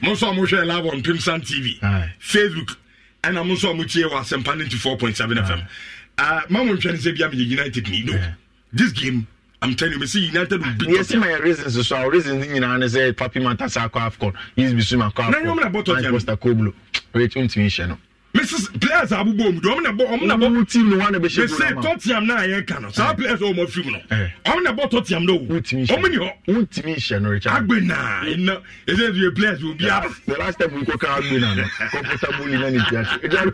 mo nso a mohwɛ live on pimsan tv facebook ɛna mo nso a motie wɔ point seven fm uh, ah, ma mo nhwɛ no sɛ bia meyɛ united ni no this game I'm telling you, see United will beat. Yes, my reasons. So our reasons, you know, and say Papi Mata Sako Afcon, he's Bissouma Afcon. No, you're not about to tell me. Costa Coblo, wait, you need to mrs players abobɔ mu de ɔmo na bɔ ɔmo na bɔ team no wa na bɛ hyɛ goal ama mese tɔtiam na ayɛ ka no saa players ɔmo afiri mu no ɔmo na bɔ tɔtiam na o ɔmo ni hɔ wontumi nhyɛ no richard agbe na ɛna ɛsɛ ɛsɛ yɛ players obi a the last time nkɔ ka agbe na no kɔfɛ eh. sabuli na ne ti ase ɛdi alo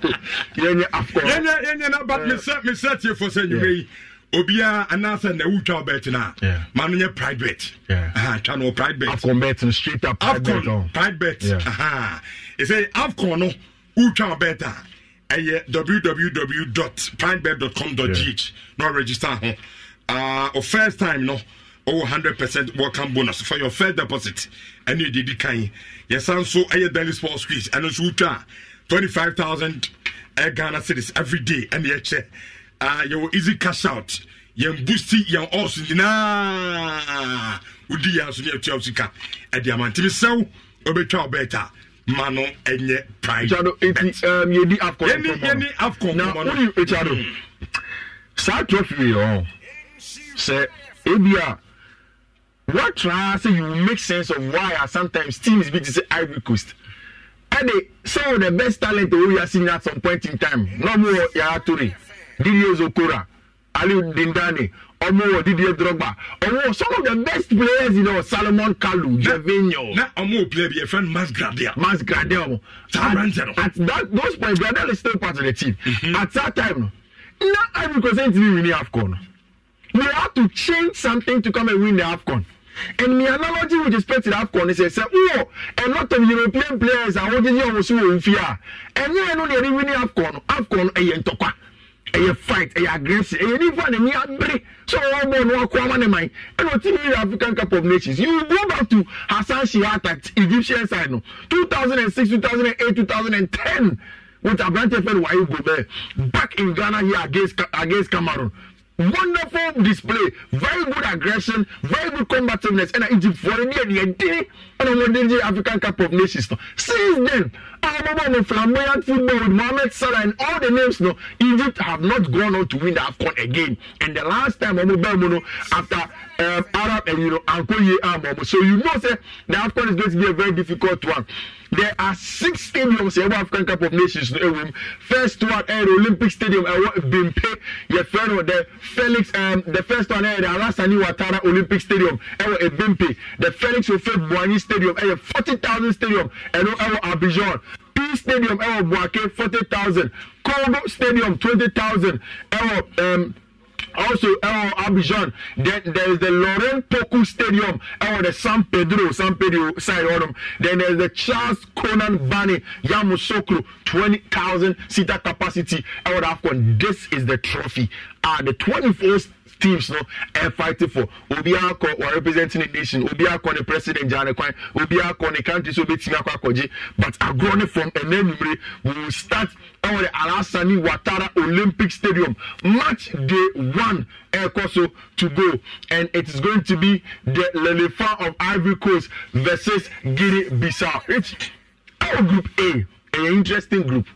yɛnyɛ afɔ yɛnyɛ yɛnyɛ na but mesɛ mesɛ tie fɔ sɛ nyuma yi obiara anaasɛ na ɛwu twa ɔbɛt no a ma no nyɛ pride bet twa no pride bet straight up pride bet ɛsɛ afcon no wotwa bɛta ɛyɛ www pinebet com gh na register ho uh, o first time no ɔwɔ 100 percent welcome bonus for your first deposit ɛne ɛdedi kan yɛsa nso ɛyɛ daily sports quiz ɛno nso wotwa 25000 ghana cities every day ɛne eh, yɛkyɛ uh, yɛwɔ easy cash out yɛn boosti yɛn ɔs nyinaa uh, wodi yɛn so ne atua wo sika ɛde eh, amantimi sɛw wobɛtwa wo bɛɛtaa ma no ɛnyɛ prime um, yɛdi afcon na wonim ɛkyado e, hmm. saa trophy yɛ sɛ ebi a wɔtra sɛ you make sense of why are sometimes teams bi te sɛ ivory coast ɛde some of the best talent a wɔyɛ asi at some point in time na ɔmo wɔ yaya tore didier zokora aliu dindane ọmọ wọ didi edrogba ọmọ some of the best players in our salomon kalu javinho. na ọmọ o play bi a friend mas gradel. mas gradel ọmọ. saa no. at that those point gradel is still part of the team. Mm -hmm. at that time no na ivory coast n tiri win the afcon we had to change something to come and win the afcon. And my analogy with respect to the AFCON is say, oh, a lot of European players are holding you on so fear. And you know, they're winning AFCON. AFCON, a eh, yentokwa ɛyɛ fight ɛyɛ aggression ɛyɛ nifa ne ni abere so wɔn bɔ no akɔ ama ne man ɛna o ti mi yɛ african cup of nations you go back to hasan shiata egyptian side no two thousand and six two thousand and eight two thousand and ten with abrante fɛn wayo gobert back in ghana here against against cameroon wonderful display very good aggression very good combativeness ɛna egypt fɔre ne ɛni ɛdini ɛna wɔn de gye african cup of nations no since then ahomama no flamboyant football mohammed salah and all the names no egypt have not gone on to win the afcon again and the last time wɔn bɛn mu no after um, arab and you know ankoye amomo um, so you know say the afcon is going to be a very difficult one there are six stadiums yɛwɔ african cup of nations no ɛwɔ mu first one ɛyɛ the olympic stadium ɛwɔ eh, bimpe yɛfrɛ no the felix um, the first one ɛyɛ the alasani watara olympic stadium ɛwɔ eh, ebimpe eh, the felix ofe buanyi stadium ɛyɛ forty thousand stadium ɛno ɛwɔ abidjan p stadium ɛwɔ buake forty thousand kobo stadium twenty thousand ɛwɔ also ɛwɔ uh, abidjan then there is the loren toku stadium ɛwɔ uh, the san pedro san pedro side hɔnom then there is the charles conan bani yamusokro twenty thousand seater capacity ɛwɔ uh, the afcon this is the trophy ah uh, the twenty-fourth teams no fighting for obiara kɔ wa representing the nation obiara kɔ ne president gyaane kwan obiara kɔ ne country so obetumi akɔ akɔgye but agorɔ ne from ɛnɛ numere will start ɛwɔ de alasani watara olympic stadium match day one ɛkɔ so to go and it is going to be the lelefa of ivory coast versus guinea bissau it our group a ɛyɛ interesting group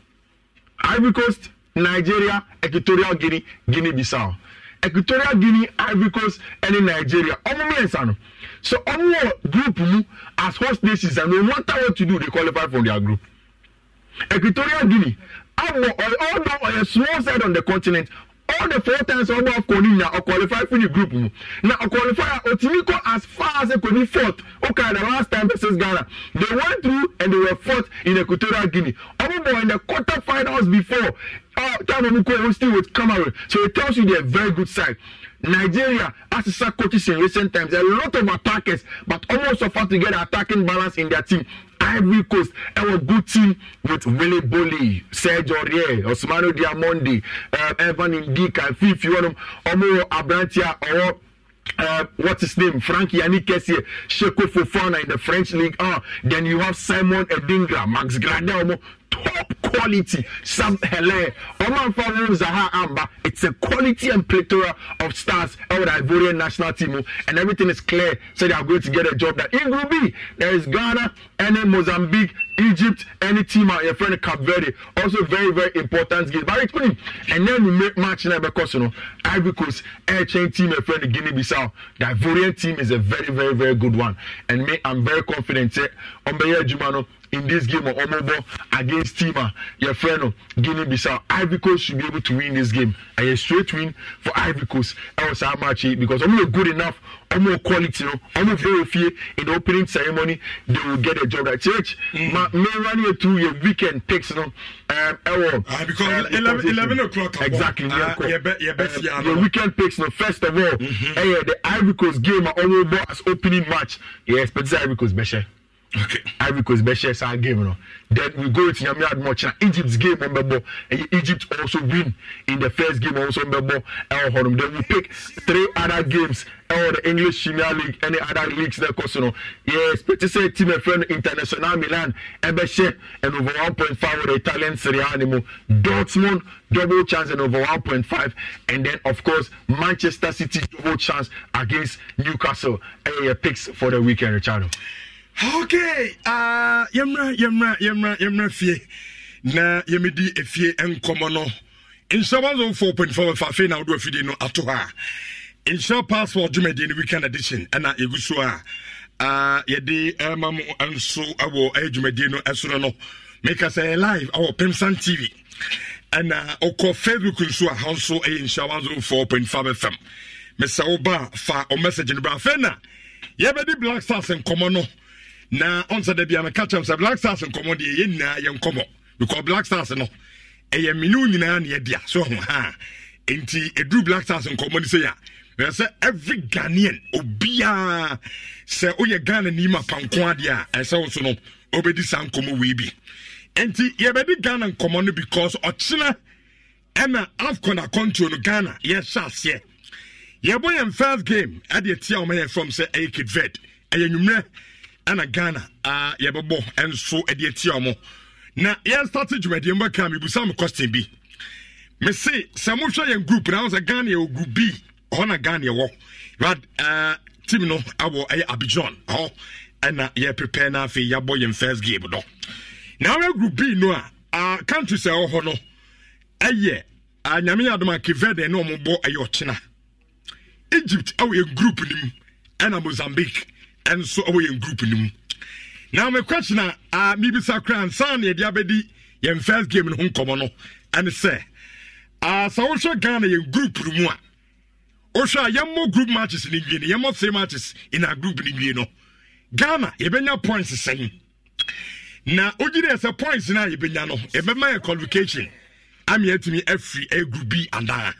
ivory coast nigeria equatorial guinea guinea bissau equatorial guinea ivory coast ɛne nigeria ɔmo mmiɛnsa no so ɔmo wɔ group mu as host nations and no matter what to do they qualify from their group equatorial guinea abo although ɔyɛ small side on the continent all the four times ɔbɔ afcon ni nyina ɔqualify fún ni group mu na ɔqualify a otimi as far as ekoni fourth okay the last time versus ghana they went through and they were fourth in equatorial guinea ɔmo bɔ in the quarter finals before Oh, uh, Tanomuko was still with Cameroon. So it tells you they're a very good side. Nigeria has sacked coaches in recent times. A lot of attackers, but almost of to get attacking balance in their team. Ivory Coast, a good team with Willie Bolly, Serge Aurier, Osmano Diamondi, uh, Evan Ndika, Fifi, you want Omo Abrantia, or uh, what's his name? Frankie Yannick Kessier, Sheko Fofana in the French league. Uh, then you have Simon Edingra, Max Gradel, top quality Sam Hele Oman Fawu Zaha Amba it's a quality and plethora of stars out the Ivorian national team and everything is clear so they are going to get a job that in Group B there is Ghana any Mozambique Egypt any team out your friend Cap Verde also very very important game but it's funny and then we make match now because you know Ivory Coast air chain team a friend Guinea-Bissau the Ivorian team is a very very very good one and me I'm very confident eh, on the Jumano in this game of ọmọbọ against team a yɛfrɛ no guinea bissau ivory coast should be able to win this game ɛyɛ straight win for ivory coast ɛwɔ saa match yi because ɔmo yɛ good enough ɔmo quality no ɔmo fɛ ofie in the opening ceremony they will get a job right church mm. ma mmewa ne yɛ two your weekend picks no ɛwɔ um, ɛɛ uh, um, eleven o'clock exactly yɛ kɔ yɛ weekend picks no first of all ɛyɛ mm-hmm. the ivory coast game a ɔmo bɔ as opening match yɛ expect sɛ ivory coast bɛ hyɛ okay ivory coast bɛ hyɛ saa game no then we go with nyame adumo kyina egypt game wɔn bɛ bɔ ɛyɛ egypt also win in the first game also wɔn bɛ bɔ ɛwɔ hɔ nom then we pick three other games ɛwɔ the english premier league any other leagues na ɛkɔ so no yɛ expect sɛ team ɛfrɛ no international milan ɛbɛ hyɛ and over one point five wɔ the italian serie a ne mu dortmund double chance and over one point five and then of course manchester city double chance against newcastle ɛyɛ picks for the weekend richard okay uh, yemra yemra yemra yɛmmra fie na yɛmɛdi efie nkɔmmɔ no nhyɛ one zero four point four ɛfa afei na wodo afidie no ato hɔ a nhyɛ passport dwumadie weekend edition Ana egu so a uh, yɛde ɛma mo nso ɛwɔ ɛyɛ dwumadie no ɛsoro no meka sɛ live ɛwɔ pemsan tv ɛna ɔkɔ facebook nso a hɔ nso ɛyɛ nhyɛ fm mesa Oba ba fa ɔmɛsɛgye no bra afei na yɛbɛdi black stars nkɔmmɔ no na ɔnsa da bia meka kyɛm sɛ black stars nkɔmmɔ deɛ yɛ nyinaa yɛ nkɔmmɔ because black stars no ɛyɛ mene nyinaa ne yɛdea so ho ha enti ɛduru black stars nkɔmmɔ no sɛ yɛ a ɛyɛ sɛ every ghanaian obiaa sɛ woyɛ ghana ni ma panko adeɛ a ɛsɛ wo so no wobɛdi saa nkɔmmɔ wei bi enti yɛbɛdi ghana nkɔmmɔ no because ɔkyena ɛna afcon akɔntuo no ghana yɛhyɛ aseɛ yɛbɔ yɛn first game ɛdeɛ tia ɔma yɛn fam sɛ ɛyɛ kidved ɛyɛ nwummerɛ ana ghana a yɛbɛbɔ nso de atia ɔmo na yɛnstate dwumadeɛ mu bɛka mebusa me question bi mese sɛ mohwɛ yɛn group na sɛ ghana yɛwɔ group b hɔ na ghana yɛwɔ but uh, team no awɔ ɛyɛ abidjan hɔ ɛna yɛprepare no afei yɛabɔ yɛn first game no na wɔyɛ group b no a countries a ɛwɔ hɔ no ɛyɛ uh, nyame yɛ adom a keverde ne ɔmobɔ ɛyɛ ɔkyena egypt ɛwɔ yɛ group nim ɛna mozambique nso ɔwɔ yɛn group no mu na me question a uh, mibisa kora ansa na yɛde abɛdi yɛn first game no ho nkɔmmɔ no ɛne sɛ uh, ghana yɛn group no mu a wohwɛ a yɛmmɔ group matches no nwie no yɛmmɔ three matches in our group no nwie no ghana yɛbɛnya points sɛn na ogyina yɛ sɛ points no a yɛbɛnya no yɛbɛma yɛ qualification ama yɛatumi afiri ɛyɛ group b anaa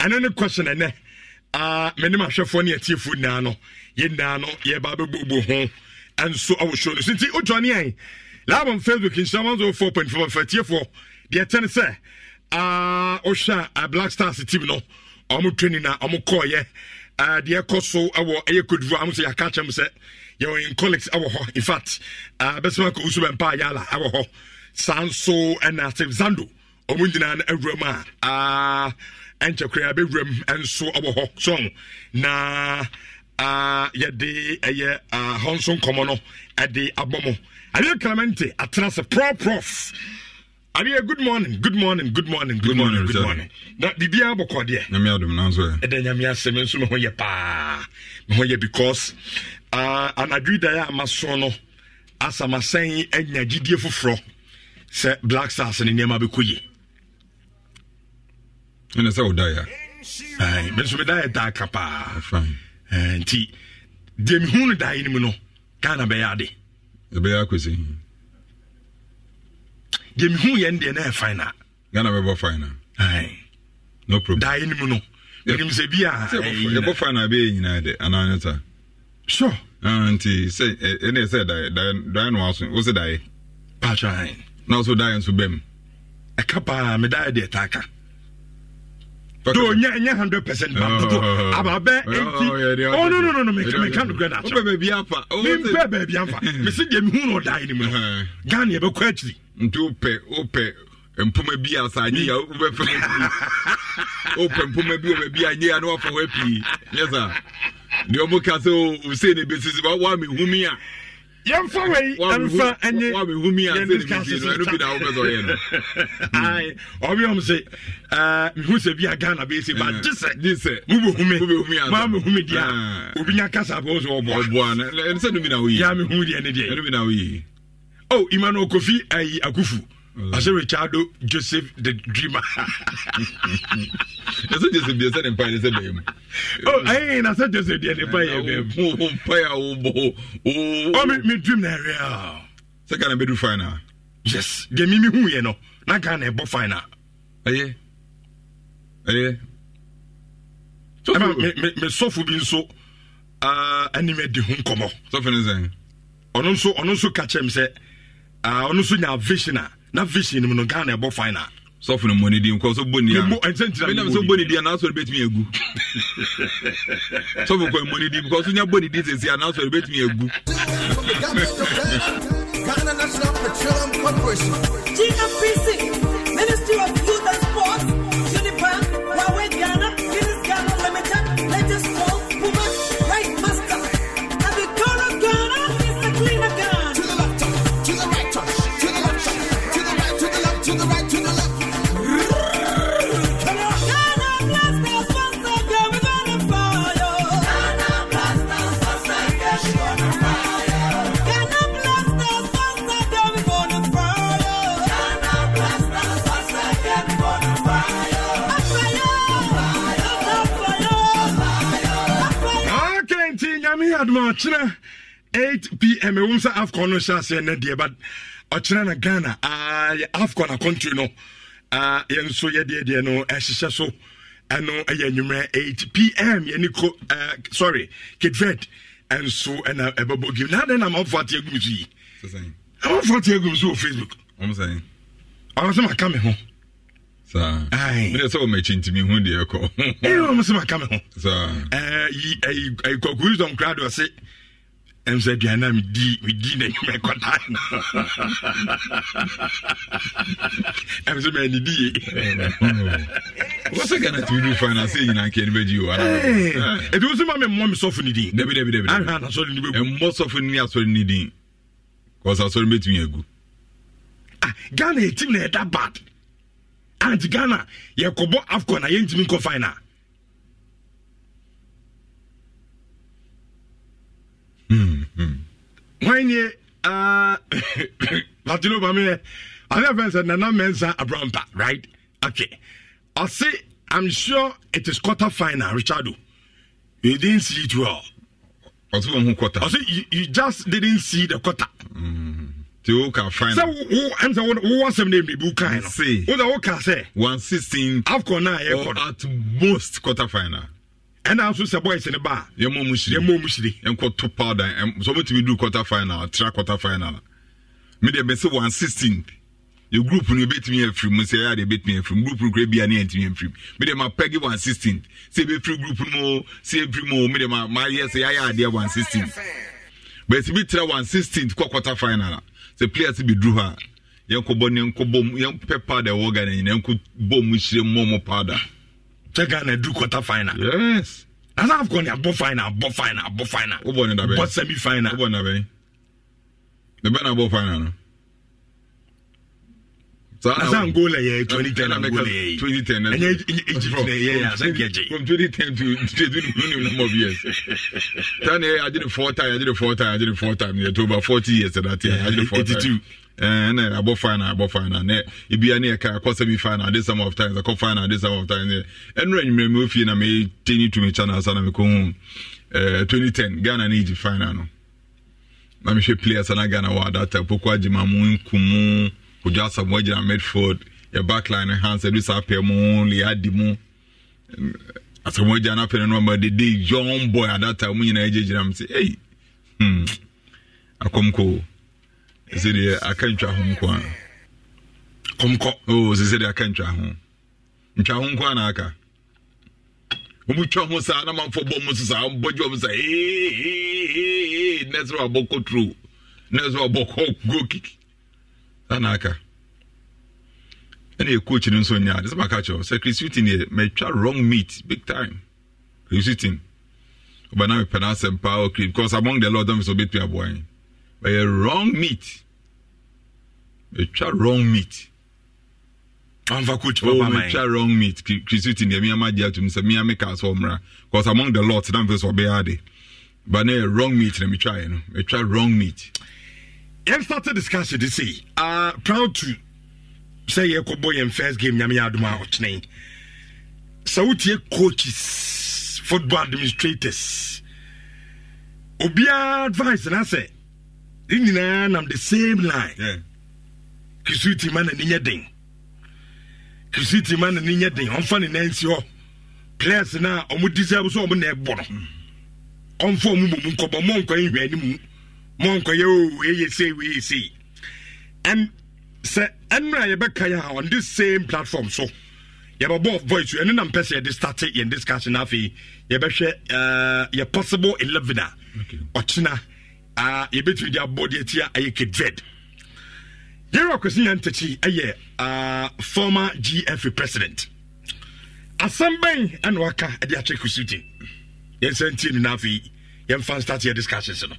ɛno ne question ɛnɛ uh, me ne mahwɛfoɔ ne atiefoɔ nyinaa no yɛndaa no yɛba bɛbobo ho ɛnso awosoro no so nti wotwane ɛ laabam facebook nhyirama nso 4.5 mfatiefoɔ deɛ ɛtɛ ne sɛ wohwɛ a black stars team no ɔmo training na ɔmo kɔɔyɛ deɛ ɛkɔ so wɔ ɛyɛ kodivo amo sɛ yɛaka kyɛm sɛ yɛwɔ In colleagues wɔ hɔ infact ah, bɛsɛma kɔ usu bɛmpa yala wɔ hɔ saa nso ɛna uh, sɛ zando ɔmo nyinaa no awura mu a ɛnkyɛ koraa bɛwura mu nso wɔ hɔ sɔn na yɛde ɛyɛ hɔ nso nkɔmmɔ no ɛde abɔ mo adeɛ clemente atena sɛ proprof adeɛ good morning good morning good morning good morning good morning na biribiara bɔkɔ deɛ nyame adom nanso ɛ ɛdɛ nyame asɛm nso me ho yɛ paa me ho yɛ because anadwo daeɛ a maso no asamasan anya gyidie foforɔ sɛ black stars ne nneɛma bɛkɔ yie ɛne sɛ wodaeɛ a me nso medaeɛ daa ka paa Eh, nti deɛ mehu no daeɛ no mu no ghana bɛyɛ ade ɛbɛyɛ akɔsi deɛ mehu yɛ deɛ na ɛ final ghana bɛbɔ final no problem daeɛ no mu no menim sɛ bi ayɛbɔ eh, final bɛyɛ nyinaa de anaa ne sa sure ah, nti sɛ ɛne eh, sɛ daeɛ no waso wo sɛ daeɛ patwa na wo so daeɛ nso bɛm ɛka paa medaeɛ deɛ taaka do nya nya hundred percent ba to ababɛ eti oh no no no no meka meka no grɛ n'akyɛ o bɛ baabi afa o bɛ mi bɛ baabi afa mɛ si deɛ mi hu na ɔda yi ni mu no ghana yɛ bɛ kɔ akyiri. nti o pɛ o pɛ mpoma bi asa anyi ya o bɛ fɛn ɛfi o pɛ mpoma bi o bɛ bi anyi ya na wafa wa pii nyɛ sa deɛ ɔmo ka sɛ o o se ne bɛ sisi wa wa mi hu mi a yɛmfa wei ɛmfa ɛnye yɛndiscasesɛ ɔbiɔm se mehu sɛ bia ghana bɛɛse ba gye sɛ mobɛhumema mehumi deɛ a obi nya kasa bɛwo sɛ wɔboa ya mehu deɛ ne deɛ o imano kofi ayi akufu Mm. I say Joseph the Dreamer. I say Joseph the Son Empire. I say him. Oh, hey, I say Joseph the Empire. Oh, oh, oh, empire, oh, oh, oh. Oh, me, me dream na real. Ah. Second, I'm do final. Yes, give me me who you know. Na can I bo final? Aye, aye. So, me, me, me, so for being ah, so. Ah, uh, anime di hunkomo. So for nothing. Ọ̀nà nso ọ̀nà nso kàchẹ́ mi sẹ́, ọ̀nà nso nya vision a na vision mu no ghana ɛbɔ final sɔfo no mmɔne di nkɔ so bɔne dinam sɛ bɔne di anaasɔre bɛtumi egu. sɔfo kɔ mmɔne di bikɔ so nya bɔne di sɛsi anaasɔre bɛtumi agu Ghana National Petroleum Corporation, GNPC, Ministry of adoma ɔkyerɛ 8pm ɛwom sɛ afcon no hyɛ aseɛ nɛ but ɔkyerɛ na ghana afcon akɔntri no yɛn nso yɛdeɛdeɛ no ɛhyehyɛ so ɛno ɛyɛ anwummerɛ 8pm yɛne ko sorry kidved ɛnso ɛna ɛbɛbɔ game na adɛn na amanfoɔ ate agum so yi amanfoɔ ate agum so wɔ facebook ɔmo sɛ ɔmo sɛ maka me ho sɛ wɔmakyi ntimi deɛ ɛkɔ so me ho kɔkurisɔm kora de ɔse ɛm aduane a medi n'anwuma ɛkɔdaa no ɛm sɛ wɔ sɛ ghana tumi du fa no nyina nka ne bɛgyi o ɛti wo so ma memmɔ me sɔfo no din dabidabidabiahwɛ sɔfo no ne asɔre no din kɔsɛ asɔre bɛtumi agu ah, ghana ɛtim na ɛda bad anti ghana yɛkɔbɔ afcon a yɛntumi nkɔ final hwannie latino ma meyɛ ade fɛn sɛ nana mensa abrampa right okay ɔse i'm sure it is quarter final uh, richardo you didn't see it well ɔse you, you just didn't see the quarter mm ti o ka fine. sɛ wo ɛn sɛ wo wɔn sɛm de ebi kan yi no. o de o ka sɛ. one sixteen. afcon naa yɛ kɔ no. at most quarter final. ɛna nso sɛ boys ne ba. yɛ mɔ musiri yɛ mɔ musiri. nkɔ two powder ɛn sɔ mo ti mi du quarter final tira quarter final mi de bɛ se one sixteen yɛ group no ebetumi efiri mu sɛ ɛyà de ebetumi efiri mu group no kura bi a ne yɛ ntumi efiri mu mi de ma pɛgi one sixteen sɛ ebefiri group no sɛ efiri mu mi de ma ma yɛ sɛ yɛ ayɛ adeɛ one sixteen bɛsi bi tira one sixteen kɔ quarter final sɛ players bi duru hɔ a yɛnkɔbɔ ne nkɔbɔ mu yɛmpɛ powder ɛwɔ ghana nyina yɛnkɔbɔ mu hyire mmɔ mu powder kyɛ ghana duru quarter final yes nasa afcon ne abɔ final abɔ final abɔ final wobɔ ne dabɛn bɔ semi final wobɔ ne dabɛn ne bɛn na abɔ final no so asa angola yɛ 2010 angola yɛ ɛnyɛ egypt yɛ yɛ asa from 2010 to to the minimum number of years tan yɛ eh, i did four times i did four times i did four times yɛ to over 40 years that year i did four times 82 ɛnna abɔ final abɔ final nɛ ebi ani yɛ akɔ sɛbi final this time of times akɔ final this time of times yɛ ɛnura mi ofie na mi tumi channel asa eh, na mi hu 2010 ghana ne egypt final no na mi players ana ghana wɔ adata poku agyimamu nkumu ɔdwa asɛm wagyina medford yɛ backline hans ɛdu saa pɛ mu leadi mu asɛm wagyina no apɛ no no dede young boy adata mu nyinaa gyegyina m sɛ ei hmm. akɔmko ɛsɛ deɛ aka ntwa ho nko a kɔmkɔ oh, sɛ sɛ deɛ aka ntwa ho ntwa ho nko a na aka wɔmu twa ho saa na mamfo bɔ mu so saa bɔgye ɔm sɛ ee ee ee nɛ sɛ wɔabɔkɔ turo nɛ sɛ wɔabɔkɔ go kiki ana aka ɛna yɛ coach no nso nyaa de sɛ maka kyerɛ sɛ chris yɛ matwa wrong meat big time chris utin ɔba na mepɛ no asɛm paa ɔ because among the lord ɔmfɛ sɛ ɔbɛtumi aboa yɛn bɛyɛ wrong meat matwa wrong meat amfa coach oh, papa oh, man matwa wrong meat chris utin deɛ mia ma gye atom sɛ mia meka sɛ ɔmmra because among the lord na mfɛ sɛ ɔbɛyɛ ade ba na yɛ wrong meat na metwaeɛ no matwa wrong meat yɛn start discussion de say uh, proud to sɛ yɛkɔbɔ yɛn first game nyame yɛ adom a ɔkyene sɛ wotie coaches football administrators obiara advice na sɛ ne nyinaa nam the same line yeah. kristi ma na ne nyɛ den kristi ma na ne nyɛ den ɔmfa ne nan hɔ players na ɔmo deserve so ɔmo na ɛbɔ no mm. ɔmfa ɔmo mɔ mu nkɔbɔ mɔ nkɔ nhwɛ anim monkɔyɛ o ɛyɛ sei weyɛ sei ɛn sɛ ɛnora a yɛbɛka yɛ a on this same platform so yɛbɛbɔ voice ɛno na mpɛ sɛ yɛde starte yɛn discussion no afei yɛbɛhwɛ eh, yɛ possible eleven a ɔkyena ah, yɛbɛtumi de abɔ deɛ ti a ɛyɛ kedved yɛwɛ kwasi yantakyi ɛyɛ ah, former gfa president asɛm bɛn ɛna waka ɛde akyɛ kusuti yɛnsɛ ntie no no afei yɛmfa starte yɛ discussions no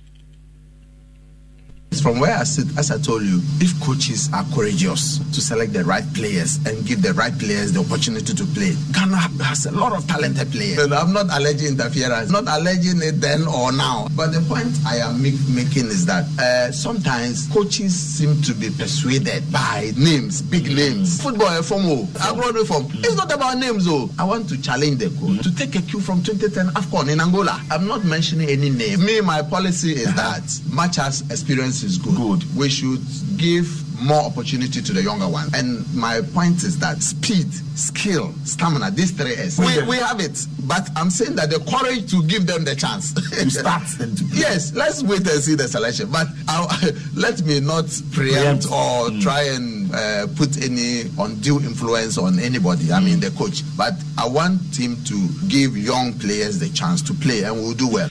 From where I sit, as I told you, if coaches are courageous to select the right players and give the right players the opportunity to play, Ghana has a lot of talented players. And I'm not alleging interference, not alleging it then or now. But the point I am make, making is that uh, sometimes coaches seem to be persuaded by names, big mm. names. Football eh, reform, oh. agro reform. Eh, mm. It's not about names though. I want to challenge the coach mm. to take a cue from 2010 AFCON in Angola. I'm not mentioning any name. Me, my policy is uh-huh. that much as experience this is good. good. We should give more opportunity to the younger ones. And my point is that speed, skill, stamina, these three S. We, we have it, but I'm saying that the courage to give them the chance. to start to Yes, let's wait and see the selection. But I'll, let me not preempt, preempt. or mm. try and uh, put any undue influence on anybody, I mean mm. the coach. But I want him to give young players the chance to play and we'll do well.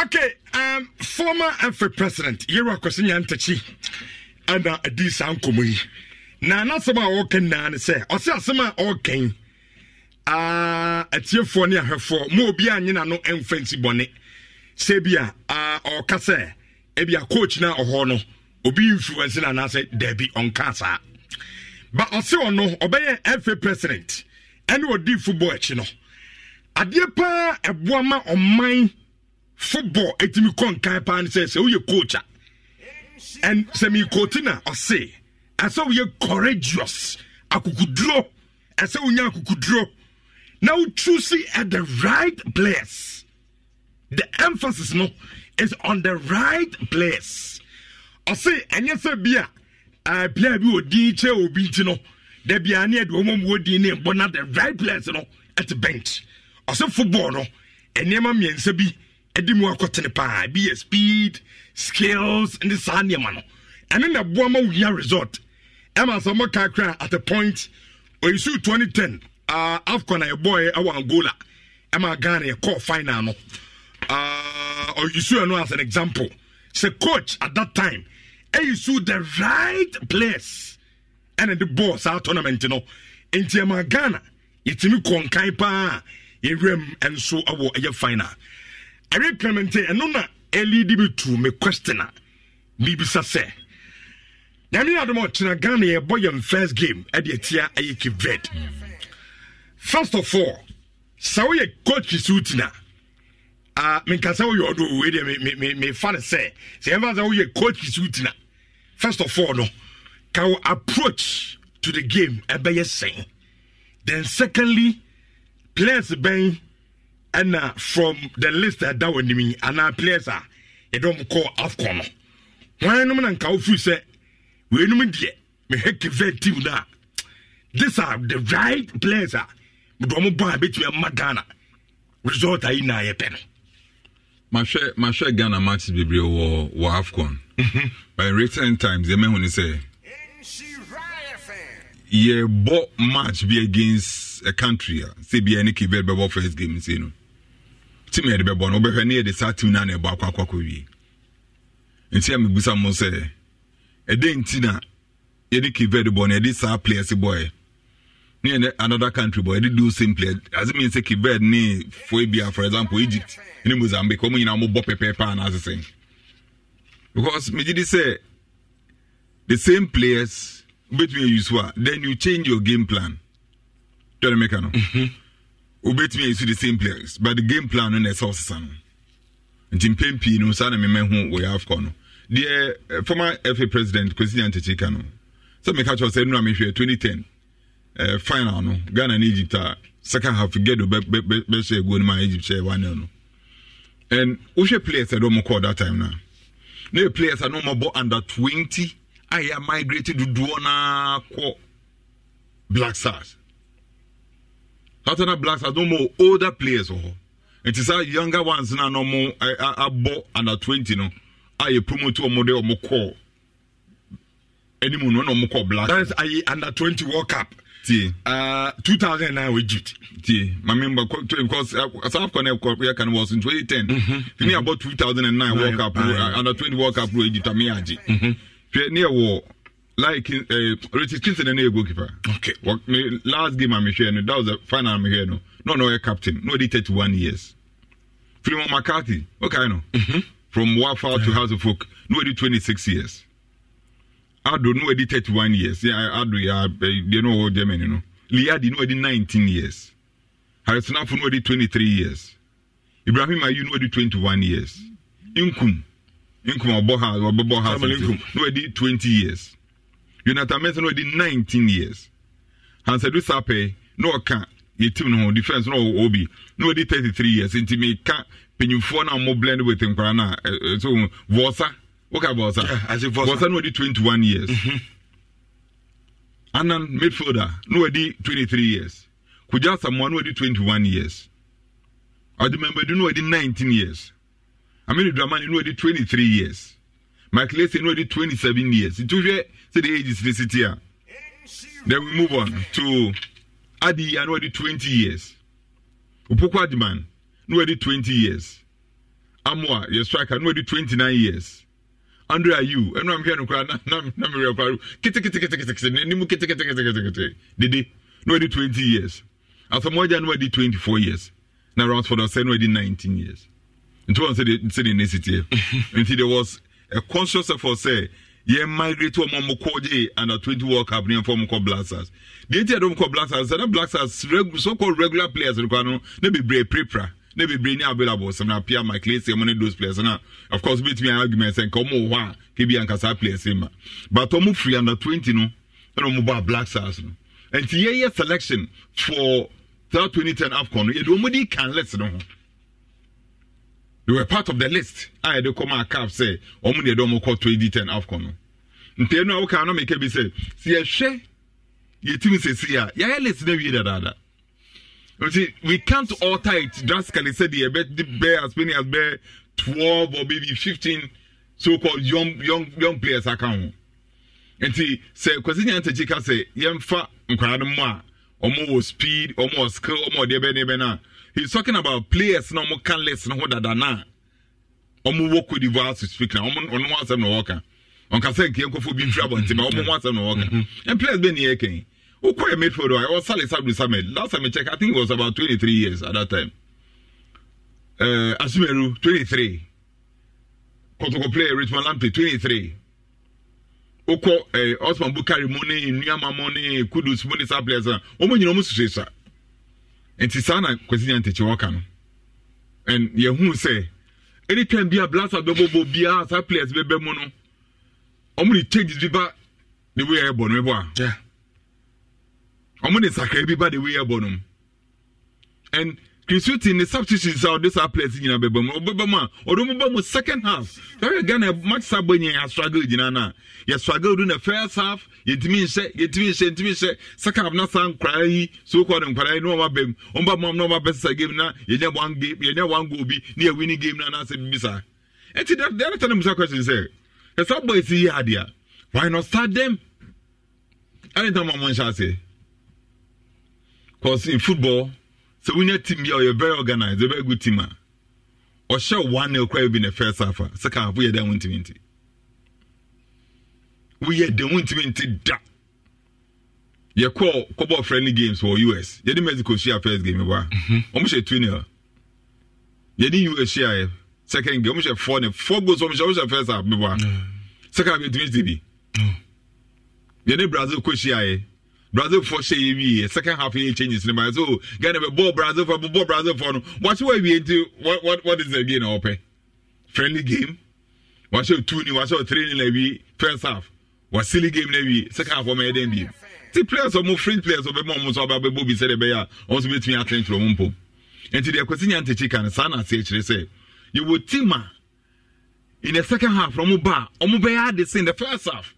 okay um, former mfa president yɛwura kwasi nyantakyi ɛna uh, adi saa nkɔmmɔ yi na n'asɛm a ɔrekɛn naa ne sɛ ɔsɛ asɛm a ɔrekɛn ah, atiefoɔ ne ahwɛfoɔ ma obi a nyina no mfa nsi bɔne sɛ bi ah, a ɔreka sɛ ebi a coach na ɔhɔ no obi influence na anaasɛ daabi ɔnka saa ba ɔse ɔno ɔbɛyɛ mfa president ɛne ɔdi football akyi no adeɛ paa ɛboa ma ɔman football ɛtumi kɔ nkan paa no sɛ sɛ woyɛ coach a ɛn sɛ meekoti na ɔse ɛsɛ woyɛ courageous akokoduro ɛsɛ wonya akokoduro na wochusi at the right place the emphasis no is on the right place ɔse ɛnyɛ sɛ bi a player bi ɔdin kyɛ obi nti no da bia ne ɛde ɔmɔ mu ɔdin ne mbɔ na the right place no ɛte bench ɔse football no nneɛma mmiɛnsa bi ɛde mu akɔtene paa bi yɛ speed skills ne saa nneɛma no ɛne na ɛboa ma wohia resort ɛma sɛ ɔmɔka kra at a point ɔyɛsuu 2010 uh, afcon a yɛbɔɔɛ ɛwɔ angola ɛma ghana yɛkɔɔ final no ɔyɛsuu ɛno as an example sɛ coach at that time ɛyɛsuu the right place ɛne de bɔɔ saa tournament no enti ɛma ghana yɛtumi kɔnkan paa yɛwuram nso ɛwɔ ɛyɛ final ɛwe clemente ɛno na ɛlidi bi tu me questiona a biribisa sɛ nyame adom ɔkyena ghana yɛbɔ first game ɛde atia ɛyɛ kived first of all sɛ woyɛ coach so wotina uh, menka sɛ woyɛ ɔdo wei deɛ mefa no sɛ sɛ yɛmfa sɛ woyɛ coach so wotina first of all no ka wo approach to the game ɛbɛyɛ sɛn then secondly players bɛn ɛna from the list ɛda wɔ nim yi anaa players a yɛde wɔn kɔ afcon no wɔn anum na nka ofiri sɛ wɔn anum deɛ mehwɛ kevin team no This are the right players a mede wɔn bɔ a betumi ama ghana result ayi na yɛpɛ no. mahwɛ mahwɛ ghana match bebree wɔ wɔ afcon mhm. by recent times yɛ mɛhu ne sɛ yɛbɔ match bi against a country a sɛ bia ne kevin bɛbɔ first game sei no timi yɛde bɛbɔ no wobɛhwɛ ne yɛde saa tim no ana ɛbɔ akɔ wie nti a mebusa mo sɛ ɛdɛn nti na yɛde kived bɔ no yɛde saa players bɔɛ ne yɛde another country bɔ yɛde do same player ase mean sɛ kived ne foi bia for example egypt ne mozambique ɔmo nyinaa mobɔ pɛpɛɛpɛ anaase sɛn because megye di sɛ the same players wobɛtumi ayi so a then you change your game plan tɔne meka no mm -hmm wobɛtumi ayɛ so the same players but the game plan no na ɛsɛ ɔsesa no nti mpɛn pii no saa na memahu wɔ yɛ afcon no deɛ eh, former fa president kwasinya ntekyeka no sɛ meka kyerɛ sɛ no a mehwɛ 2010 uh, eh, final no ghana ne egypt a second half gedo bɛhyɛ aguo no ma egypt hyɛ 1 no and wohwɛ players ɛdɛ ɔmo kɔɔ that time no a na yɛ players a na ɔmabɔ under 20 a yɛ migrate dodoɔ no kɔ black stars Satana Blacks no more older players oh. hɔ nti saa younger ones na na ɔmo abɔ under twenty no ah, a yɛ promote ɔmo de ɔmo kɔ anim no na ɔmo kɔ black. that is ayi under twenty world cup. tie uh, two thousand and nine wɔ egypt. tie maame mba because south korea kɔ yɛ kan was in twenty ten. Mm-hmm. fini abɔ two thousand and nine mm-hmm. world cup under uh, twenty world cup wɔ egypt ami agye. hwɛ ne yɛ wɔ like uh, Richard Kinson and a goalkeeper. Okay. What, me, last game I'm here, that was the final I'm here. No, no, no, a captain. No, did 31 years. Fremont McCarthy. Okay, I know. Mm-hmm. From Wafa yeah. to House of Folk. No, did 26 years. Ado, no, did 31 years. Yeah, Ado, yeah, they know all you know. Liadi, no, did 19 years. Harrison Afu, no, did 23 years. Ibrahim Ayu, no, did 21 years. Inkum. Inkum, or Boha, or Boha, no, they 20 years jonathan mɛnsa no adi nineteen years hansadu sapɛ na ɔka yɛtim no ho defense na ɔwɔ bi na thirty-three years nti meka panyinfoɔ na ɔmo blend with nkwaraa na so vɔɔsa woka vɔɔsa vɔɔsa na ɔdi one years mm-hmm. anan midfielder na ɔdi three years kogya samoa na ɔdi one years ɔdi mɛmbɛdu na ɔdi nineteen years amini dramani na ɔdi three years. Mike say no did 27 years. It was the age is the city. Then we move on to Adi and already 20 years. Upoko Adiman, no already 20 years. Amwa, your striker, no already 29 years. Andrea Yu, and I'm here no cry, nam nam real cry. Kiti kiti kiti kiti kiti, nimu kiti kiti kiti kiti kiti. Didi, no already 20 years. Asamoja no already 24 years. Now Rashford has said no already 19 years. Nti wọn sɛ de nti de ne si tie. Nti there was a conscious effort say yɛ migrate wɔn a wɔkɔ gye under twenty world cup ne yɛnfɔ wɔn kɔ black stars deɛ ti yɛ dɔm kɔ black stars sɛ black stars so called regular players no kwan no ne bebree prepra ne bebree ne available sɛ na pia mike lacey wɔn ne those players na of course bi ti mi ayɛ argument sɛ nka wɔn wɔ hɔ a kebi ankasa players ma but wɔn firi under twenty no ɛna wɔn ba black stars no nti yɛyɛ selection for that twenty ten afcon no yɛ de di can list no ho they were part of the list a yɛde kɔ maa cap sɛ wɔn deɛ de wɔn kɔ twenty ten afcon no ntɛnu a wɔka anɔ mɛka bi sɛ si yɛhwɛ yɛtim sɛsi a yɛayɛ list na wie dadaada nti we can't alter it drastically sɛdeɛ yɛbɛ bɛ as many as bɛ twelve or maybe fifteen so called young young young players aka ho nti sɛ kwasi nyantakyi ka sɛ yɛmfa nkwadaa no mu a ɔmo wɔ speed ɔmo wɔ skill ɔmo wɔ deɛ bɛyɛ deɛ bɛyɛ na he is talking about players na ɔmo kan list na ho dada na ɔmo wɔ cote divoire to speak na ɔmo ɔno ho asɛm na ɔwɔka ɔnkasa nkia nkɔfo bi nfiri abɔnten ma ɔmo ho asɛm na ɔwɔka mhm. ɛn players bɛ nìyɛ kɛn okɔ yɛ midfield wa ɔwɔ e sali sabri samed last time I check I think it was about twenty three years at that time ɛɛ uh, eh, asumeru twenty three Kotoko player richmond lampe twenty three wokɔ eh, osman bukari mu ne nnuama mu ne kudus mu ne saplɛs a wɔn nyinaa wɔn susue nti saa na kwasi nyan tɛkyɛ wɔka no and yɛhunu sɛ anytime bi a blaster bɛbɔbɔ biara saa players bɛbɛ mu no wɔn de changes bi ba the way ɛbɔ no ɛbɔ a wɔn de sakra bi ba the way ɛbɔ no and. Kisuti ne substitute sa ɔde saa players nyinaa bɛbɛ mu ɔbɛbɛ mu a ɔde mu bɔ mu second half ɛyɛ Ghana match saa bɔ nyɛ aswagel gyina na yɛ swagel do na first half yɛntumi nhyɛ yɛntumi nhyɛ yɛntumi nhyɛ second half na saa nkwaraa yi so kɔ ne nkwaraa yi na ɔma bɛm ɔmba mu na ɔma bɛ sisa game na yɛnyɛ one game yɛnyɛ one goal bi na yɛ winning game na anaasɛ bibi saa ɛti dɛ dɛ ɛtɛ ne musa question sɛ ɛsa boys yi yɛ adeɛ why not start them ɛne tam ɔmo nhyɛ ase cause in football sɛ wonya team bi a ɔyɛ very organized very good team a ɔhyɛ one nil koraa bi na first half a second half woyɛ dɛ wontumi nti woyɛ dɛ wontumi nti da yɛkɔɔ kɔbɔ friendly games wɔ us yɛde mexico hyia first game ba ɔmo hyɛ two nil yɛde us hyia second game ɔmo hyɛ four nil four goals ɔmo hyɛ ɔmo hyɛ first half bi ba second half yɛtumi ti bi yɛde brazil kɔ hyia yɛ. Brazil for say ye second half year changes in my so Ghana be ball Brazil for ball Brazil for what way we into what what what is the game up friendly game what show two ni what show three ni lebi first half what silly game lebi second half for me then be the players or more free players or be more so about be bobi said be ya also be me attract from mpo and the question yante chikan sana say chire say you will team in the second half from bar omo be had this in the first half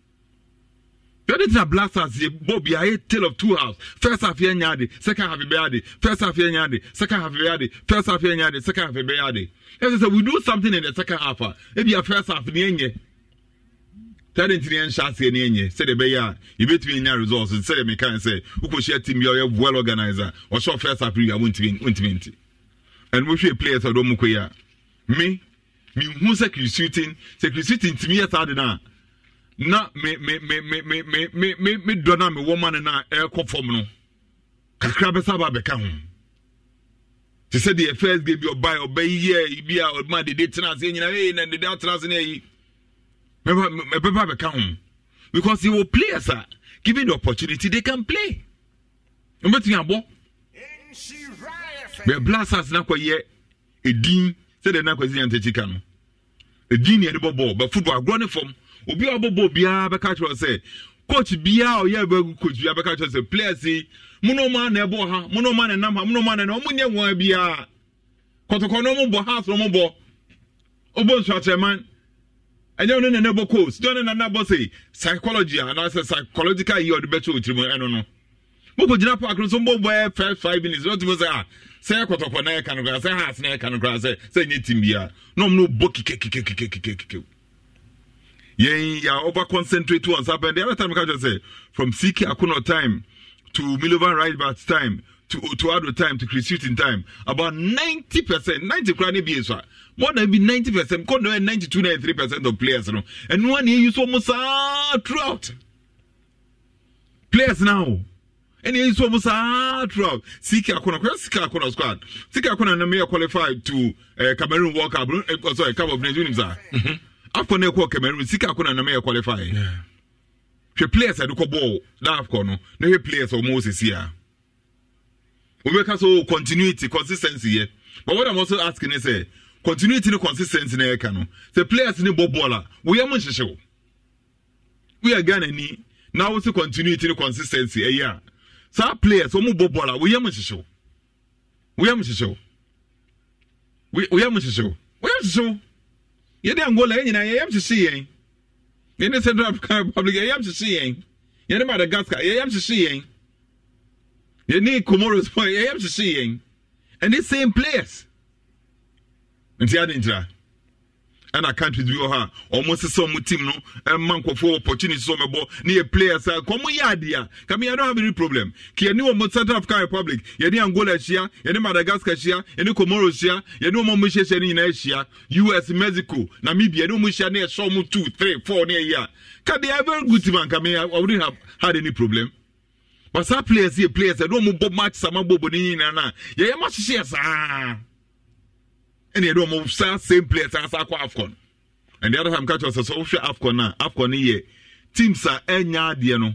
Predator Blasters Bobby I tale of two halves. First half yẹn nyaade, second half bẹ yade. First half yẹn nyaade, second half bẹ yade. First half yẹn nyaade, second half bẹ yade. Ẹ sẹ sẹ we do something in the second half a, ebi a first half ni yẹn yẹ. Tẹ́lẹ̀ ntì ni yẹn nhyɛ aseɛ ni yẹn yẹ. Sẹ́dẹ̀ bẹ́yẹ a, yẹbẹ́tumi nya results. Sẹ́dẹ̀ mi kan sẹ́, wọ́kọ̀ ṣe team bi a ɔyɛ well organizer. Ɔhyɛ first half review a wọ́ntumi wọ́ntumi nti. Ẹnu mo hwɛ players a ɔdɔm kɔ yi a, mi mi hu sɛ kiri shooting sɛ kiri shooting tìmi yɛ saa de naa na me me me me me me me me me dɔ na me wɔ ma ne na ɛkɔ fam no kakra bɛ saba bɛka ho te sɛ deɛ first day bi ɔba ɔbɛyɛ bi a ɔma dede tena ase nyina ee na dede atena ase na eyi mɛbɛba bɛka ho because wɔ players a given the opportunity they can play ɔbɛtumi abɔ bɛ blasters na kɔ yɛ edin sɛdeɛ na kɔ si yɛn tɛ kyika no edin yɛ de bɔ bɔɔl bɛ football agorɔ ne fam. obi a bịa obiara bɛka kyerɛ sɛ coach biara ɔyɛ bɛ coach bịa bɛka kyerɛ sɛ players yi mu na ɔmo ɛbɔ ha mu na ɔmo ha na ɔmo kɔtɔkɔ na ɔmo bɔ house na ɔmo bɔ ɔbɔ nsu akyerɛman ɛnyɛ ɔno na ɛbɔ coach ɛnyɛ ɔno na ɛbɔ sɛ psychology anaasɛ psychological yi ɔde na sɛ a sɛ kɔtɔkɔ na ɛka no koraa sɛ house na ɛka no koraa sɛ sɛ nyɛ team biara na ɔmo no bɔ yɛn yà ɔba concentrate on sapɛ the other time kájọ sɛ from ck akono time to milovan rideback time to to ado time to chris hilton time about ninety percent ninety kura ne bi esu a more than be ninety percent kɔ na ninety two ninety three percent of players no ɛnua ni eyi so ɔmo saa throughout players now ɛna eyi so ɔmo saa throughout ck akono kura ck akono squad ck akono na mi yɛ qualified to uh, cameroon world cup ɛkɔ sɔ ɛkɔ cup of nations ah akɔ na ɛkɔ cameroon sika akɔ na nam yɛ qualify hwɛ players a de kɔ bɔɔl no na hwɛ players a wɔn sisi a wɔbɛka so oh, continuity consistency yɛ but what i'm also asking is eh, continuity ni consistency na ɛka no sɛ players ni bɔ bɔɔl a wɔyɛ mo nhyehyɛ ghana ni na wɔsi continuity ni consistency ɛyɛ a saa players wɔn bɔ bɔɔl a wɔyɛ mo nhyehyɛ o wɔyɛ mo nhyehyɛ o wɔyɛ mo yɛde angola yɛ nyinaa yɛyam hyehye yɛn yɛne central african republic yɛyam hyehye yɛn yɛne madagascar yɛyam hyehye yɛn yɛne comoros point yɛyam hyehye yɛn ɛne same players nti ade nkyira ɛna countries bi wɔ hɔ a ɔmo sisa ɔmo team no ɛma nkɔfo opportunity sɛ ɔmɛbɔ ne yɛ players a kɔmo yɛ adeɛ a kàmi yɛn don't have any problem kì yɛn ni wɔn central african republic yɛn ni angola ahyia yɛn ni madagascar ahyia yɛn ni comoro ahyia yɛn ni wɔn ɔmo hyehyɛ ne nyinaa ahyia us mexico namibia yɛn ni wɔn ahyia ne yɛ sɔ two three four ne yɛ yia kàdi yɛ very good team kàmi yɛ I wouldn't have had any problem but saa players yɛ players yɛ ni wɔn bɔ match sama bɔ bɔ ne nyinaa na yɛ yɛ ma hyehyɛ saa ɛne yɛde ɔmo saa same players saa saa kɔ afcon and the other time kakyɛ sɛ sɛ wohwɛ afcon a afcon no yɛ teams a ɛnya adeɛ no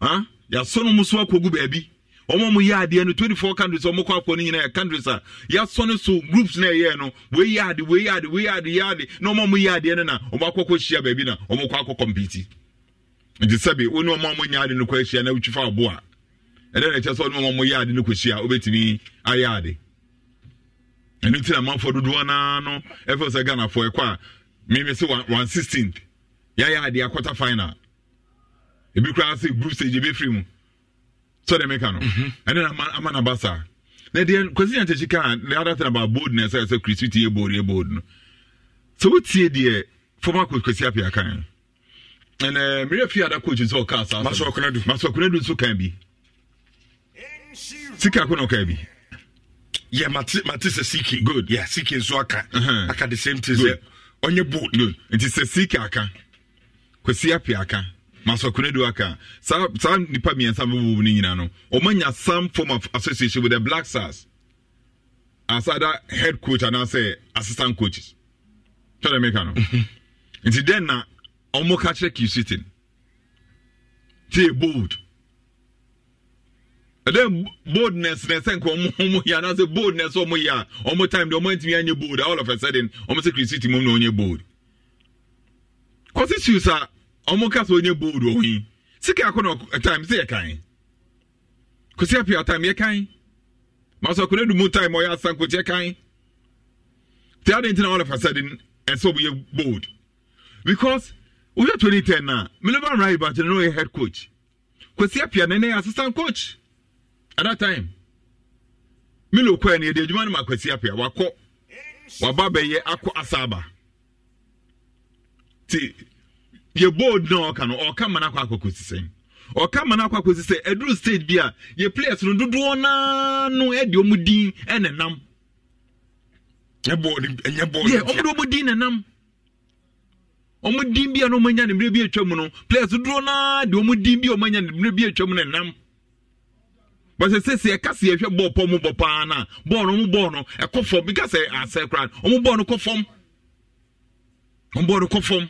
ha yɛasɔ no mu so akɔgu baabi ɔmo mo yɛ adeɛ no twenty four countries ɔmo kɔ akɔ no nyinaa yɛ countries a yɛasɔ no so groups na ɛyɛ no wei yɛ ade wei yɛ ade wei yɛ ade yɛ ade na ɔmo mo yɛ adeɛ no na ɔmo akɔ kɔ hyia baabi na ɔmo kɔ akɔ compete nti sɛbi wo ne ɔmo a mo nya ade no kɔ ahyia na wotwi fa abo a ɛdɛ na ɛkyɛ sɛ ɔne ɔmo mo yɛ ade no kɔ hyia obetumi ayɛ ade ɛno nti na amanfoɔ dodoɔ naa no ɛfɛ sɛ ghanafoɔ ɛkɔ a meme sɛ one sixteen yɛayɛ adeɛ quarter final ebi koraa sɛ group stage ebɛfiri mu sɛ deɛ meka no mhm. ɛne na ama na basa na deɛ kwasi nyankyɛkyi kaa the other thing about boldness ɛyɛ sɛ kristu tie bold yɛ bold no sɛ wotie deɛ former coach kwasi apia kan ɛnɛ mmerɛ fie ada coach nso ɔkaa saa masɔkunadu masɔkunadu nso kan bi sika ko na ɔkaa bi yeah Mati, Mati sɛ siki good yeah siki nso aka uh-huh. aka the same thing sɛ ɔnyɛ bold good nti sɛ siki aka kwasi api aka masɔkunedo aka saa saa nipa mmiɛnsa bɛbɔ mu ne nyinaa no ɔmanya some form of association with the black stars as ada head coach and anaasɛ assistant coaches twɛdɛ meka no nti den na ɔmo ka kyerɛ kiw sitin tie bold ɛdɛ boldness na ɛsɛ nkɔ ɔmo yɛ anaasɛ boldness ɔmo yɛ a ɔmo time de ɔmo ntumi anyɛ bold all of a sudden ɔmo sɛ kristi ti mu na ɔnyɛ bold kɔsi shoes a ɔmo ka sɛ ɔnyɛ bold wɔ yi sika akɔ na time sɛ yɛkan kɔsi apia time yɛkan maso akɔnɛ dumu time ɔyɛ asankoti yɛkan te adi ntina all of a sudden ɛsɛ ɔmo yɛ bold because wɔyɛ 2010 na Milovan Rahibachi no yɛ head coach kɔsi apia na ne yɛ assistant coach at that time milo kɔ ɛni ɛdi adwuma no ma akwasi apia wakɔ waba bɛyɛ akɔ asaba ti yɛ bold na ɔka no ɔka mana akɔ akɔ kosi sɛn ɔka mana akɔ akɔ kosi sɛ ɛduru stage bi a yɛ players no dodoɔ naa no ɛdi ɔmo din ɛna nam ɛnyɛ bold ɛnyɛ bold yɛ ɔmo de ɔmo din na nam ɔmo din bi a na ɔmo anya ne mmerɛ bi atwa mu no players dodoɔ naa de ɔmo din bi a ɔmo anya ne mmerɛ bi atwa mu na nam bɔsɛ sɛsi ɛka si ɛhwɛ bɔɔl pɔ mu bɔ paa na bɔɔl no mu bɔɔl no ɛkɔ fam bi ka sɛ asɛ kora ɔmu bɔɔl no kɔ fam ɔmu bɔɔl no kɔ fam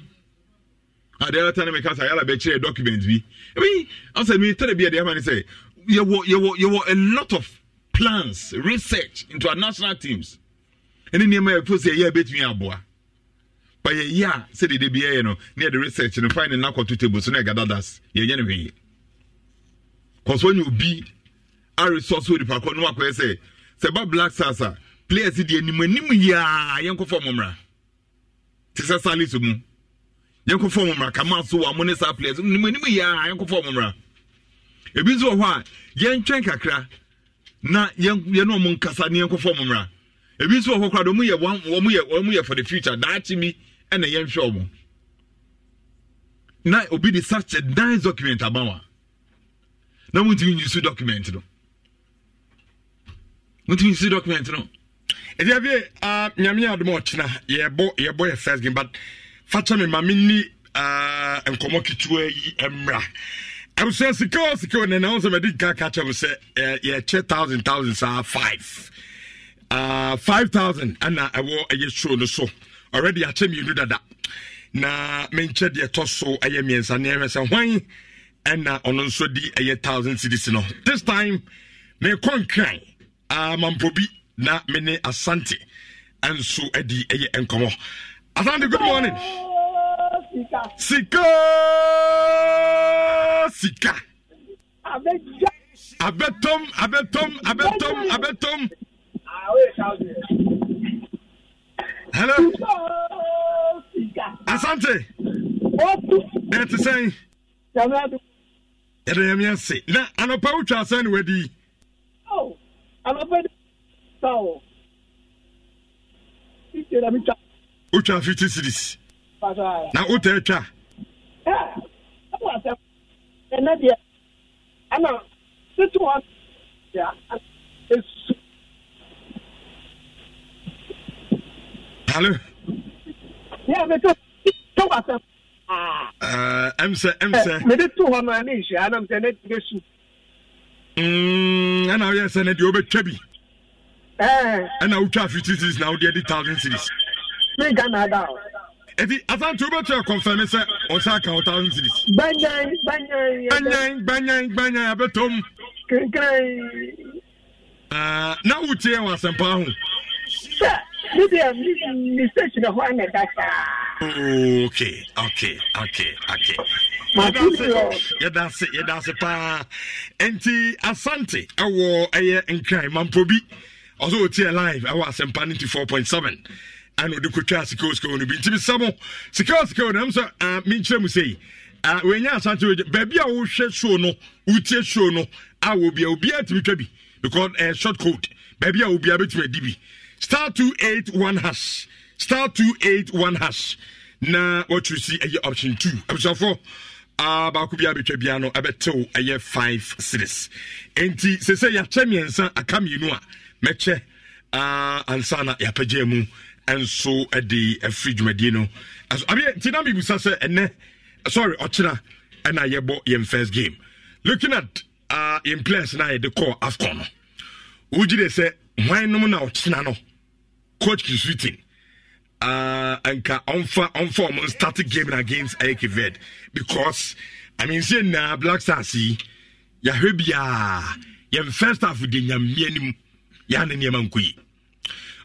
adeɛ ɛta ne mi ka sɛ ayala bɛ kyerɛ document bi ebi ɔsɛ mi tɛrɛ bi ɛdeɛ ama ne sɛ yɛwɔ yɛwɔ yɛwɔ a lot of plans research into our national teams ɛne nneɛma yɛ fo sɛ ɛyɛ ɛbɛtumi aboa but yɛyɛ a sɛdeɛ de bi yɛyɛ no ne yɛde research no fain ne nakɔto table so na ɛgada das yɛnyɛ ne hwee kɔsɔ nyɛ obi aresource wɔ nipa kɔ no wakɔyɛ sɛ sɛ ba black stars a players deɛ anim anim yiaa yɛnkɔfɔ mɔmmra te sɛ salis mu yɛnkɔfɔ mɔmmra kama so wɔ amone saa players anim anim yiaa yɛnkɔfɔ mɔmmra ebi nso wɔ hɔ a yɛntwɛn kakra na yɛn ɔmo nkasa ne yɛnkɔfɔ mɔmmra ebi nso wɔ hɔ koraa de ɔmo yɛ wɔn yɛ wɔn yɛ for the future daakye mi ɛna yɛnhwɛ ɔmo na obi de such a nice document abawa. wa na wɔntumi nyi so document no wotumi si document no ɛdeɛ bi uh, nyame adom ɔkyena yɛbɔ yɛbɔ yɛ first game but fakyɛ me ma menni uh, nkɔmmɔ ketewa yi mmra abusua sika o sika o nana ɔsɛ mɛdi nka ka kyɛ mo sɛ yɛkyɛ thousand thousand saa five uh, five thousand ɛna ɛwɔ ɛyɛ show no so already akyɛ mmienu dada na menkyɛ deɛ ɛtɔ so ɛyɛ mmiɛnsa ne ɛhwɛ sɛ hwan ɛna ɔno nso di ɛyɛ thousand cities no this time mekɔ nkran amampo na me asante nso adi ɛyɛ nkɔmmɔ asante good morning sika sika abɛtɔm abɛtɔm abɛtɔm abɛtɔm hello oh, asante ɛte sɛn yɛde yɛmeɛ se na anɔpa wotwa asɛn ne wadi anɔpɛ ta o fifty na mi twa. o twa fifty series. na o tɛ twa. ɛ ɛ wà sɛ ɛnɛ deɛ ɛnna títí wọn yà esu. Hello. Yeah, because to wà sɛ. ɛɛ ɛmisɛ ɛmisɛ. mɛ de tu hɔ nɔ ɛni nsia ɛnna mi sɛ ne ti bɛ ɛna woyɛ sɛ ne deɛ wobɛtwa bi ɛna wotwa 50 series na wode adi 1000 series ɛti asante wobɛtwa kɔmfɛme sɛ ɔsɛ aka wo 1000 series banyan banyan banyan abɛtɔm na wotie wɔ asɛmpa ho sɛ media me station hɔ anɛ da saa okay okay okay okay yɛdase yɛdase paa nti asante ɛwɔ ɛyɛ nkran mampo bi ɔsɛ ɔtiɛ live ɛwɔ asɛmpa no nti 4.7 ɛna ɔde kɔtwaa sikao sikao no bi nti bisa mo sikao sikao no ɛm sɛ menkyerɛ mu sɛi wɔanya asante wogya baabi a wohwɛ show no wotie show no a wɔbia obiaa tumi twa bi because uh, short code baabi a obiaa bɛtumi adi bi star 281 hash star 281 hash na wɔtwerɛ si ɛyɛ option 2 abusuafoɔ a ah, baako bi abɛtwa bia no ɛbɛtew ɛyɛ five series nti sese yɛakyɛ mmiɛnsa aka mmienu a mɛkyɛ uh, ansa na yɛapagya mu nso de afiri dwumadie no aso abeɛ nti na mibusa sɛ ɛnɛ sorry ɔkyena ɛna yɛbɔ yɛn first game looking at uh, yɛn players na yɛde kɔɔ afcon no wogyi de sɛ hwan nom na ɔkyena no coach kiswitin Uh, nka ɔmfa ɔmfa ɔmo start game na against ayikived because i mean say na black stars yi yahwɛ biara yɛn first half de nyamia nim yɛn ne nneɛma nko yi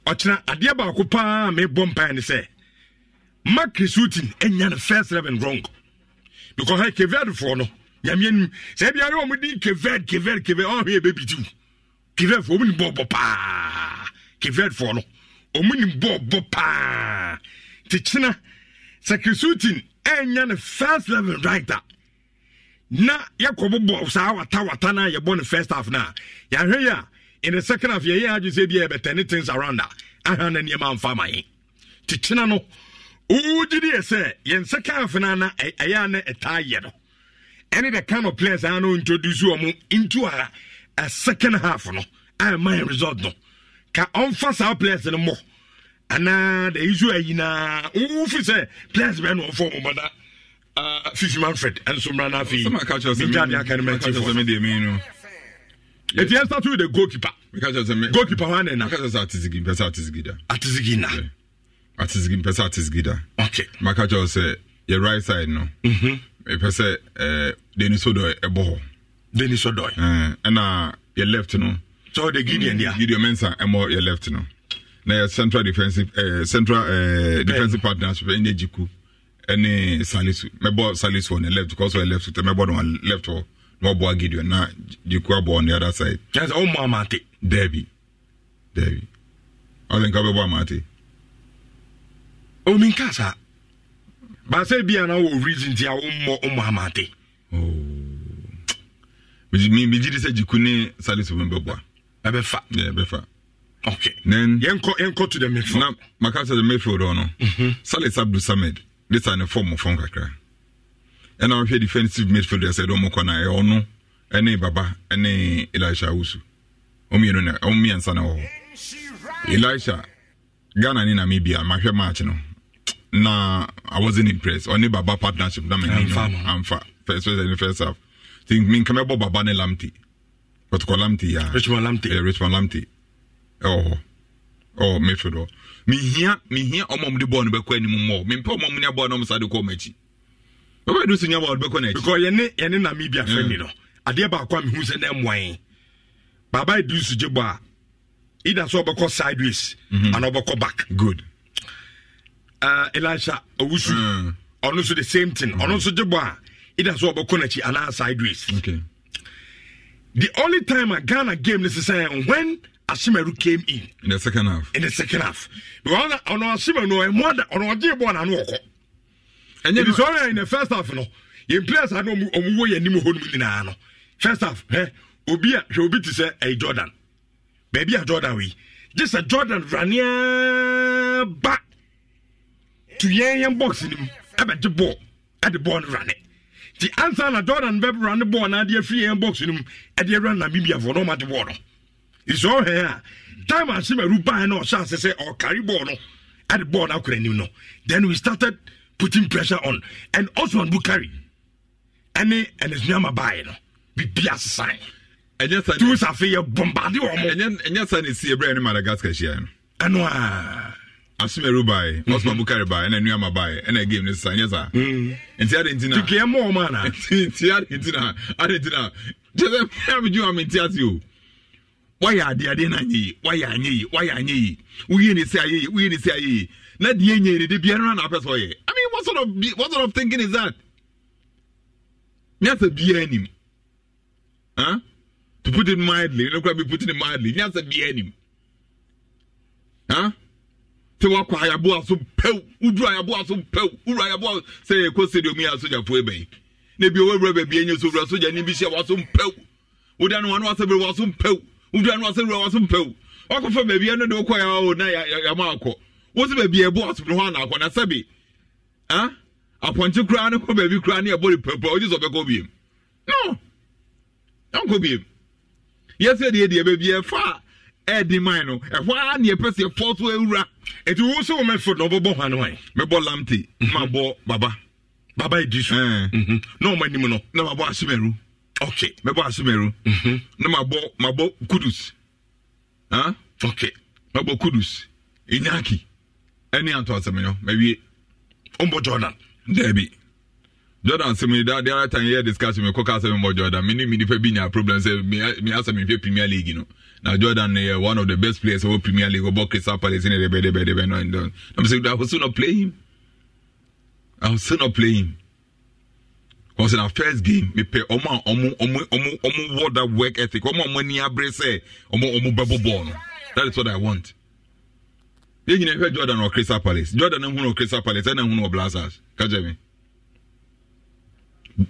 ɔkyerɛ adeɛ baako mark resultin enya ne first eleven wrong because ayikived foɔ no nyamia nim sɛ ebi ara wɔn di kived kived kived baby tiw kived foɔ wɔn ni bɔ bɔ paa kived foɔ ɔmo nim bɔɔbɔ paa te kyena sɛ kisutin ɛnya ne first level right a na yɛkɔ bobɔ saa wata wata na yɛbɔ ne first half na yɛahwɛ yi a in the second half yɛyɛ adwe sɛ bia yɛbɛtɛne things around a ahwɛ na nneɛma amfa ma yɛn te kyena no wogyidi yɛ sɛ yɛn second half na na ɛyɛ a na ɛtaa yɛ no ɛne the kind of players a na introduce wɔn into a, a second half no a ɛma yɛn result no ka ɔmfa saa players no mmɔ anaa the issue ayi na wofi sɛ players bɛɛ na ɔmfa ɔmɔ da ah, fifi manfred ɛnso mmra no afei megyade aka no mɛnti ɛti ɛnsa to the goalkeeper goalkeeper hɔ anɛ na atizigi mpɛ sɛ atizigi da atizigi na atizigi mpɛ sɛ atizigi da okay maka kyerɛ sɛ yɛ right side no mhm. mepɛ sɛ eh, deni sodɔ ɛbɔ hɔ deni sodɔ eh, ɛna yɛ left no so the gideon dia mm. gideon mensa ɛmɔ uh, yɛ left no na your central defensive uh, central uh, defensive partnership ɛne jiku any salisu mɛbɔ salisu on the left because ɔyɛ left tɛ mɛbɔ no on left or no, ɔbɔ gideon na jiku abɔ on the other side. yɛn sɛ oh, ɔmɔ amate. dɛbi dɛbi ɔsɛ nka bɛbɔ amate. omi oh, nka sa baasa bi a na wɔ reason ti a ɔmɔ ɔmɔ amate. Oh. mi mi jiri sɛ jiku ne salisu bɛ bɔ ɛbɛfa ɛbɛfa okay then yɛnkɔ yɛnkɔ to the midfield na maka sɛ the midfield ɔno mhm. salis abdul samid this are ne form fɔm kakra ɛna wɔhwɛ defensive midfield ɛsɛ dɛ ɔmokɔ na ɛyɛ ɔno ɛne baba ɛne elisha awusu ɔmmienu na ɔmmiɛnsa na wɔ elisha ghana ne namibia mahwɛ match no na i wasn't impressed ɔne baba partnership na mɛnamfa amfa especially First the first half think menkɛmɛbɔ baba ne lamte but kɔ lamte ya richmond lamte ɛ richmond lamte ɛwɔ oh, ɔwɔ midfield hɔ mihia mihia ɔmo ɔmo de bɔɔl no bɛkɔ anim mɔ mimpɛ ɔmo ɔmo ne abɔɔl no ɔmo sa de kɔ ɔmo akyi bɛbɛ de so nya bɔɔl bɛkɔ n'akyi. because yɛne yɛne namibia friendly no adeɛ baako a mihu sɛ n'ɛmoan baba idris gye bɔ a either sɛ ɔbɛkɔ sideways mm-hmm. ana ɔbɛkɔ back. good. Uh, elisha owusu ɔno nso the same thing ɔno mm-hmm. nso gye bɔ a either sɛ ɔbɛkɔ n'akyi ana sideways. Okay the only time a Ghana game this is when Asimaru came in. In the second half. In the second half. Because on Asimaru no more than on Ojibo na no ko. And then sorry in the first half no. In place, players ano omu wo yanim ho nim nyinaa no. First half eh obi a hwe obi ti sɛ ɛyɛ eh, Jordan. Baabi a ah, Jordan wei. Gye sɛ Jordan ranea ba to yɛn yɛn box nim ɛbɛgye bɔɔl ɛde bɔɔl no rane nti ansa na jordan bɛbra ne bɔɔl no ade afiri yɛn box no mu ɛde awura namibiafoɔ na ɔmate bɔɔl no ɛsɛ ɔhɛn a time ase maru bae na ɔhyɛ ase sɛ ɔkare bɔɔl no ade bɔɔl no akora anim no then we started putting pressure on and osman bukari ɛne ɛnesuama bae no bibi asesan tuusa afei yɛ bɔmbade wɔ mo ɛnyɛ sa ne sie berɛ ne madagascar hyia no ɛno asome ɛro bae ɔsoma mhm. bukare bae ɛna nnuama bae ɛna game no sesa nyɛ saa mhm. nti ade nti na tikiɛ mɔ ɔma na nti ade nti na ade nti na kyerɛ sɛ mɛ amedwo ame nti ase o wayɛ adeade na anyɛ yi wayɛ anyɛ yi wayɛ anyɛ yi woyie ne sɛ ayɛ yi woyie ne sɛ ayɛ yi na deɛ nyɛ yi de biara no na apɛ sɛ i mean what sort of what sort of thinking is that nyasa biara anim huh to put it mildly no kora be putting it mildly nyasa biara anim huh te wakɔ ayaboa so pɛw woduru ayaboa so pɛw wuru ayaboa sɛ yɛkɔ stadium yɛ asogyafoɔ bɛyi na bi wɔwura e baabi ɛnyɛ so wura sogyani bi hyɛ waso mpɛw woda no wano wasɛ berɛ waso mpɛw wodura no wasɛ berɛ waso mpɛw wakɔfa baabi ɛno e de wokɔ yɛwo na yɛma akɔ wo sɛ baabi ɛbo asom no hɔ ana akɔ na sɛbe a apɔnkye koraa ne kɔ baabi koraa ne ɛbɔ ne pɛpɛ wogye sɛ ɔbɛkɔ biem no ɛnkɔ biem yɛsɛ deɛ deɛ baabi ɛfa e a ɛdi man no ɛhɔ ara ni ɛpɛ sɛ ɛfɔ so ewura. ètò wo sọ wọn mẹ fọdọ ọbọ bọ hàn wáyé. mẹ bọ lamte máa mhm. bọ baba baba yìí di so náà ọmọ ẹni No, nọ náà máa bọ asimẹru ok mẹ bọ asimẹru mhm. náà máa bọ máa bọ kudus huh? ok máa bọ kudus inyaki ẹni àtọ asẹmẹyọ mẹ wie jordan dẹbi jordan sẹ mi da the other time yẹ discussion mi kọ ká sẹ mi jordan mi ni mi nífẹ̀ẹ́ bí ní a problem sẹ mi asẹ mi premier league no na jordan no eh, yɛ one of the best players ɛwɔ premier league ɔbɔ crystal palace ne dɛbɛ dɛbɛ dɛbɛ no ɛndɔn na sɛ i will still not play him i will still not play him because in our first game mepɛ ɔmo a ɔmo ɔmo ɔmo ɔmo wɔ that work ethic ɔmo a ɔmo ani abere sɛ ɔmo ɔmo bɛbɔ bɔɔl no that is what i want yɛn nyinaa hwɛ jordan wɔ crystal palace jordan ehun wɔ crystal palace ɛna ehun wɔ blazers kakyɛ mi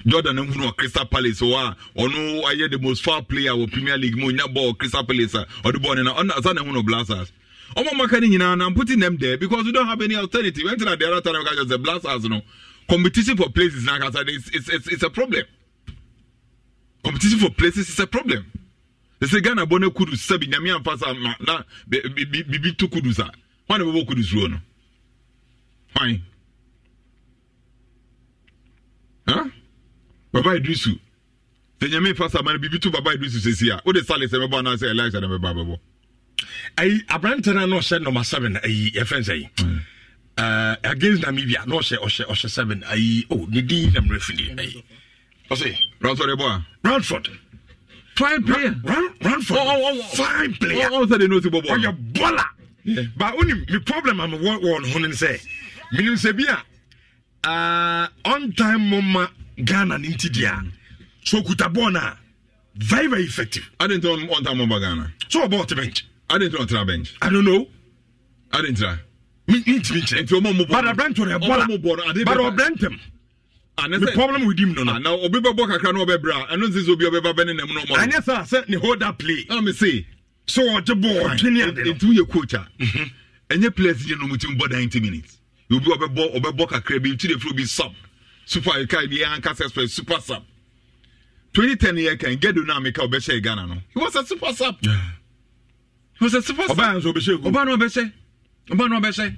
jordan nhunu wɔ crystal palace hɔ a ɔno ayɛ the most far player wɔ premier league mu onya bɔɔl crystal palace a ɔde bɔɔl ne na ɔna sa na nhunu blasters ɔmo maka ne nyinaa na I'm putting them there because we don't have any alternative ɛnti na the other time ka kyerɛ sɛ blasters no competition for places na kasa it's, it's, it's, it's a problem competition for places is a problem sɛ ghana bɔ ne kudu sɛbi nyame amfa sa ma na bibi to kudu sa hwan na bɛbɔ kudu suro no hwan huh? baba idrisu sɛ nyame fa sa ma no biribi to baba idrisu sɛsi a wode sale sɛ mɛbɔ anaasɛ elisa na mɛba bɛbɔ ayi aberante no a na ɔhyɛ nɔma seven ayi yɛfrɛ sɛ yi uh, against namibia na ɔhyɛ ɔhyɛ ɔhyɛ seven ayi o oh, ne din na mmerɛ fini ayi ɔsɛ ransford ɛbɔ a ransford fine player Ran, ransford oh, oh, oh, fine player ɔn sɛ de n'osi bɔ bɔ ɔyɛ bɔla ba onim mi problem a mi wɔ wɔn ho ne sɛ minim sɛ bi a ɔn time mo ma ghana ne nti deɛ a so okuta bɔɔl no a very very effective. adentɛ ɔnta mɔba ghana. so ɔbɔ ɔte bench. adentɛ ɔtena bench. i don't know. adentɛ. ntumi nkyɛn. nti ɔmɔ mu bɔ. bada brantɔ dɛ bɔla bada ɔbrantɛm. the oh, ah, problem with him no no. Ah, na obi bɛ bɔ kakra na ɔbɛ bra ɛno nsi so obi ɔbɛ ba bɛ ne nam na ɔmɔ. anyɛ sɛ sɛ ne hold that play. ɛna mi se. so ɔte bɔɔl ɔtwe ne ade. etu yɛ coach a. ɛnyɛ mm-hmm. players yɛ nomu ti bɔ ninety minutes. obi ɔbɛ bɔ ɔbɛ bɔ kakra bi ti de bi sub super yɛ kaa bi ankasa express super sub 2010 yɛ kan gedo na ameka ɔbɛhyɛ ghana no he was a super sub he was a super sub ɔbaa nso ɔbɛhyɛ egu ɔbaa no ɔbɛhyɛ ɔbaa no ɔbɛhyɛ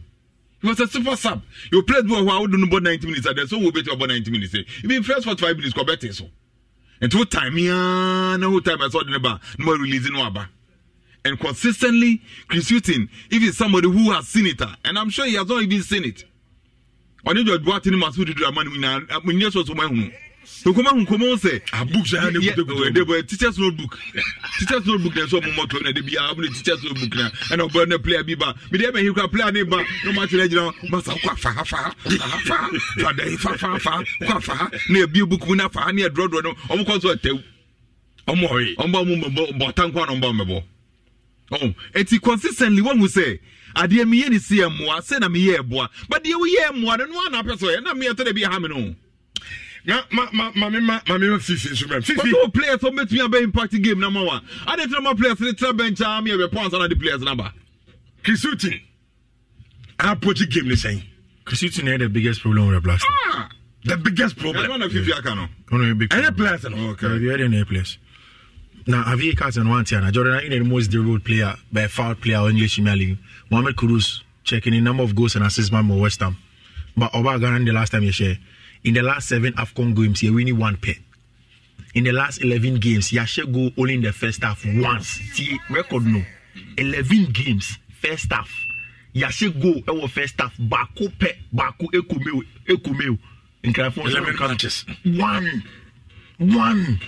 he was a super sub your place bi wɔ hɔ a wodo no bɔ 90 minutes adeɛ so wo bɛ ti ɔbɔ 90 minutes yɛ ibi first 45 minutes kɔ ɔbɛte so nti wo time yaa na wo time ɛsɛ ɔde ne ba na mo release no aba and consistently Chris Hutton if it's somebody who has seen it and I'm sure he has not even seen it ɔne george boate no maso dodoro ama no ah, nyinaa sɛ so mahunu nkɔmɔ ahonkɔmɔ sɛ ah, teachers notebook teachers notebook na ɛsɛ ɔmomɔtɔ na de biaa ah, mne teachers notebook na ɛna ɔbɛ no player bi ba mede ɛbɛhi kora player ne ba na ɔmakyerɛ gyina masa kɔ fa ha fa. fafaafa kɔ afa na abie book mu no afaa ne ɛdorɔdorɔ no ɔmokɔ so atɛw ɔmɔwe ɔmbɔ mu bɔta nko a na ɔmbɔ mmɛbɔ ɛnti consistently wahu sɛ adeɛ meyɛ ne si ɛmmoa sɛ na meyɛ ɛboa but deɛ woyɛ ɛmmoa no no ana apɛ sɛ ɛna meyɛ tɔ da bi ha me no na ma ma ma mi ma ma mi ma fifi so bɛ fifi. pɔtɔ players wɔn bɛ tún yà bɛ impact game na ma wa adi tí na ma players ni tẹ bɛn kya mi yɛ bɛ pɔn asan na di players na ba. kisutin a pɔti game ni sɛn. kisutin yɛ the biggest problem with the blast. Ah, the biggest problem. ɛn wọn na fifi aka no. ɛn yɛ players e no. ok ɛn yɛ e players na Javier one wanti ana Jordan Ine the most durable player by foul player in English Premier League Mohamed Kudus checking in number of goals and assists man for West Ham but Oba Ghana the last time you share in the last seven AFCON games he winning one pair in the last eleven games he share goal only in the first half once see record no Eleven games first half he share goal ɛwɔ eh, first half baako pɛ baako ekomeo ekomeo nkrafo 11 countries one one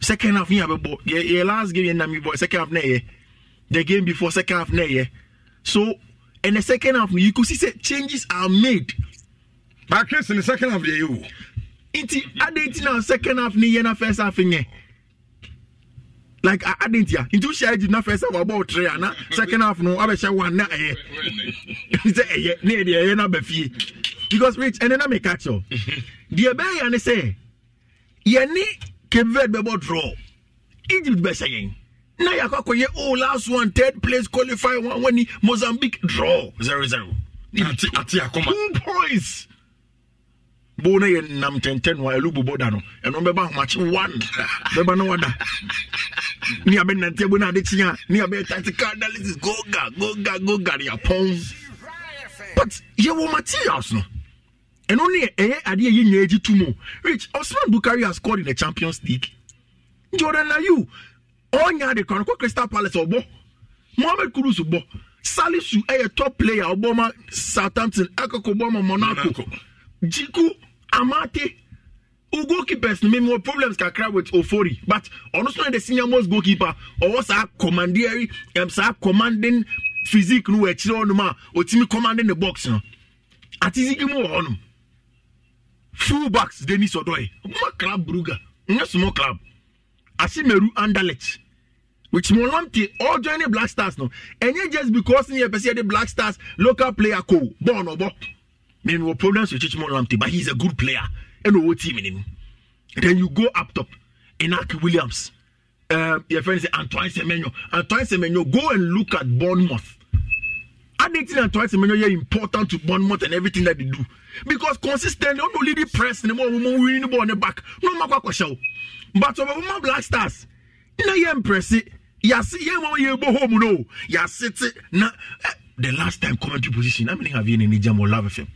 second half yẹn abɛbɔ yɛ yɛ last game yɛn nam yɛ bɔ second half na yɛ the game before second half na yɛ so in the second half you could see say changes are made. baakins ni second half de ye o. nti adanti na second half ni yɛ na first half yɛ like adanti a nti o ṣe ayi na first half abɔ three ana second half no abɛhyɛ one na ɛyɛ sɛ ɛyɛ ne yɛ de ɛyɛ na bɛ fie because rich ɛnɛ na mi catch o deɛ bɛyɛ ni sɛ yɛ ni. Cape Verde bɛbɔ draw Egypt bɛsɛ yɛn na yɛakɔ akɔyɛ oh last one third place qualify one wani Mozambique draw zero zero. ate ati akoma. two points. bo na yɛ nam tɛntɛn wa ɛlu bobɔ da no ɛno bɛba ahomakye one bɛba no wada ne a bɛnante bo no ade kyea ne a bɛyɛ tactical analysis goga goga goga ne apɔn but yɛwɔ materials no And only ɛyɛ adeɛ yɛ nyinaa gye to mu rich osman bukari has scored in the champions league jordan ayew ɔnya de kora no kɔ crystal palace ɔbɔ mohammed kudus bɔ salisu ɛyɛ top player ɔbɔ ma southampton akɔkɔ bɔ ma monaco jiku amate goalkeepers no mewɔ problems can cry with ofori but ɔno the senior most goalkeeper ɔwɔ saa commandery um, saa commanding physique no wɔ akyirɛ hɔnom a ɔtumi commanding the box no atizigi mu wɔ hɔnom few backs denis Odoi, ɔmoma e. club bruga nyɛ small club asimeru anderlecht which Molante all joining Black Stars no. And just because you see the Black Stars local player ko born or bo. Maybe we problems with Molante, but he's a good player. And e what team in him. Then you go up top. Inaki Williams. Uh, your friend say Antoine Semenyo. Antoine Semenyo, go and look at Bournemouth addicting and a men are important to Bournemouth and everything that they do because consistently only the press and more women winning the ball on the back no matter what show but of our black stars na yɛ mprɛse yɛase yes, wɔn yɛ bɔ home no yes, te na eh, the last time commentary position how many have you in nigeria mo love fm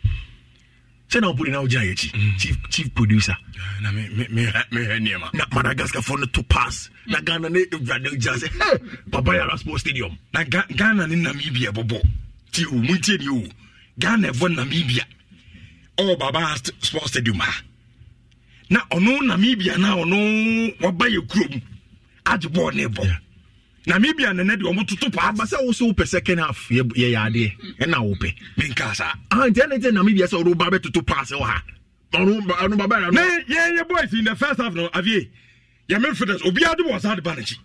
sɛ na ɔpɔli na ɔgyina yɛ akyi chief chief producer. na mi mi mi hɛ nneɛma. Ah. na madagascar fɔ ne to pass na mm. ghana ne ewurade gyina sɛ hey, papa yara sports stadium. na ghana ne namibia bɔbɔ tie o mu tie o ghana ɛvɔ namibia ɔwɔ baba sports stadium ha na ɔno namibia na ɔno waba yɛ kurom agye bɔɔl ne bɔ namibia nana deɛ ɔmo toto paa basa wo so wopɛ second half yɛ yɛ adeɛ ɛna e wopɛ menka saa ah, nti ɛna nti namibia sɛ ɔde woba bɛtoto paase wɔ ha ɔno ɔno baba yɛ no. ne yɛn yɛ boys in the first half no avie yɛmɛ fitters obiara de wɔ saa de ba n'akyi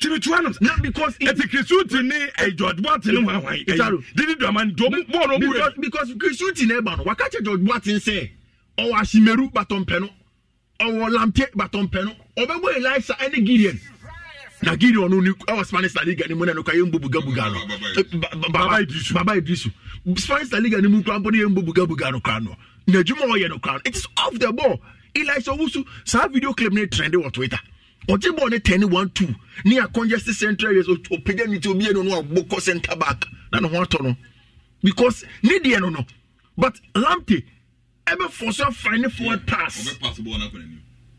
tìmìtìwá nù. na because it eti kirisuti ni ẹ george boatin ni wọn àwọn ẹyẹ didi dramani tó bọọlù ọmọ because kirisuti náà bá nù wà káàkiri george boatin sẹ ọwọ asimeru bàtọ mpẹ ọwọ lamte bàtọ mpẹ nù ọbẹbọ elisa ẹni gideon na gideon ọ̀nù ni ẹwọ spanish la liga ni mu nẹnu ká yẹn ń bọ bugabuga nù baba eh, idrisu baba idrisu spanish la liga ni mu kura mbọ ni yẹn ń bọ bugabuga nù kura nù na edwuma nù kura nù it is off the ball elisa owusu saa video clip ni trend wọ twitter ɔgye bɔɔl ne ten one two ne akɔngyɛsi central areas opagya ne ti obi yɛ no no abo kɔ centre back na ne ho atɔ no because ne deɛ no no but lamptey ɛbɛ fɔsɔ fain ne forward pass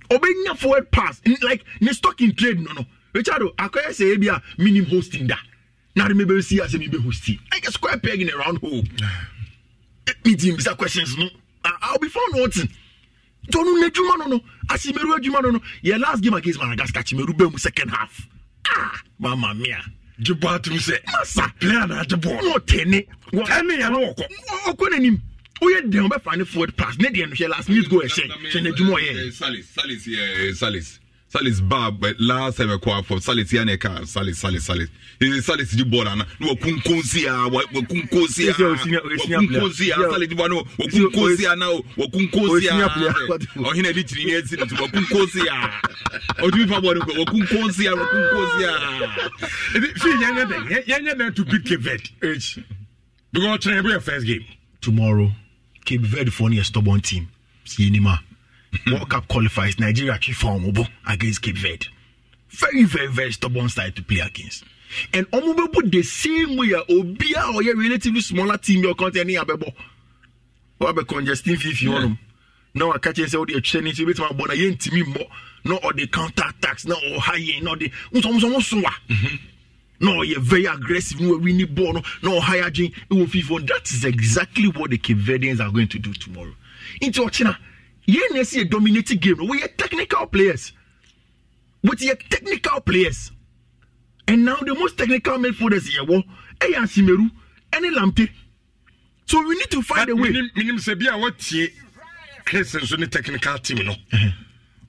ɔbɛnya forward pass like ne stock in trade no no richard akɔyɛ sɛ ebi a minim hosting da na de mebe si ase mebe hosting like a square peg in a round hole eh, meeting bisa questions no i ah, will be found wanting tɔnu n'edwuma no no asimeru edwuma no no yɛ last game against madagascar asimeru bɛn mu second half ah mama mia. jibu atum sɛ. masa player na adi bɔɔl. n'o tɛ ne. ɛni yan n'o kɔ. ɔkɔ n'anim o yɛ dɛn o bɛ fa ni forward pass ne deɛ no hyɛ last minute goal ɛhyɛ hyɛ n'edwuma yɛ. salis salis eh, salis salis baa last time ɛkɔ afɔ salis yɛ ne ka salis salis salis ee salis di bɔɔl na ne wa kunkun si wa kunkun si wa kunkun si salis di bɔɔl ana wa kunkun si na wa kunkun si a ɔhinɛ di tiri ne si tuntun wa kunkun si a ɔtumi fa bɔɔl ne wa kunkun si wa kunkun si fi yɛn yɛ dɛ yɛn to beat Cape Verde because ɔkyerɛ yɛ bɛ yɛ first game. tomorrow Cape Verde fɔ ni yɛ stubborn team si yɛ ni ma. World Cup qualifiers. Nigeria actually form against Cape Verde. Very, very, very stubborn side to play against. And Omubebu the same way Obia ah, or oh, your relatively smaller team your country any abebo. What about congesting fifty on them. Now I catch you say all the training to my bona yen timi more. No or the counter attacks, no or high end, no the mm-hmm. no you're very aggressive no we need ball no no higher gene it will be that is exactly what the Cape Verdeans are going to do tomorrow into Ochina. Mm-hmm yɛn na ɛsi yɛ dominating game no wɔyɛ technical players wɔte yɛ technical players and now the most technical midfielders yɛwɔ ɛyɛ asimeru ɛne lamte so we need to find a way. minim sɛ bi a wɔtie kese nso ne technical team no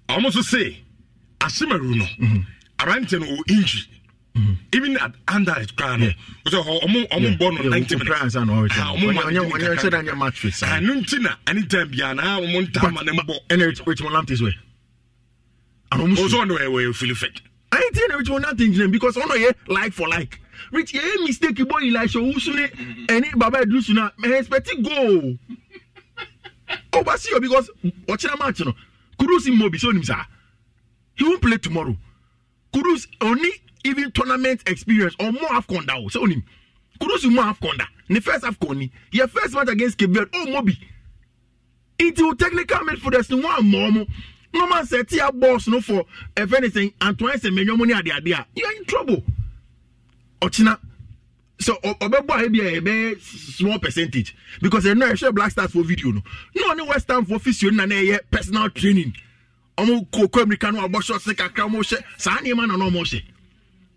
ɔmo nso se asimeru no aberanteɛ no o injury. Mm-hmm. even at under it kra no so ɔmo ɔmo bɔ no ninety minutes ɔmo on ɔnyɛ sɛ ɔnyɛ matches ah, ah eh? no nti na anytime bia na ɔmo ntaama ne mbɔ ɛna wetin wọn lantis wɛ ɔmo su ɔsɔ ɔno ɛwɔ efili fɛ. ayi ti na wetin wọn lantis gyina because ɔno yɛ like for like which yɛ yɛ mistake bɔ yìí like sɛ owusu ne ɛni baba edu su na mɛ expect goal ɔba si yɔ because ɔkyerɛ match no kudus mmobi so onim saa he won play tomorrow kudus oni even tournament experience or more AFCON da o sɛ onim more mu AFCON da the first AFCON ni yɛ first match against Cape Verde o oh, mo bi technical midfielders ni wɔn amɔ mo na wɔn asɛ tia boss no for if anything sɛn Antoine Semenyo mo money ade ade a you are in trouble Ochina so ɔbɛbɔ a eh, be a small percentage because they ɛnu ɛhwɛ Black Stars for video no No ɔne West Ham for physio na na eh, personal training ɔmo kɔ kɔ America no abɔ short se kakra ɔmo hyɛ saa nneɛma na ɔmo hyɛ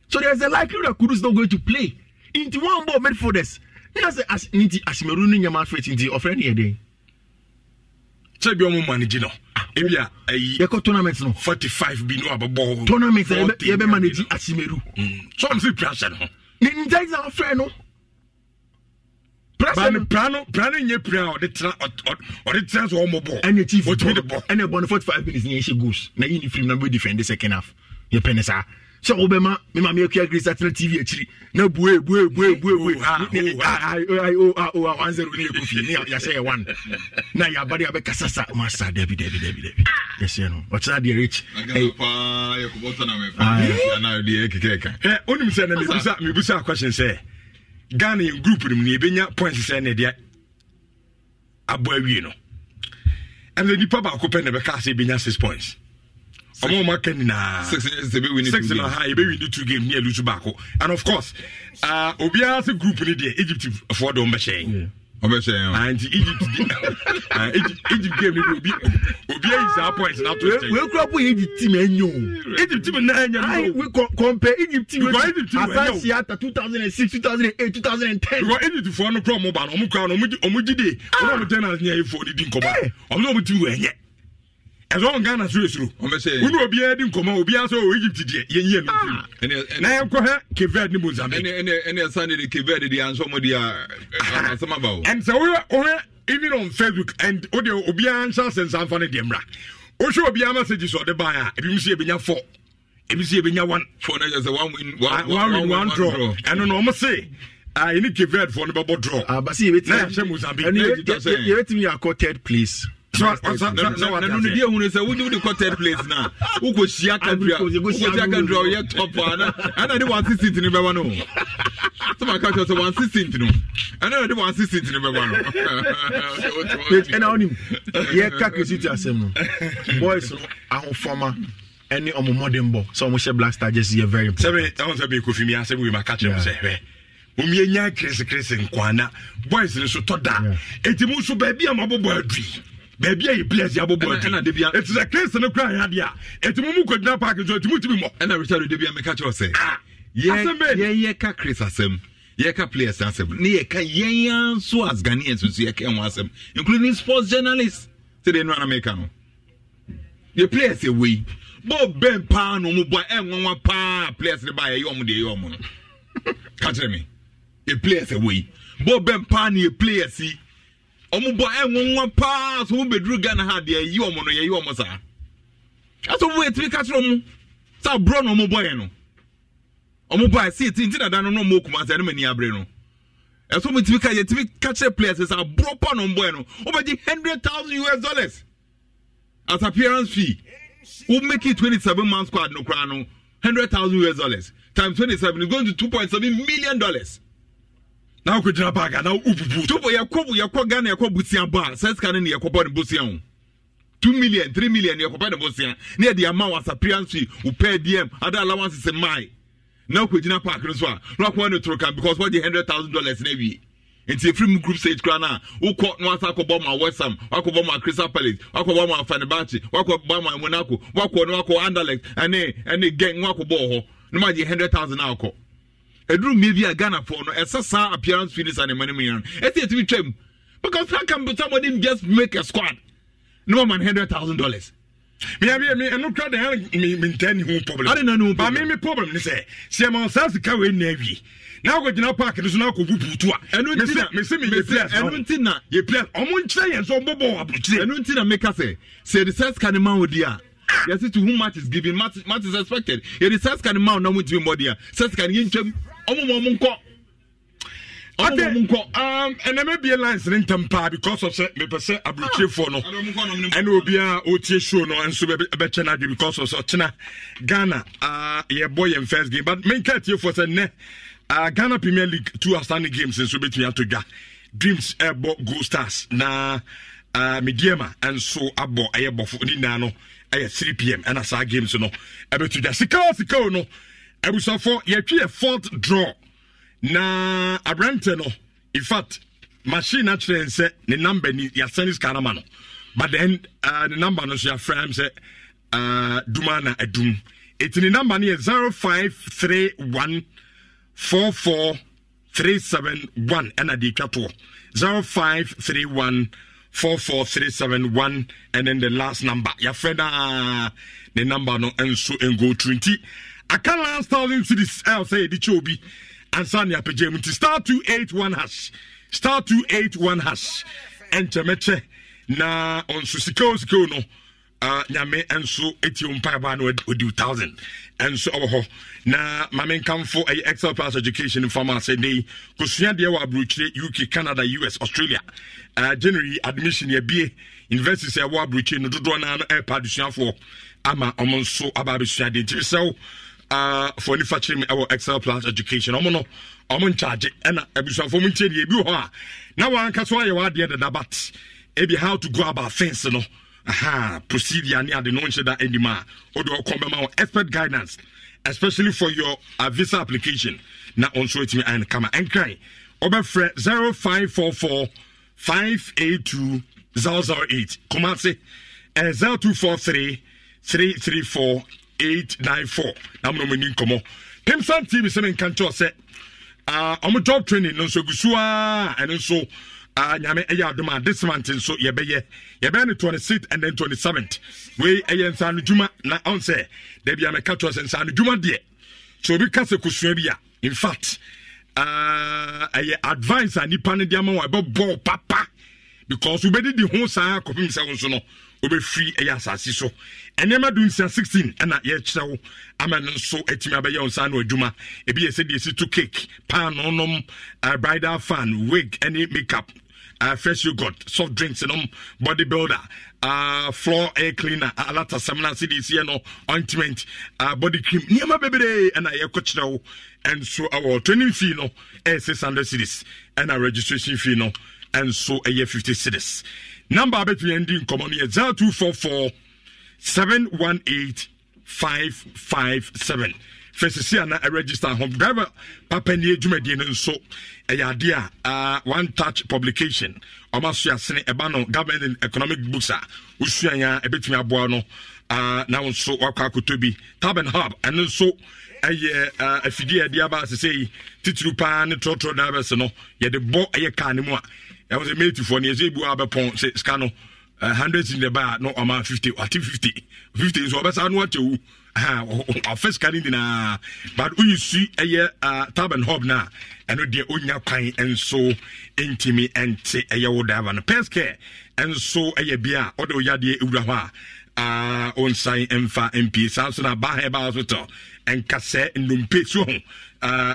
so there is a likelihood that Kudus is not going to play nti wọn bɔ midfielders ne yà sɛ as nti asimeru ne nyama afet nti ɔfrɛ ne yɛ den. sɛbi ɔmo manage no ah, ebi a ayi. yɛkɔ tournament no. forty five bi n'o abɛbɔ. tournament yɛ bɛ manage asimeru. Mm. so ɔmo si pressure no. ne nta yɛ ɔfrɛ no. pressure no. prano prano nye pira ɔde tena ɔde tena so ɔmo bɔ. ɛna ti fi bɔ ɛna bɔ ne forty five minutes ni yɛn se goals na yi ni firim na bɛ defend the second half yɛ pɛ ne saa sɛ wobɛma me meakua krista tena tv akyiri na bue bue bue bue bue anzero ne yɛkɔ fie ne yɛsɛ yɛ one na yɛaba abɛkasa sa masa dabi dabi dabi dabi yɛsɛ no ɔkyena deɛ rich wonim sɛ na mebusa question sɛ ghana yɛ group no mu ne yɛbɛnya point sɛ ne deɛ abɔ awie no ɛnɛ nipa baako pɛ ne bɛka sɛ yɛbɛnya six points ɔmo ɔmo aka nyinaa six na ha ebe win the two game near lusu baako and of course uh, Obi obiara se group ni deɛ egypt fo de ɔmo bɛ hyɛn ɔbɛ hyɛn o anti egypt egypt, game ni obi obi ayi saa point. na to ten. wee kura po egypt team enyo eh, egypt team na enyo ayi we compare egypt team wey asase ata two thousand and six two thousand and eight two thousand and ten. because egypt fo no kura ɔmo ba na ɔmo kura na ɔmo gyi de ɔmo gyi de ɔmo gyi de na ɔmo gyi de nkɔmɔ ɔmo de ɔmo team wɔ ɛnyɛ ɛsɛ ɔn ghana soro esoro wúni di nkɔmɔ obiara sɛ o egypt deɛ yɛn yɛ na yɛn kɔhɛ kevɛd ni mozambique even on facebook and o de obiara nhyɛ asɛnsanfa ne deɛ mra o sɛ message sɛ ɔde ban a ebi mu si ebi nya four ebi si ebi nya one four na yɛ sɛ one win one ah, win draw ɛno na ɔmo se ɛni kevɛd fɔ ne bɛ bɔ draw ah, na yɛ hyɛ mozambique ɛni yɛ yɛ nanu ne deɛ hunu sɛ wonye wode kɔ third place na wokɔhyia country a wokɔhyia country a ɔyɛ top ana ɛna de one six seat no bɛba no sɛma ka kyerɛ sɛ one six seat no ɛna de one six seat no bɛba no ɛna wonim yɛka kesiti asɛm no boys no ahofama ɛne ɔmo mmɔdenbɔ sɛ ɔmo hyɛ blaster gyesi yɛ very important sɛbe ɛho sɛ bɛkɔfi mi asɛm wei maka kyerɛ m sɛ hwɛ omienya kresekrese nkwana boys no so tɔ da ɛnti mu nso baabi a mabobɔ adui baabi a yi players yɛ abobɔ adu ɛna debia etu sɛ case ne kura yɛ adeɛ a etu mu mu kɔ gyina park nso etu mu ti mi mɔ. ɛna richard debia mɛka kyerɛ sɛ yɛn yɛ ka chris asɛm yɛ ka players asɛm ne yɛ ka yɛn yɛn nso as ghanaians nso yɛ ka ɛho asɛm including sports journalists sɛdeɛ nua na mɛka no yɛ players yɛ wei bɔɔl bɛn paa na ɔmo bɔ ɛnwanwa eh, paa players ne ba yɛ yɛ ɔmo deɛ yɛ ɔmo no ka kyerɛ mi yɛ players yɛ wei bɔɔl bɛn paa na yɛ players yi ɔmo bɔ ɛnwanwa paa so ɔmo bɛduru ghana ha deɛ yi ɔmo no yɛ yi ɔmo saa ɛsɛ ɔmo etiri kakyere ɔmo sɛ aburo na ɔmo bɔ yɛ no ɔmo bɔ ɛsi eti nti dada no na ɔmo okuma sɛ ɛnum ani abere no ɛsɛ ɔmo etiri ka yɛ etiri kakyere players sɛ aburo pa na ɔmo bɔ yɛ no ɔbɛgye hundred thousand us dollars as appearance fee ɔmo make it twenty seven man squad no koraa no hundred thousand us dollars times twenty seven is going to two point seven million dollars na wokɔgyina bag ana wobubu tobo yɛkɔ yɛkɔ ghana yɛkɔ bosea bɔ a sɛ sika no ne yɛkɔbɔ ne bosea ho 2 million 3 million yɛkɔbɔ ne bosea ne yɛde ama wo asapiransoe wo pɛ dm ada allowances mae na wokɔgyina park no so a na wakɔa ne toro kan because wɔgye 100000 dollars no awie nti efiri mu group stage kura na wokɔ na wasa akɔbɔ ma wesam wakɔbɔ ma crystal palace wakɔbɔ ma fanibachi wakɔbɔ ma monaco wakɔ na wakɔ anderlecht ɛne ɛne geng wakɔbɔ hɔ na ma gye 100000 na akɔ ɛduru mmea bi a ghanafoɔ no ɛsɛ saa appearance feelings and money million ɛti ɛtumi twam because how can somebody just make a squad no more than hundred thousand dollars. miabi mi ɛnu kura de ɛn mi mi ntɛ ni hu problem. adi na ni hu problem. maami mi problem ni sɛ siaman saa sika wei na awie n'a ko gyina paaki ni so n'a ko bu buutu a. ɛnu ti na mesi mi ye players na ɛnu ti na ye players ɔmu nkyɛn yɛn so ɔmu bɔ wa burukyire. ɛnu ti na mi ka sɛ sɛ the sense kan ni maa o di a yasi to whom match is given match match is expected yɛ the sense kan ni maa o na mu ti mi bɔ di a sense kan ni yɛ ntwɛmu ɔmo ma ɔmo nkɔ ɔde ɛnɛmɛ bie lines ne ntɛm paa because of sɛ mepɛ sɛ aburukyefoɔ ah. no ɛne obiara ɔtie show no nso bɛkyɛ no adwe because of sɛ ɔkyena ghana yɛbɔ yɛn first game but menka atiefoɔ sɛ nnɛ uh, ghana premier league two outstanding games nso bɛtumi ato dwa dreams ɛbɔ gold stars na uh, mediama nso abɔ ɛyɛ bɔfo ne nyinaa no ɛyɛ 3 pm ɛna saa games no ɛbɛto dwa sika o sika o no abusafo yɛtwi yɛ fourth draw na aberante no in fact machine akyerɛ n sɛ ne number ni yɛasɛne sika no ma no but then uh, ne number no so yɛafrɛ m sɛ uh, duma na adum ɛti ne number no yɛ 0531 44 371 ɛna de twa toɔ 0531 44371 and then the last number Your friend a uh, the number no nso ngo go nti aka last thousand eh, cities ẹ ọsẹ yẹde kyẹ obi ansa ne apagya mu nti star two eight one hash star two eight one hash ɛnkyɛmɛkyɛ na ɔnso sikeo sikeo no uh, nyame nso eti o mpaebaa no odi thousand nso ɔwɔ hɔ na maame nkamfo ɛyɛ excel pass education nfama ase de kosua deɛ wɔ aburokyire uk canada us australia uh, january admission yɛbie universities ɛwɔ aburokyire no dodoɔ naa no ɛɛpa adesuafoɔ ama ɔmo nso aba abɛsua deɛ nkyiri sɛw uh, for nifa kyerɛ me ɛwɔ excel plus education ɔmo no charge. nkyagye ɛna abusuafoɔ mu nkyɛn deɛ ebi hɔ a na wanka so ayɛ wadeɛ dada but ebi how to go about things no aha procedure ne ade no nhyɛ da anim a ɔde ɔkɔ bɛma wɔ expert guidance especially for your uh, visa application na ɔnso etimi ayɛ no kama ɛnkran ɔbɛfrɛ zero five four four five eight two zero zero eight kɔmase ɛɛ eh, zero two four three three three four eight nine four na mo na mo ni nkɔmɔ pimsan tv sɛ mi nka nkyɛn sɛ ɔmo job training no nso egusu aa ɛno nso uh, nyame ɛyɛ eh, adom a this month nso yɛbɛyɛ yɛbɛyɛ no twenty th and then 27th wei ɛyɛ nsano dwuma na ɔn sɛ dabi a mɛka kyerɛ sɛ nsano dwuma deɛ sɛ obi ka sɛ kosua bi a in fact ɛyɛ uh, eh, advice a nipa no de ama wɔn ɛbɛbɔ papa because wobɛdidi ho saa kɔpem sɛ wo nso no wobɛfiri ɛyɛ asase so ɛnneɛma do nsia 16 ɛna yɛkyerɛ wo ama no nso atumi abɛyɛ wo nsa no adwuma ebi yɛ sɛdeɛ ɛsi to cake pan nom eh, bridal fan wig ɛne makeup uh, fresh yogurt soft drinks nom body builder uh, floor air cleaner alatasɛm no sɛdeɛ ɛsiɛ no ointment uh, body cream nneɛma bebree ɛna yɛkɔkyerɛ wo ɛnso ɛwɔ training fee no ɛyɛ 600 cities ɛna registration fee no ɛnso ɛyɛ fifty cities number abɛtumi yɛn di nkɔmɔ no yɛ zero two four four seven one eight five five seven fɛsisi ana ɛregister ho driver papa nie dwumadie no nso ɛyɛ adeɛ a one touch publication ɔmo aso asene ɛba no government and economic books a osua yɛn a ɛbɛtumi aboa no na wɔn nso wakɔ akoto bi tab and hub ɛno nso ɛyɛ afidie a yɛde aba asese yi titiri paa ne trɔtrɔ drivers no yɛde bɔ ɛyɛ kaa ne mu a yàtọ̀ sẹ méjìfọ ni ẹsẹ a abẹpọn sẹ sika no hundreds in the bar, no ọma fifty ọti fifty fifty nso ọbẹ sá no ọkyẹ wu ọfẹ sika ni nyinaa but oyi si ẹyẹ taban hub na ẹno deɛ onya kwan nso ntumi nti ɛyɛ wo dava no pɛskɛ nso ɛyɛ bia ɔde oyadeɛ ewura hɔ a ɔnsan mfa mpie saa nso na baha ɛba hospital nkasɛ nnompe so ho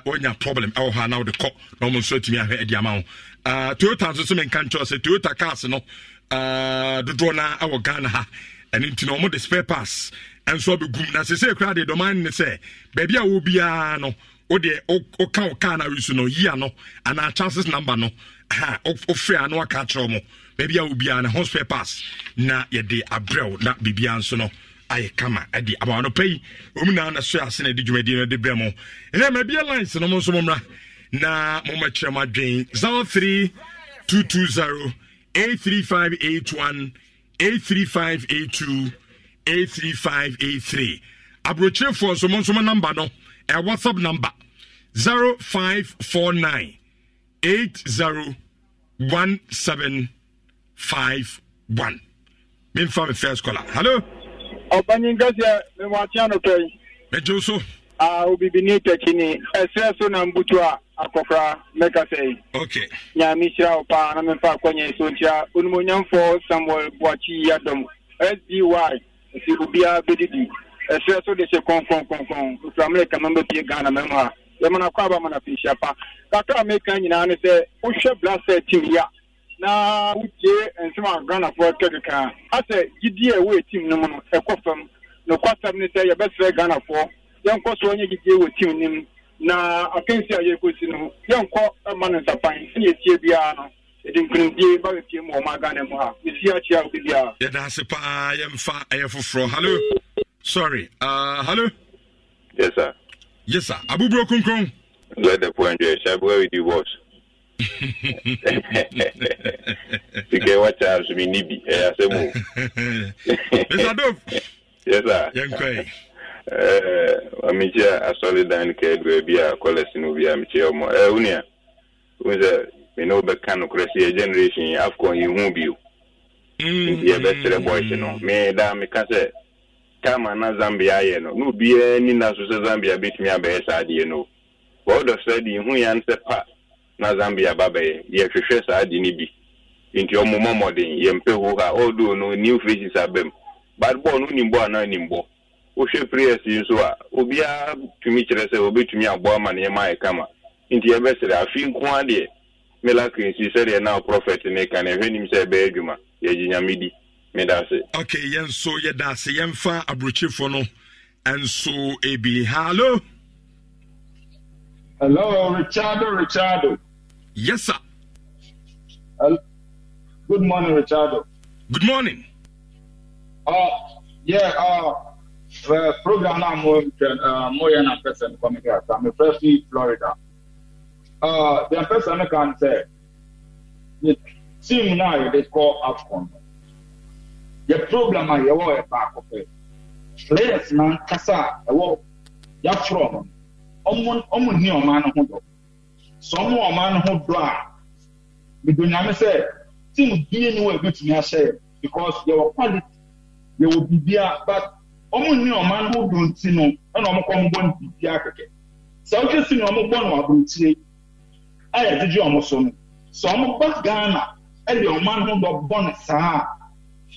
ɔnya problem ɛwɔ hɔ a na wɔde kɔ na wɔn nso atumi ahwɛ ɛde ama ho uh, toyota nso so menka nkyɛw sɛ toyota cars no uh, dodoɔ no awɔ ghana ha ɛno nti na ɔmode spare pass nso abɛgum na sesei koraa deɛ dɔman ne sɛ baabi a wɔ no wodeɛ woka wo car no awesu no yia no anaa chances number no wofrɛ a na waka kyerɛ mo baabi a wɔ biara no ho spare pass na yɛde abrɛw na biribiara nso no ayɛ kama ɛde abawa no pɛ yi ɔmu naa na so ase na ɛde dwumadiɛ no de brɛ mo ɛnɛ ma bia lines no mo nso mommra na momakyerɛ m adwen 03220 83581 83582 83583 aburokyerɛfoɔ nso mo nso mo number no ɛ whatsapp number 0549 801751 memfa me first caller hallo ɔbanyinkasiɛ mewɔakyea no tɔi megyew so ah, obibini takyini ɛsrɛ so na mbutu a akɔkora mɛka sɛ okay. nyame hyira wo paa na memfa akɔnyɛ so nkyira onumonyamfoɔ samuel boakyi yadɔm sdy ɛsɛ obiaa bɛdidi ɛserɛ so de hyɛ kɔnkɔnkɔnkɔn mframmerɛ kama mbɛpie ghana ma mu a yɛmana kɔ aba ma na afirihyia pa kakra a meka nyinaa ne sɛ wohwɛ blaster tim yi a na wotie nsɛm a ghanafoɔ kɛ kekaa asɛ gyidie a ɛwɔ tim no mu no ɛkɔ fam nokwasɛm ne sɛ yɛbɛsrɛ ghanafoɔ yɛnkɔ so ɔnyɛ gyidie wɔ tim no mu na akansi a yɛkɔsi no yɛnkɔ ma no nsapan sɛne yɛtie biara no yɛde nkonimdie ba bɛpie mu wɔ ma ghana mu ha mesi akyia wobi biara yɛda ase paa yɛmfa ɛyɛ foforɔ hallo sorry uh, ah, hallo yes sir yes sir abuburo kronkron glada po andrɛ hyɛboa widi bɔs sikɛ wakyɛ so menni bi ɛyɛ asɛm o mr dof yes sir yɛnkɔe mekyia asɔredan ka adua bi a kɔlɛse no bi a mekyia ɔmɔ wonua wohu sɛ hmm. me ne wobɛka nokorɛ sɛ yɛ generation yi afcon yɛhu bio nti yɛbɛserɛ bɔhye no me daa meka sɛ tama na zambia ayɛ no na obiara ni na so sɛ zambia bɛtumi abɛyɛ saa adeɛ no world of study hun ya nsɛ pa na zambia ba bɛyɛ yɛhwehwɛ saa adeɛ no bi nti ɔmmomɔmmɔden yɛmpɛ ho ha although no new faces abam bad bɔɔ no nim wohwɛ prayers yi nso a obiara tumi kyerɛ sɛ obɛtumi aboa ma nneɛma ayɛ kama nti yɛbɛsrɛ afi nko a deɛ miracle nsi sɛdeɛ na prophet ne ka ne ɛhwɛ nim sɛ ɛbɛyɛ adwuma yɛgye nyame di meda ase ok yɛn nso yɛda ase yɛmfa aburokyefoɔ no ɛnso ebi hallo hello richardo richardo yes sir hello. good morning richardo good morning uh, yeah uh, fɛ program naa mo uh, mo yɛ na pɛsɛ mi kɔmi kɛ ata mi fɛ fi florida uh, deɛ pɛsɛ mi kan sɛ yɛ team naa yɛ de kɔ afcon yɛ program a yɛ wɔ yɛ baako pɛ players na kasa ɛwɔ yafrɔ no ɔmo ɔmo ni ɔman no ho dɔ sɛ ɔmo ɔman no ho dɔ a bidonyame sɛ team bie ni wɔ ebi tumi ahyɛ yɛ because yɛ e wɔ quality yɛ e wɔ bibi a but wɔn ni ɔman no burunti no ɛna wɔn kɔn bɔ ne bibi akɛkɛ sɛ ɔgye si na wɔn bɔ no aburuntire a yɛgyegye wɔn so no sɛ wɔn ba ghana ɛde ɔman no dɔ bɔ ne saa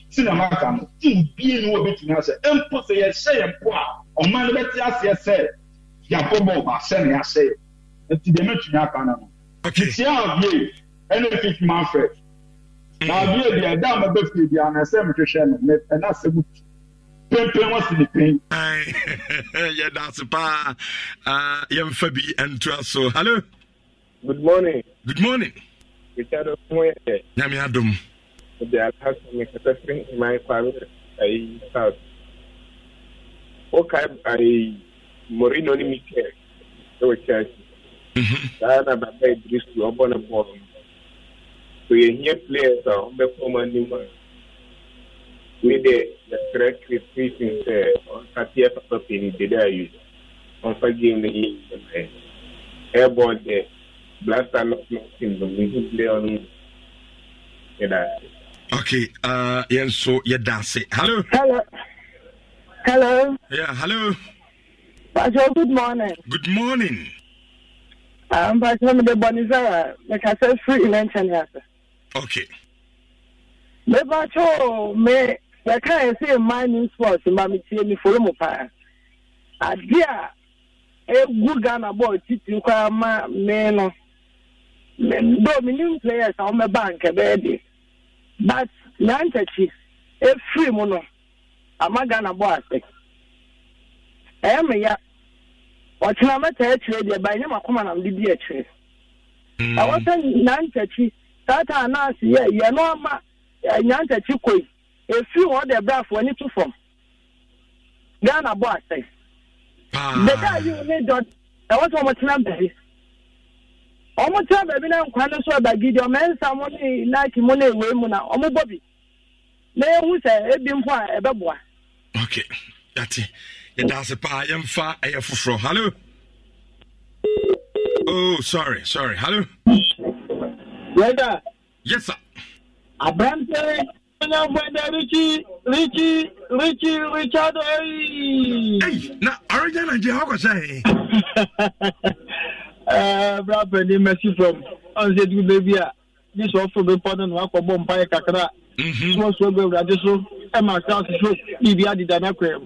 si na wɔn e aka no ti bie no wɔ betumi ahyɛ mpo sɛ yɛhyɛ yɛn po a ɔman no bɛte aseɛ sɛ yabɔ bɔ ɔba ahyɛ ne ahyɛ yɛ nti deɛ mɛtumi aka no no nkyia abie ɛna efi fi ma afɛ na abie deɛ ɛda a mɛbɛ fie bi a na ɛsɛ mehwehwɛ no ɛna asɛ mu tu pɛmpɛn wɔ sini pɛn. yɛ daasi paa ah, yɛn fɛ bi ntura so hello. good morning. good morning. richard fún yẹ. nyami adum. ọdẹ alhassan mi kẹsẹ fi ìmọ̀ ẹ̀kọ́ àwọn ẹ̀yí south. ó ka ẹ̀yí morino ni mi kẹ́ ẹ̀ wọ chelsea. sáà na bàbá idrisu ọbọ ní bọ́ọ̀lù. kò yẹ hiẹ́ players a wọ́n bẹ fọ́ ọmọ ní mọ́ the correct reason sɛ ɔnkate papa pɛni dede a use ɔmfa game no yɛ ɛmɛ ɛbɔ de blaster no no tin no mi ti play ɔno yɛda ase. okay uh, yɛn nso yɛda ase hello. hello. hello. yeah hello. Pastor, good morning. good morning. Um, Pastor, mi de bɔ nisa wa mɛ free election okay. Me Pastor, me yɛka yɛ sɛ mining sports ma metie meforo mu paa ade a ɛgu ghana bɔɔl titiri koraa ma me no though menim players a wɔmɛba anka bɛyɛ de but nantakyi ɛfiri mu no ama ghana bɔɔl ase ɛyɛ me ya ɔkyena mɛta akyerɛ deɛ ba ɛnyɛ makoma na mede di akyerɛ hmm. ɛwɔ sɛ nantakyi saata anaase yɛ yɛno ama nantakyi kɔi efiri hɔ de brafo ani to fam ghana bɔ asɛ deda yi dɔ ɛwɔ sɛ ɔmo tena ɔmo tena na nkwa so ɛba gidi ɔmo nsa mo ne mo ne ewe mu na ɔmo bɔ na ehu sɛ ebi mpo a ɛbɛboa. ok yate yɛda paa ɛyɛ foforɔ hallo. oh sorry sorry hallo. yɛda. yes sir. na fɛdɛ richi richi richi richard eyi. na ɔrɔjɛ nàìjíríà ɔkọ sẹ ẹ. ɛɛ bra pɛni mɛsi fam ɔn se dugu bɛɛ bi a ní sɔ fún mi pɔn nínú akɔ bɔ npa yɛ kakra. sumɔ sɔ bɛ wuladi so ɛ ma se asoso ibi adida na kura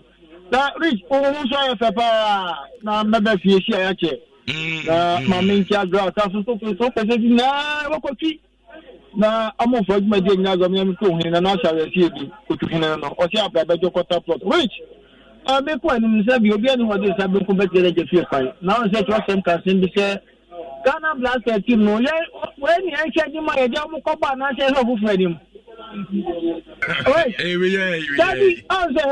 na rich ohun sɔ ya fɛ na mɛbɛ fi esi a yɛ kyɛ. na maame nkyɛn adura ɔta soso soso pɛsɛ ti naa wɔkɔ fi na amọ̀fọ́ adwumadí ẹ̀yìn azọ́ mìíràn tó hìn náà n'ahyɛ awɛsi ebi otu hìn náà nọ ɔsi abira bɛjɔ kɔta plot rich abeko anim sɛ bi obi anim ɔdi nsa benkum bɛ tiɛ dɛgye fie kwan n'ahɔ sɛ tí ɔsɛm kansen bi sɛ ghana blaster team no yɛ wɔn ni ɛnhyɛ anim a yɛde ɔmo kɔbɔ anaasɛ ɛhɛ ɔfofo anim rich dabi ɔnsɛ